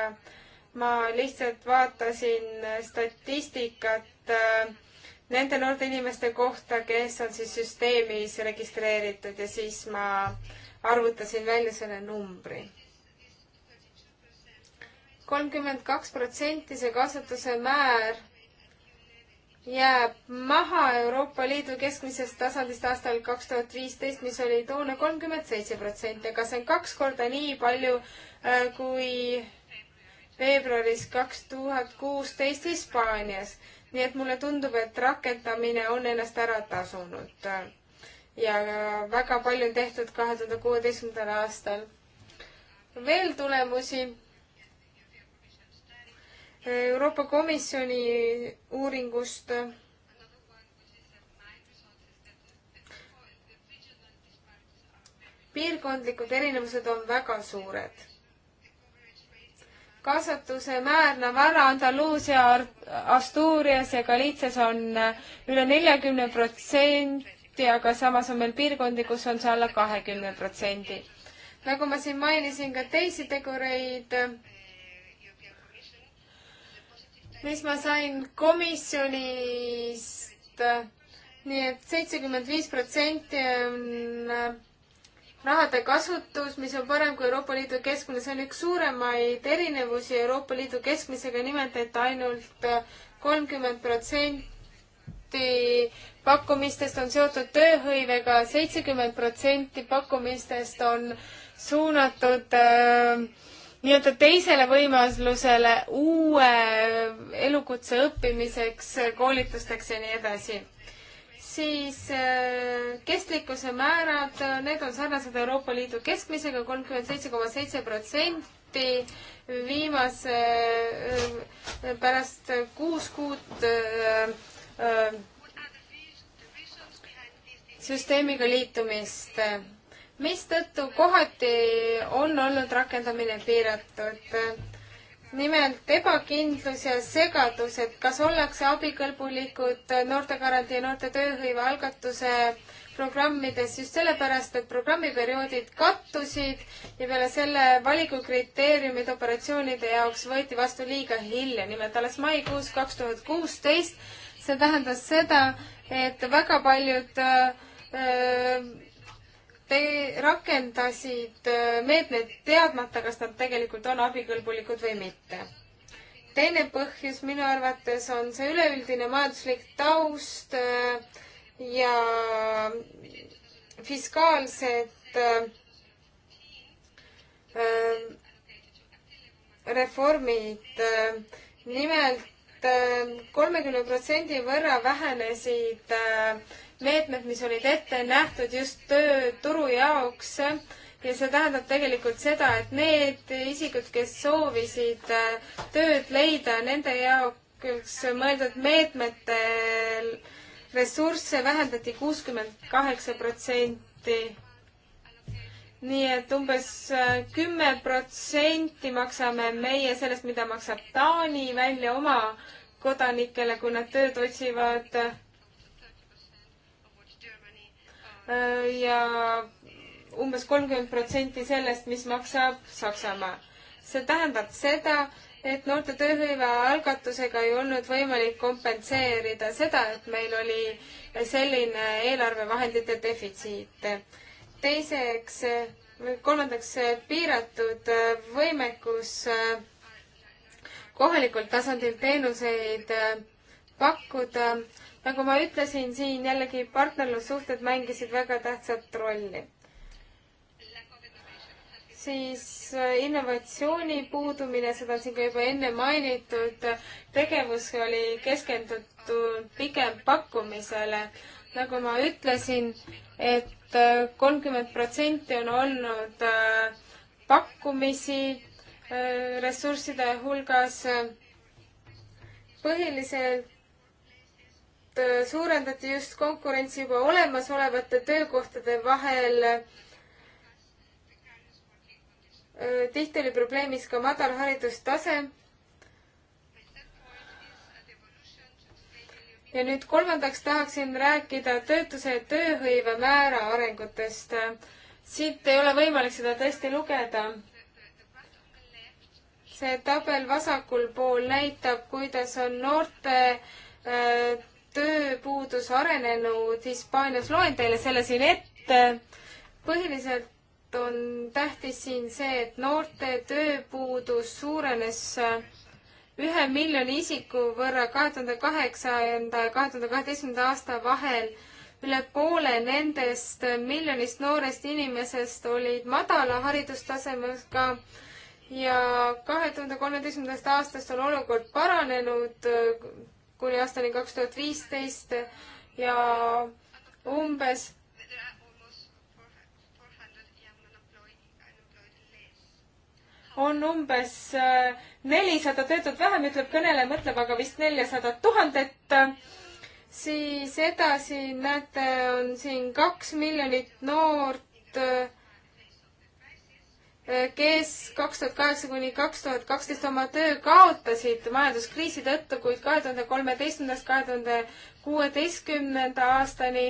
ma lihtsalt vaatasin statistikat äh, nende noorte inimeste kohta, kes on siis süsteemis registreeritud ja siis ma arvutasin välja selle numbri. kolmkümmend kaks protsenti see kasutuse määr jääb maha Euroopa Liidu keskmisest tasandist aastal kaks tuhat viisteist, mis oli toona kolmkümmend seitse protsenti, aga see on kaks korda nii palju äh, kui veebruaris kaks tuhat kuusteist Hispaanias. nii et mulle tundub, et rakendamine on ennast ära tasunud. ja väga palju on tehtud kahe tuhande kuueteistkümnendal aastal. veel tulemusi Euroopa Komisjoni uuringust. piirkondlikud erinevused on väga suured. kaasatuse määr Navarra, Andaluusia, Asturias ja Galiitsias on üle neljakümne protsendi, aga samas on meil piirkondi, kus on see alla kahekümne protsendi. nagu ma siin mainisin ka teisi tegureid mis ma sain komisjonist, nii et seitsekümmend viis protsenti on äh, rahade kasutus, mis on parem kui Euroopa Liidu keskmine, see on üks suuremaid erinevusi Euroopa Liidu keskmisega, nimelt et ainult äh, kolmkümmend protsenti pakkumistest on seotud tööhõivega, seitsekümmend protsenti pakkumistest on suunatud äh, nii-öelda teisele võimalusele, uue elukutse õppimiseks, koolitusteks ja nii edasi. siis äh, kestlikkuse määrad, need on sarnased Euroopa Liidu keskmisega, kolmkümmend seitse koma seitse protsenti viimase, äh, pärast kuus kuud äh, süsteemiga liitumist mistõttu kohati on olnud rakendamine piiratud. nimelt ebakindlus ja segadus, et kas ollakse abikõlbulikud noortegarantii ja noorte tööhõive algatuse programmides just sellepärast, et programmiperioodid kattusid ja peale selle valikukriteeriumid operatsioonide jaoks võeti vastu liiga hilja, nimelt alles maikuus kaks tuhat kuusteist. see tähendas seda, et väga paljud öö, äh, te rakendasid äh, meetmeid teadmata, kas nad tegelikult on abikõlbulikud või mitte. teine põhjus minu arvates on see üleüldine majanduslik taust äh, ja fiskaalsed äh, reformid. nimelt kolmekümne protsendi võrra vähenesid äh, meetmed, mis olid ette nähtud just tööturu jaoks ja see tähendab tegelikult seda, et need isikud, kes soovisid äh, tööd leida, nende jaoks mõeldud meetmete ressursse vähendati kuuskümmend kaheksa protsenti nii et umbes äh, kümme protsenti maksame meie sellest, mida maksab Taani välja oma kodanikele, kui nad tööd otsivad ja umbes kolmkümmend protsenti sellest, mis maksab Saksamaa. see tähendab seda, et noorte tööhõive algatusega ei olnud võimalik kompenseerida seda, et meil oli selline eelarvevahendite defitsiit. teiseks, kolmandaks piiratud võimekus kohalikul tasandil teenuseid pakkuda nagu ma ütlesin, siin jällegi partnerlussuhted mängisid väga tähtsat rolli. siis äh, innovatsiooni puudumine, seda on siin ka juba enne mainitud, tegevus oli keskendutud pigem pakkumisele. nagu ma ütlesin, et äh, kolmkümmend protsenti on olnud äh, pakkumisi ressursside hulgas põhiliselt Äh, suurendati just konkurentsi juba olemasolevate töökohtade vahel. Äh, tihti oli probleemiks ka madal haridustase. ja nüüd kolmandaks tahaksin rääkida töötuse ja tööhõive määra arengutest. siit ei ole võimalik seda tõesti lugeda see tabel vasakul pool näitab, kuidas on noorte äh, tööpuudus arenenud Hispaanias, loen teile selle siin ette. põhiliselt on tähtis siin see, et noorte tööpuudus suurenes ühe miljoni isiku võrra kahe tuhande kaheksanda ja kahe tuhande kaheteistkümnenda aasta vahel. üle poole nendest miljonist noorest inimesest olid madala haridustasemega ja kahe tuhande kolmeteistkümnendast aastast on olukord paranenud kuni aastani kaks tuhat viisteist ja umbes on umbes äh, nelisada töötut vähem, ütleb kõneleja, mõtleb aga vist neljasadat tuhandet. siis edasi näete, on siin kaks miljonit noort äh, kes kaks tuhat kaheksa kuni kaks tuhat kaksteist oma töö kaotasid majanduskriisi tõttu, kuid kahe tuhande kolmeteistkümnendast kahe tuhande kuueteistkümnenda aastani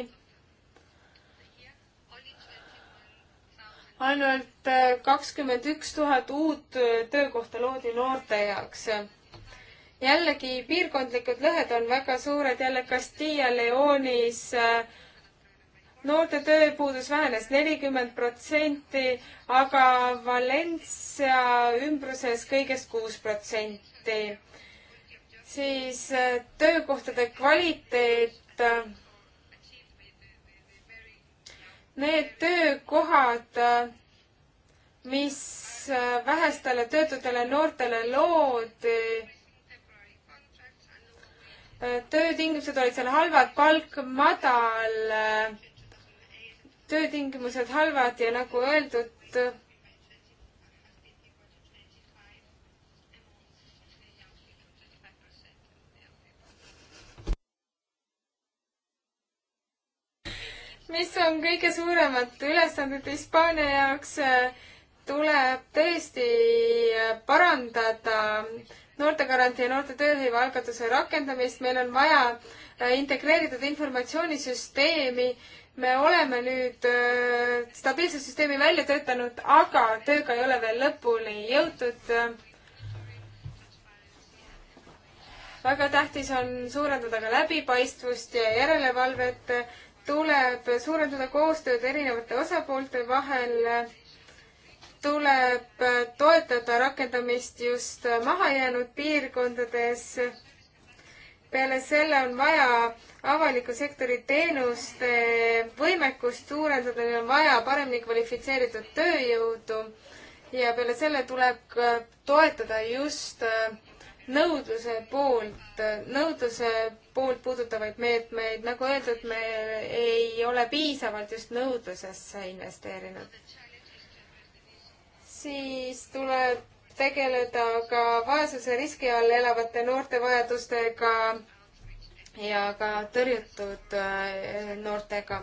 ainult kakskümmend üks tuhat uut töökohta loodi noorte jaoks. jällegi piirkondlikud lõhed on väga suured, jälle Castilla Leonis äh, noorte tööpuudus vähenes nelikümmend protsenti, aga Valencia ümbruses kõigest kuus protsenti. siis äh, töökohtade kvaliteet. Need töökohad, äh, mis äh, vähestele töötutele noortele loodi, töötingimused olid seal halvad, palk madal töötingimused halvad ja nagu öeldud, mis on kõige suuremad ülesanded Hispaania jaoks, tuleb tõesti parandada noortegarantii ja noorte tööhõive algatuse rakendamist, meil on vaja integreeritud informatsioonisüsteemi me oleme nüüd äh, stabiilsussüsteemi välja töötanud, aga tööga ei ole veel lõpuni jõutud. väga tähtis on suurendada ka läbipaistvust ja järelevalvet. tuleb suurendada koostööd erinevate osapoolte vahel. tuleb toetada rakendamist just mahajäänud piirkondades peale selle on vaja avaliku sektori teenuste võimekust suurendada, neil on vaja paremini kvalifitseeritud tööjõudu ja peale selle tuleb toetada just äh, nõudluse poolt, nõudluse poolt puudutavaid meetmeid, nagu öeldud, me ei ole piisavalt just nõudlusesse investeerinud. siis tuleb tegeleda ka vaesuse riski all elavate noorte vajadustega ja ka tõrjutud äh, noortega.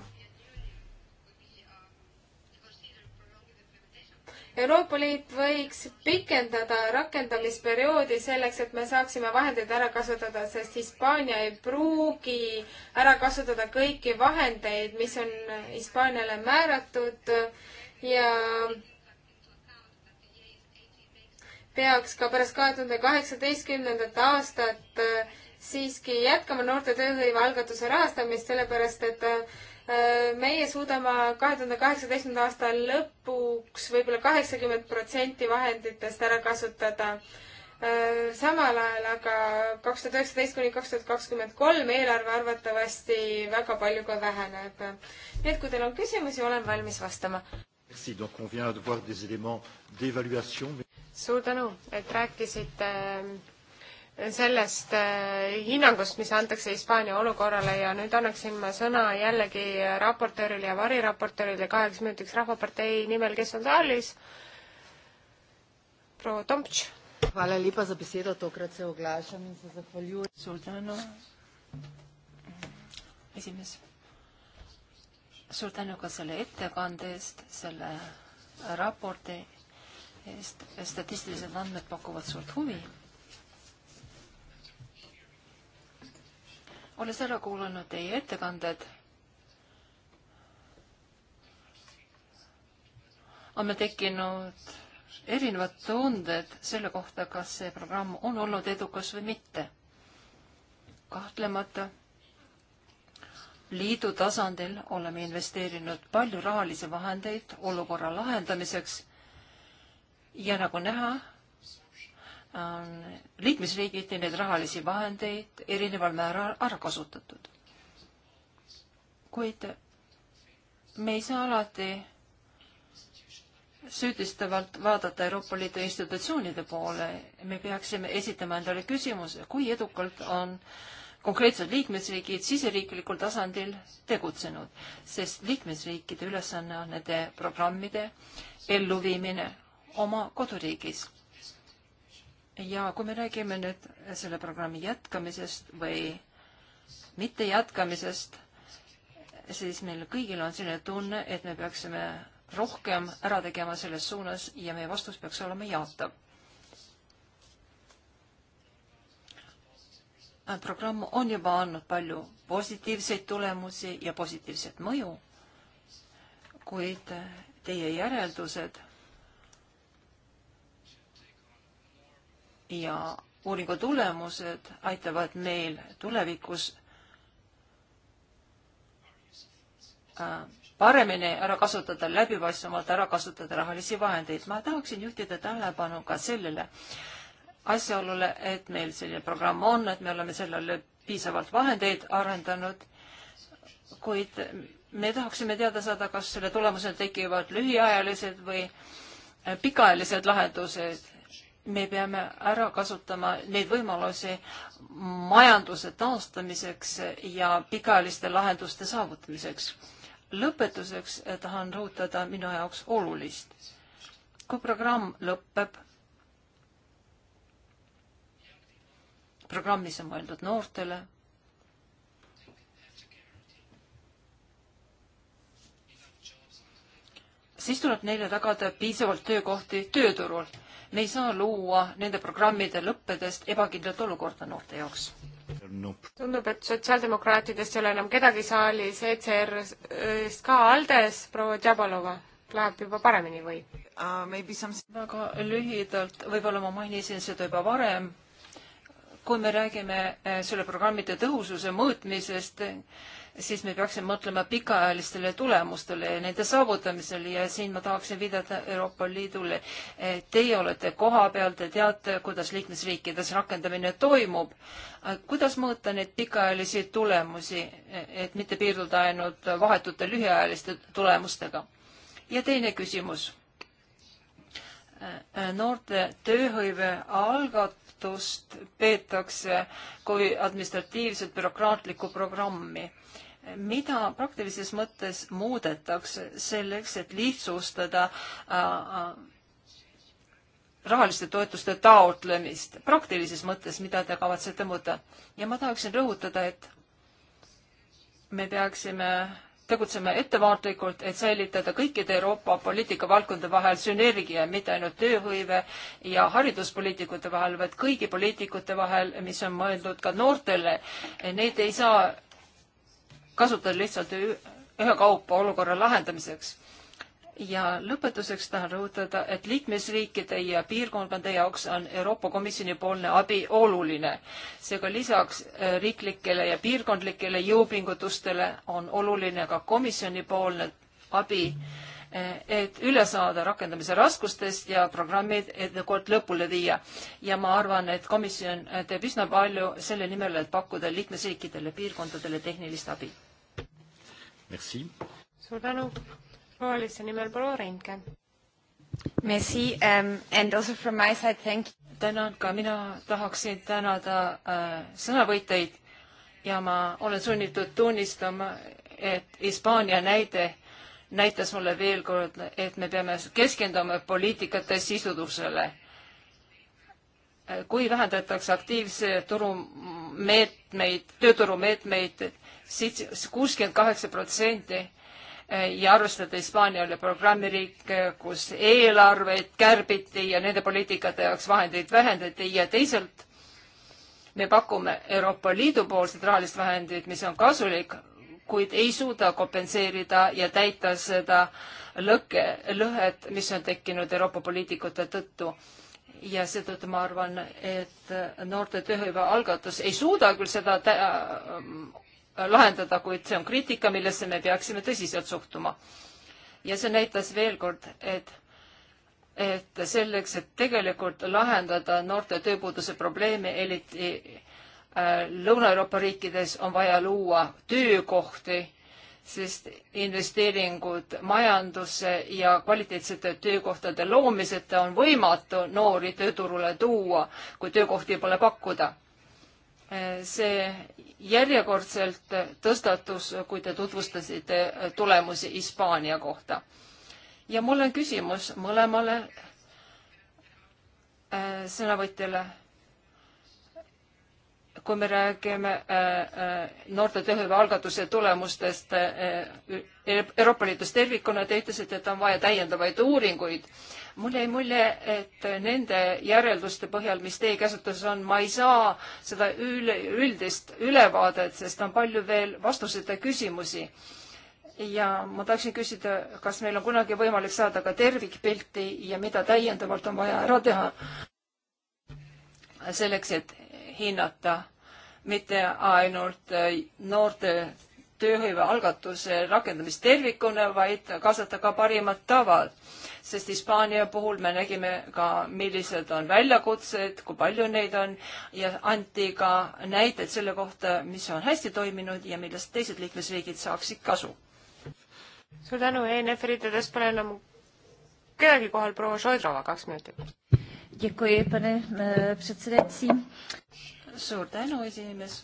Euroopa Liit võiks pikendada rakendamisperioodi selleks, et me saaksime vahendeid ära kasutada, sest Hispaania ei pruugi ära kasutada kõiki vahendeid, mis on Hispaaniale määratud ja peaks ka pärast kahe tuhande kaheksateistkümnendat aastat äh, siiski jätkama noorte tööhõive algatuse rahastamist, sellepärast et äh, meie suudame kahe tuhande kaheksateistkümnenda aasta lõpuks võib-olla kaheksakümmend protsenti vahenditest ära kasutada. Äh, samal ajal aga kaks tuhat üheksateist kuni kaks tuhat kakskümmend kolm eelarve arvatavasti väga palju ka väheneb. nii et kui teil on küsimusi, olen valmis vastama. Merci, donc on vient de voir des éléments d'évaluation mais suur tänu, et rääkisite ähm, sellest äh, hinnangust, mis antakse Hispaania olukorrale ja nüüd annaksin ma sõna jällegi raportöörile ja variraportöörile kaheks minutiks Rahvapartei nimel, kes on saalis. proua Tomtš. suur tänu, esimees. suur tänu ka selle ettekande eest, selle raporti statistilised andmed pakuvad suurt huvi. olles ära kuulanud teie ettekanded, on meil tekkinud erinevad tunded selle kohta, kas see programm on olnud edukas või mitte. kahtlemata liidu tasandil oleme investeerinud palju rahalisi vahendeid olukorra lahendamiseks ja nagu näha, on liikmesriigiti neid rahalisi vahendeid erineval määral ära kasutatud. kuid me ei saa alati süüdistavalt vaadata Euroopa Liidu institutsioonide poole. me peaksime esitama endale küsimuse, kui edukalt on konkreetsed liikmesriigid siseriiklikul tasandil tegutsenud, sest liikmesriikide ülesanne on nende programmide elluviimine oma koduriigis. ja kui me räägime nüüd selle programmi jätkamisest või mittejätkamisest, siis meil kõigil on selline tunne, et me peaksime rohkem ära tegema selles suunas ja meie vastus peaks olema jaatav. programm on juba andnud palju positiivseid tulemusi ja positiivset mõju, kuid teie järeldused ja uuringu tulemused aitavad meil tulevikus äh, paremini ära kasutada, läbipaistvamalt ära kasutada rahalisi vahendeid. ma tahaksin juhtida tähelepanu ka sellele asjaolule, et meil selline programm on, et me oleme sellele piisavalt vahendeid arendanud, kuid me tahaksime teada saada, kas selle tulemusel tekivad lühiajalised või pikaajalised lahendused me peame ära kasutama neid võimalusi majanduse taastamiseks ja pikaajaliste lahenduste saavutamiseks. lõpetuseks tahan rõhutada minu jaoks olulist. kui programm lõpeb, programm, mis on mõeldud noortele, siis tuleb neile tagada piisavalt töökohti tööturul me ei saa luua nende programmide lõppedest ebakindlat olukorda noorte jaoks no.. tundub, et sotsiaaldemokraatidest ei ole enam kedagi saalis, ECR-ist ka Aldes, proua Tšabalova läheb juba paremini või uh,? Some... väga lühidalt, võib-olla ma mainisin seda juba varem, kui me räägime eh, selle programmide tõhususe mõõtmisest, siis me peaksime mõtlema pikaajalistele tulemustele ja nende saavutamisele ja siin ma tahaksin viidata Euroopa Liidule. Teie olete koha peal, te teate, kuidas liikmesriikides rakendamine toimub. kuidas mõõta neid pikaajalisi tulemusi, et mitte piirduda ainult vahetute lühiajaliste tulemustega? ja teine küsimus. noorte tööhõive algatust peetakse kui administratiivset bürokraatlikku programmi mida praktilises mõttes muudetakse selleks, et lihtsustada äh, äh, rahaliste toetuste taotlemist praktilises mõttes, mida te kavatsete muuta. ja ma tahaksin rõhutada, et me peaksime tegutseme ettevaatlikult, et säilitada kõikide Euroopa poliitikavaldkondade vahel sünergia, mitte ainult tööhõive ja hariduspoliitikute vahel, vaid kõigi poliitikute vahel, mis on mõeldud ka noortele. Neid ei saa kasutada lihtsalt ühekaupa olukorra lahendamiseks. ja lõpetuseks tahan rõhutada, et liikmesriikide ja piirkondade jaoks on Euroopa Komisjoni poolne abi oluline. seega lisaks äh, riiklikele ja piirkondlikele jõupingutustele on oluline ka komisjoni poolne abi mm -hmm et üle saada rakendamise raskustest ja programmid edukalt lõpule viia. ja ma arvan, et komisjon teeb üsna palju selle nimel, et pakkuda liikmesriikidele, piirkondadele tehnilist abi. suur tänu. roheliste nimel proua Reinke. Merci um, and also from my side thank you. tänan ka mina tahaksin tänada äh, sõnavõitjaid ja ma olen sunnitud tunnistama, et Hispaania näide näitas mulle veel kord, et me peame keskenduma poliitikate sisustusele. kui vähendatakse aktiivse turu meetmeid, tööturumeetmeid, siis kuuskümmend kaheksa protsenti ja arvestada Hispaania oli programmiriik, kus eelarveid kärbiti ja nende poliitikate jaoks vahendeid vähendati ja teisalt me pakume Euroopa Liidu poolsed rahalised vahendid, mis on kasulik kuid ei suuda kompenseerida ja täita seda lõke, lõhet, mis on tekkinud Euroopa poliitikute tõttu. ja seetõttu ma arvan, et noorte tööhõive algatus ei suuda küll seda ähm, lahendada, kuid see on kriitika, millesse me peaksime tõsiselt suhtuma. ja see näitas veel kord, et et selleks, et tegelikult lahendada noorte tööpuuduse probleemi, eriti Äh, Lõuna-Euroopa riikides on vaja luua töökohti, sest investeeringud majandusse ja kvaliteetsete töökohtade loomiseta on võimatu noori tööturule tuua, kui töökohti pole pakkuda. Äh, see järjekordselt tõstatus, kui te tutvustasite äh, tulemusi Hispaania kohta. ja mul on küsimus mõlemale sõnavõtjale kui me räägime äh, äh, noorte tööhõive algatuse tulemustest äh, Euroopa Liidus tervikuna, te ütlesite, et on vaja täiendavaid uuringuid. mul jäi mulje, et nende järelduste põhjal, mis teie käsutuses on, ma ei saa seda üle, üldist ülevaadet, sest on palju veel vastuseta küsimusi ja ma tahtsin küsida, kas meil on kunagi võimalik saada ka tervikpilti ja mida täiendavalt on vaja ära teha selleks, et hinnata mitte ainult äh, noorte tööhõive algatuse rakendamist tervikuna, vaid kaasata ka parimad tavad. sest Hispaania puhul me nägime ka, millised on väljakutsed, kui palju neid on ja anti ka näited selle kohta, mis on hästi toiminud ja millest teised liikmesriigid saaksid kasu. suur tänu, ENF ridades pole enam kedagi kohal, proua Šoidrova, kaks minutit. Děkuji, pane předsedající suur tänu, esimees.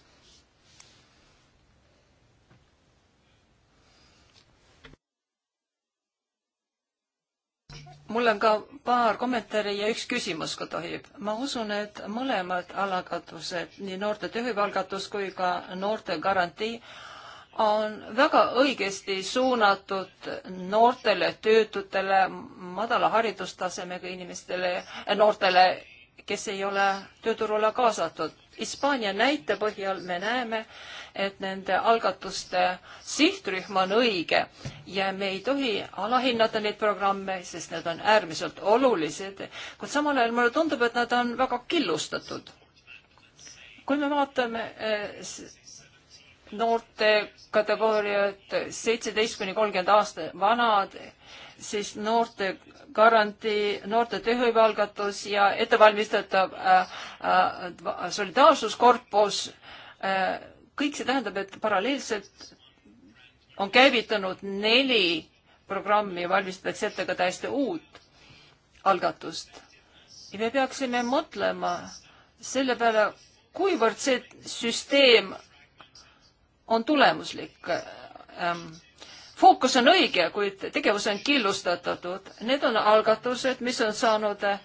mul on ka paar kommentaari ja üks küsimus, kui tohib. ma usun, et mõlemad alakatused, nii noorte tööhüvalgatus kui ka noorte garantii, on väga õigesti suunatud noortele töötutele, madala haridustasemega inimestele, noortele, kes ei ole tööturule kaasatud. Hispaania näite põhjal me näeme, et nende algatuste sihtrühm on õige ja me ei tohi alahinnata neid programme, sest need on äärmiselt olulised, kuid samal ajal mulle tundub, et nad on väga killustatud. kui me vaatame eh, noorte kategooriat seitseteist kuni kolmkümmend aasta vanad siis noorte garantii, noorte tööhõivealgatus ja ettevalmistatav äh, äh, solidaarsuskorpus äh,. kõik see tähendab, et paralleelselt on käivitanud neli programmi ja valmistatakse ette ka täiesti uut algatust. ja me peaksime mõtlema selle peale, kuivõrd see süsteem on tulemuslik ähm, fookus on õige, kuid tegevus on killustatud. Need on algatused, mis on saanud äh,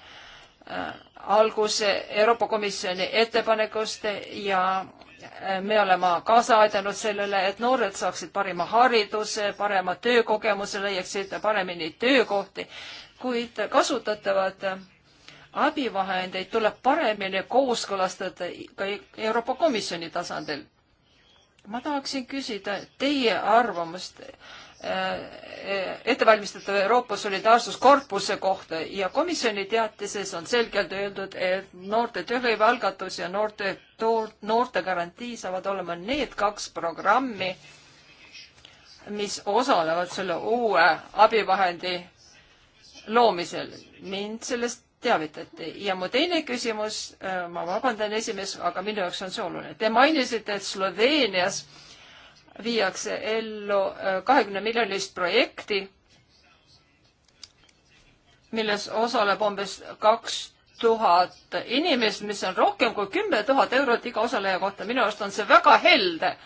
alguse Euroopa Komisjoni ettepanekust ja äh, me oleme kaasa aidanud sellele, et noored saaksid parima hariduse, parema töökogemuse, leiaksid paremini töökohti, kuid kasutatavad äh, abivahendeid tuleb paremini kooskõlastada ka Euroopa Komisjoni tasandil. ma tahaksin küsida teie arvamust Äh, ettevalmistatav Euroopa Solidaarsuskorpuse kohta ja komisjoni teatises on selgelt öeldud, et noorte tööhõivealgatus ja noorte, noorte garantii saavad olema need kaks programmi, mis osalevad selle uue abivahendi loomisel. mind sellest teavitati ja mu teine küsimus, äh, ma vabandan esimees, aga minu jaoks on see oluline. Te mainisite, et Sloveenias äh, viiakse ellu äh, kahekümne miljonilist projekti, milles osaleb umbes kaks tuhat inimest, mis on rohkem kui kümme tuhat eurot iga osaleja kohta. minu arust on see väga helde.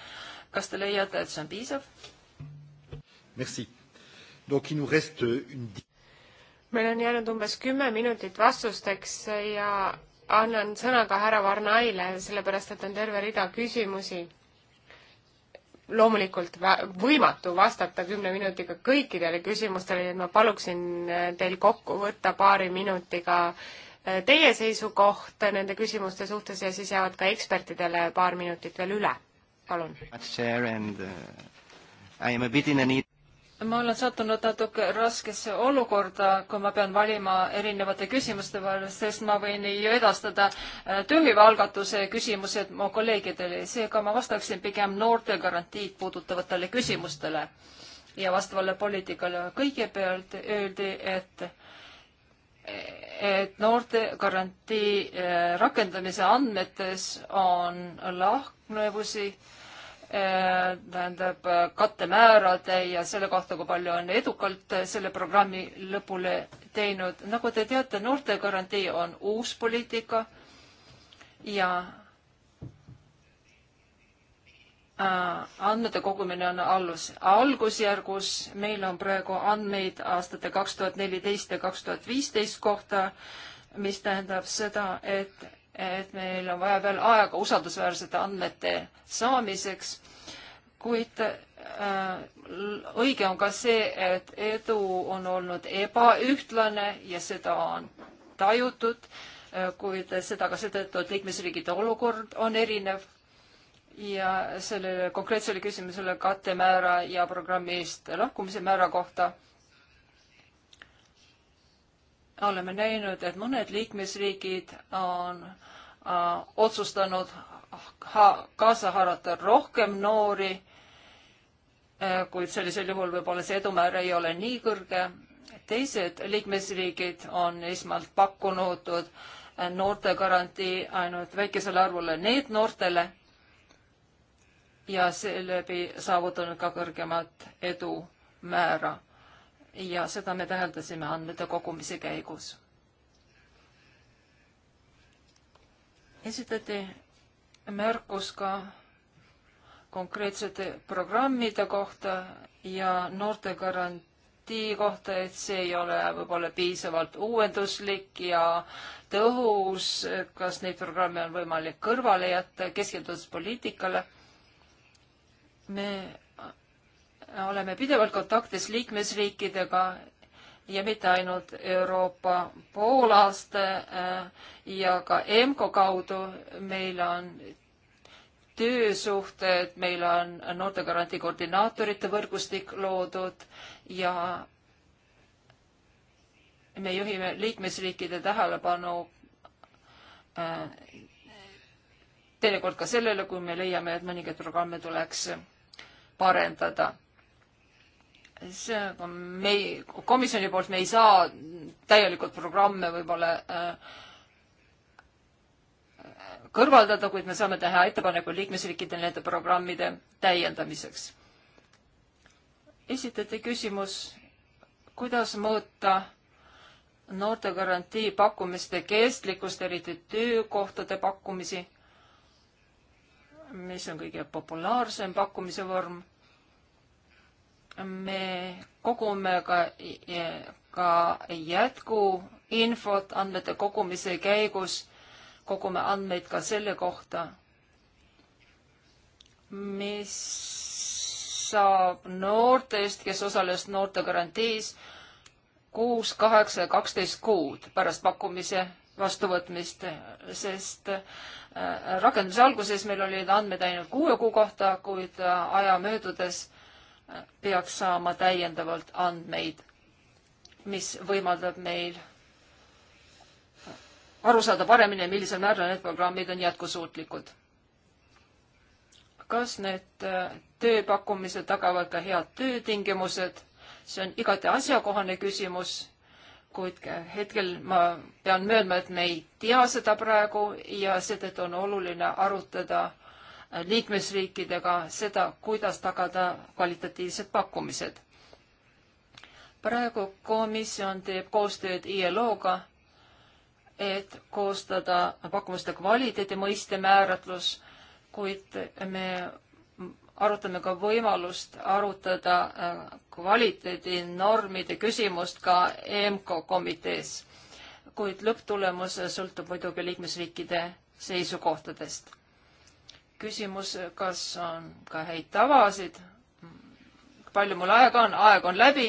kas te leiate, et see on piisav? meil on jäänud umbes kümme minutit vastusteks ja annan sõna ka härra Varnaile, sellepärast et on terve rida küsimusi loomulikult võimatu vastata kümne minutiga kõikidele küsimustele, nii et ma paluksin äh, teil kokku võtta paari minutiga äh, teie seisukoht nende küsimuste suhtes ja siis jäävad ka ekspertidele paar minutit veel üle. palun ma olen sattunud natuke raskesse olukorda, kui ma pean valima erinevate küsimuste vahel, sest ma võin ju edastada äh, tööhüve algatuse küsimused mu kolleegidele, seega ma vastaksin pigem noorte garantiid puudutavatele küsimustele ja vastavale poliitikale. kõigepealt öeldi, et et noorte garantii äh, rakendamise andmetes on lahknevusi äh, tähendab kattemäärade ja selle kohta, kui palju on edukalt selle programmi lõpule teinud. nagu te teate, noortegarantii on uus poliitika ja äh, andmete kogumine on allus, algusjärgus. meil on praegu andmeid aastate kaks tuhat neliteist ja kaks tuhat viisteist kohta, mis tähendab seda, et et meil on vaja veel aega usaldusväärsete andmete saamiseks, kuid äh, õige on ka see, et edu on olnud ebaühtlane ja seda on tajutud, äh, kuid seda ka seetõttu, et liikmesriigide olukord on erinev ja sellele konkreetsele küsimusele kattemäära ja programmist lahkumise määra kohta oleme näinud, et mõned liikmesriigid on äh, Äh, otsustanud ha kaasa haarata rohkem noori, äh, kuid sellisel juhul võib-olla see edumäär ei ole nii kõrge. teised liikmesriigid on esmalt pakkunud äh, noortegarantii ainult väikesele arvule NEET-noortele ja seeläbi saavutanud ka kõrgemat edumäära. ja seda me täheldasime andmete kogumise käigus esitati märkus ka konkreetsete programmide kohta ja noortegarantii kohta, et see ei ole võib-olla piisavalt uuenduslik ja tõhus, kas neid programme on võimalik kõrvale jätta, keskendudes poliitikale. me oleme pidevalt kontaktis liikmesriikidega ja mitte ainult Euroopa poolaasta äh, ja ka EMCO kaudu meil on töösuhted, meil on noortegarantii koordinaatorite võrgustik loodud ja me juhime liikmesriikide tähelepanu äh, teinekord ka sellele, kui me leiame, et mõningaid programme tuleks parendada see, aga me ei, komisjoni poolt me ei saa täielikult programme võib-olla äh, kõrvaldada, kuid me saame teha ettepaneku liikmesriikidele nende programmide täiendamiseks. esitati küsimus, kuidas mõõta noortegarantii pakkumiste kestlikkust, eriti töökohtade pakkumisi, mis on kõige populaarsem pakkumise vorm me kogume ka, ka jätkuinfot andmete kogumise käigus, kogume andmeid ka selle kohta, mis saab noortest, kes osales noortegarantiis kuus, kaheksa ja kaksteist kuud pärast pakkumise vastuvõtmist, sest äh, rakendamise alguses meil olid andmed ainult kuue kuu kohta, kuid äh, aja möödudes peaks saama täiendavalt andmeid, mis võimaldab meil aru saada paremini, millisel määral need programmid on jätkusuutlikud. kas need äh, tööpakkumised tagavad ka head töötingimused? see on igati asjakohane küsimus, kuid hetkel ma pean möönma, et me ei tea seda praegu ja seetõttu on oluline arutada liikmesriikidega seda, kuidas tagada kvalitatiivsed pakkumised. praegu komisjon teeb koostööd ILO-ga, et koostada pakkumuste kvaliteedi mõiste määratlus, kuid me arutame ka võimalust arutada äh, kvaliteedinormide küsimust ka EMCO komitees, kuid lõpptulemus sõltub muidugi liikmesriikide seisukohtadest küsimus, kas on ka häid tavasid, palju mul aega on, aeg on läbi,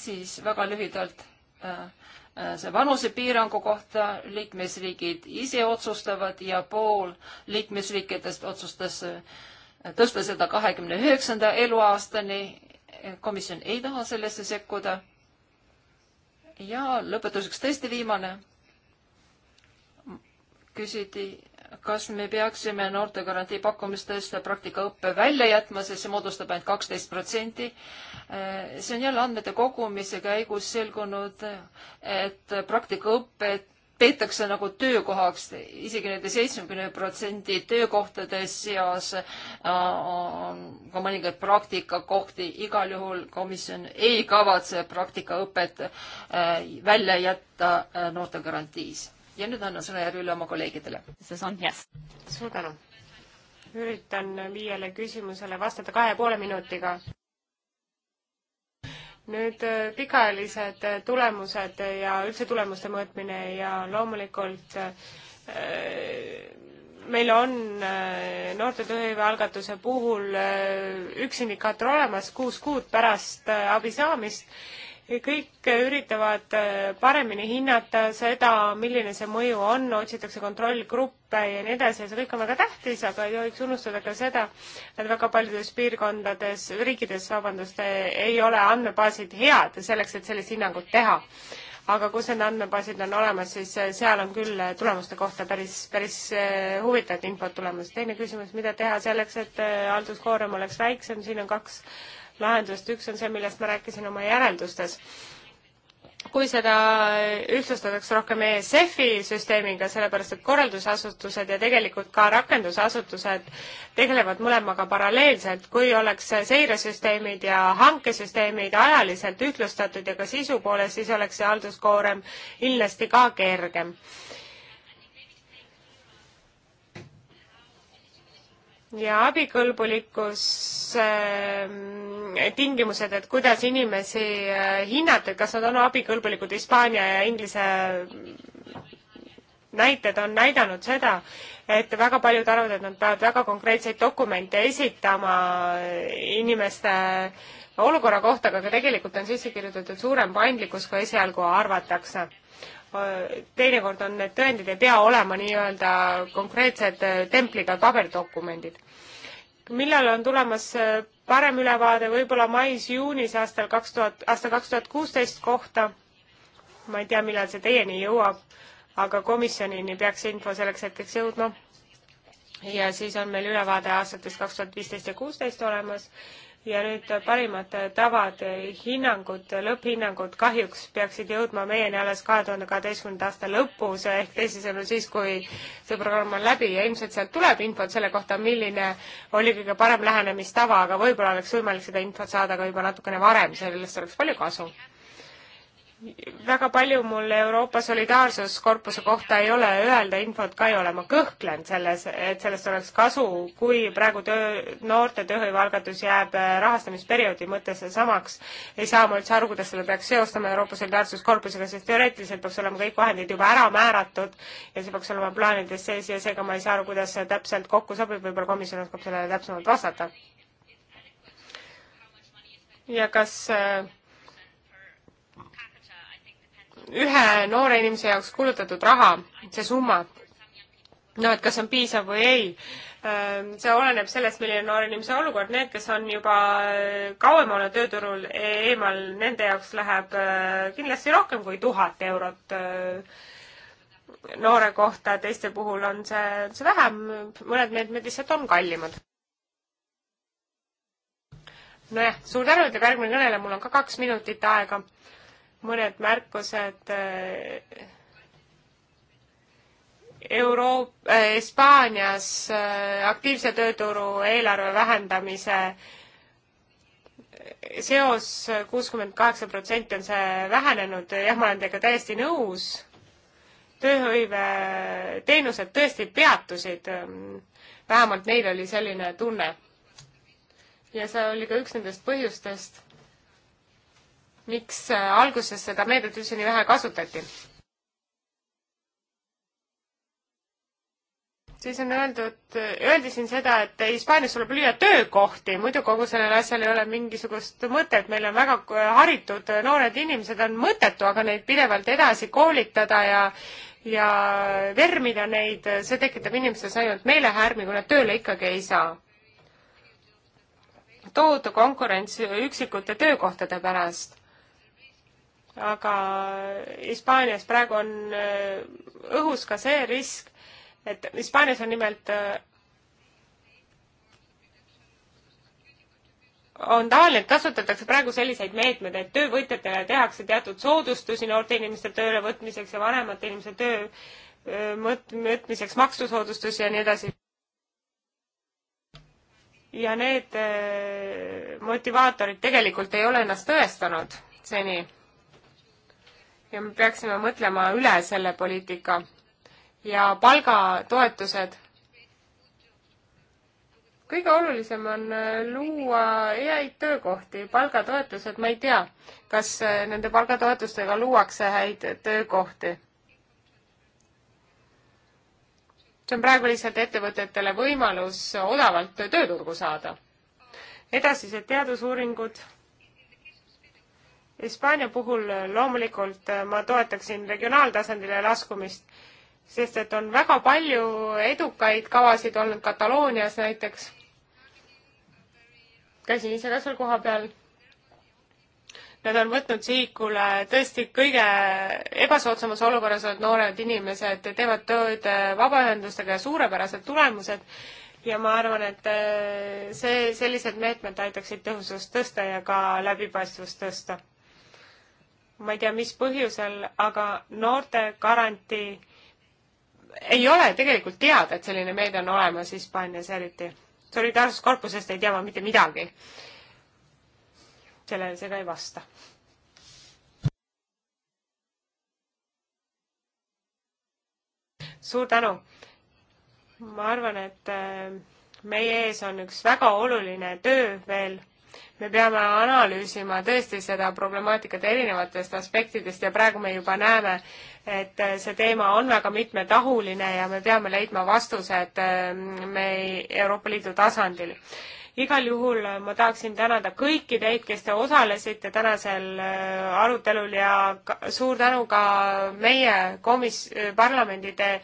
siis väga lühidalt äh, äh, see vanusepiirangu kohta liikmesriigid ise otsustavad ja pool liikmesriikidest otsustas äh, tõsta seda kahekümne üheksanda eluaastani. komisjon ei taha sellesse sekkuda. ja lõpetuseks tõesti viimane küsiti, kas me peaksime noortegarantii pakkumistest praktikaõppe välja jätma, sest see moodustab ainult kaksteist protsenti. see on jälle andmete kogumise käigus selgunud, et praktikaõpet peetakse nagu töökohaks isegi nende seitsmekümne protsendi töökohtade seas äh, on ka mõningaid praktikakohti. igal juhul komisjon ei kavatse praktikaõpet äh, välja jätta äh, noortegarantiis ja nüüd annan sõna järgi üle oma kolleegidele. see on jah yes.. suur tänu. üritan viiele küsimusele vastata kahe ja poole minutiga. nüüd äh, pikaajalised äh, tulemused ja üldse tulemuste mõõtmine ja loomulikult äh, meil on noorte tööhõive algatuse puhul üks indikaator olemas kuus kuud pärast abi saamist kõik üritavad äh, paremini hinnata seda, milline see mõju on, otsitakse kontrollgruppe ja nii edasi ja see kõik on väga tähtis, aga ei tohiks unustada ka seda, et väga paljudes piirkondades, riikides, vabandust, eh, ei ole andmebaasid head selleks, et sellist hinnangut teha. aga kus need andmebaasid on olemas, siis eh, seal on küll eh, tulemuste kohta päris, päris huvitavat infot tulemas. teine küsimus, mida teha selleks, et halduskoorem oleks väiksem, siin on kaks lahendust, üks on see, millest ma rääkisin oma järeldustes. kui seda ühtlustatakse rohkem ESF-i süsteemiga, sellepärast et korraldusasutused ja tegelikult ka rakendusasutused tegelevad mõlemaga paralleelselt, kui oleks seiresüsteemid ja hankesüsteemid ajaliselt ühtlustatud ja ka sisu poolest, siis oleks see halduskoorem kindlasti ka kergem ja abikõlbulikkus äh, ehm, tingimused, et kuidas inimesi äh, hinnata, et kas nad on abikõlbulikud, Hispaania ja Inglise mm, näited on näidanud seda, et väga paljud arvavad, et nad peavad väga konkreetseid dokumente esitama eh, inimeste olukorra kohta, aga tegelikult on sisse kirjutatud suurem paindlikkus, kui esialgu arvatakse teinekord on need tõendid ei pea olema nii-öelda konkreetsed äh, templiga paberdokumendid. millal on tulemas äh, parem ülevaade, võib-olla mais-juunis aastal kaks tuhat, aasta kaks tuhat kuusteist kohta. ma ei tea, millal see teieni jõuab, aga komisjonini peaks see info selleks hetkeks jõudma. ja siis on meil ülevaade aastatest kaks tuhat viisteist ja kuusteist olemas ja nüüd parimad tavad, hinnangud, lõpphinnangud kahjuks peaksid jõudma meieni alles kahe tuhande kaheteistkümnenda aasta lõpus ehk teisisõnu siis, kui see programm on läbi ja ilmselt sealt tuleb infot selle kohta, milline oli kõige parem lähenemistava, aga võib-olla oleks võimalik seda infot saada ka juba natukene varem, sellest oleks palju kasu väga palju mul Euroopa Solidaarsuskorpuse kohta ei ole öelda, infot ka ei ole, ma kõhklen selles, et sellest oleks kasu, kui praegu töö, noorte tööhõivealgatus jääb äh, rahastamisperioodi mõttes samaks. ei saa ma üldse aru, kuidas selle peaks seostama Euroopa Solidaarsuskorpusega, sest teoreetiliselt peaks olema kõik vahendid juba ära määratud ja see peaks olema plaanides sees ja seega ma ei saa aru, kuidas see täpselt kokku sobib, võib-olla komisjon oskab sellele täpsemalt vastata. ja kas äh, ühe noore inimese jaoks kulutatud raha, see summa, no et kas on piisav või ei, ähm, see oleneb sellest, milline noore inimese olukord, need, kes on juba äh, kauem olnud tööturul e-, eemal, nende jaoks läheb äh, kindlasti rohkem kui tuhat eurot äh, noore kohta, teiste puhul on see, see vähem, mõned meetmed lihtsalt on kallimad. nojah, suur tänu, ütleb järgmine kõneleja, mul on ka kaks minutit aega mõned märkused äh, Euroop-, äh, Hispaanias äh, aktiivse tööturu eelarve vähendamise seos kuuskümmend kaheksa protsenti on see vähenenud, jah, ma olen teiega täiesti nõus, tööhõive teenused tõesti peatusid, vähemalt neil oli selline tunne. ja see oli ka üks nendest põhjustest miks äh, alguses seda meedet üldse nii vähe kasutati. siis on öeldud, äh, öeldi siin seda, et Hispaanias tuleb lüüa töökohti, muidu kogu sellel asjal ei ole mingisugust mõtet, meil on väga äh, haritud noored inimesed, on mõttetu aga neid pidevalt edasi koolitada ja ja vermida neid, see tekitab inimestes ainult meelehärmi, kui nad tööle ikkagi ei saa. tohutu konkurents üksikute töökohtade pärast aga Hispaanias praegu on äh, õhus ka see risk, et Hispaanias on nimelt äh, on tavaline, et kasutatakse praegu selliseid meetmeid, et töövõtjatele tehakse teatud soodustusi noorte inimeste tööle võtmiseks ja vanemate inimeste töö äh, võtmiseks maksusoodustusi ja nii edasi. ja need motivaatorid tegelikult ei ole ennast tõestanud seni ja me peaksime mõtlema üle selle poliitika ja palgatoetused. kõige olulisem on äh, luua häid e töökohti, palgatoetused, ma ei tea, kas äh, nende palgatoetustega luuakse häid töökohti. see on praegu lihtsalt ettevõtetele võimalus odavalt tööturgu saada. edasised teadusuuringud Hispaania puhul äh, loomulikult äh, ma toetaksin regionaaltasandile laskumist, sest et on väga palju edukaid kavasid olnud Kataloonias näiteks. käisin ise ka seal kohapeal. Nad on võtnud sihikule tõesti kõige ebasoodsamas olukorras olnud noored inimesed, teevad tööd äh, vabaühendustega ja suurepärased tulemused ja ma arvan, et see, sellised meetmed aitaksid tõhusust tõsta ja ka läbipaistvust tõsta ma ei tea, mis põhjusel, aga noorte garantii ei ole tegelikult teada, et selline meede on olemas Hispaanias eriti. solidaarsuskorpusest ei tea ma mitte midagi. sellele see ka ei vasta. suur tänu. ma arvan, et äh, meie ees on üks väga oluline töö veel me peame analüüsima tõesti seda problemaatikat erinevatest aspektidest ja praegu me juba näeme, et äh, see teema on väga mitmetahuline ja me peame leidma vastused äh, me Euroopa Liidu tasandil igal juhul äh, ma tahaksin tänada kõiki teid, kes te osalesite tänasel äh, arutelul ja suur tänu ka meie komis-, äh, parlamendide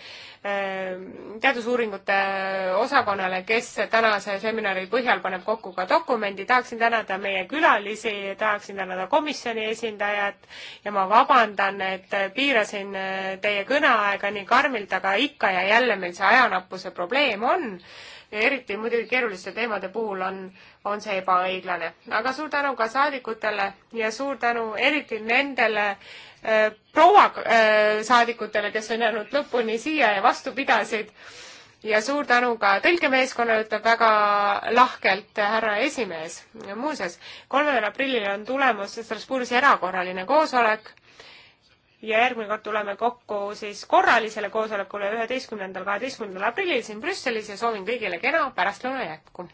teadusuuringute osakonnale, kes tänase seminari põhjal paneb kokku ka dokumendi, tahaksin tänada meie külalisi, tahaksin tänada komisjoni esindajat ja ma vabandan, et piirasin teie kõneaega nii karmilt, aga ikka ja jälle meil see ajanappuse probleem on ja eriti muidugi keeruliste teemade puhul on, on see ebaõiglane. aga suur tänu ka saadikutele ja suur tänu eriti nendele äh, proua äh, saadikutele, kes on jäänud lõpuni siia ja vastu pidasid. ja suur tänu ka tõlkemeeskonnale, ütleb väga lahkelt härra esimees. muuseas, kolmandal aprillil on tulemas Strasbourgis erakorraline koosolek ja järgmine kord tuleme kokku siis korralisele koosolekule üheteistkümnendal, kaheteistkümnendal aprillil siin Brüsselis ja soovin kõigile kena pärastlõuna jätku!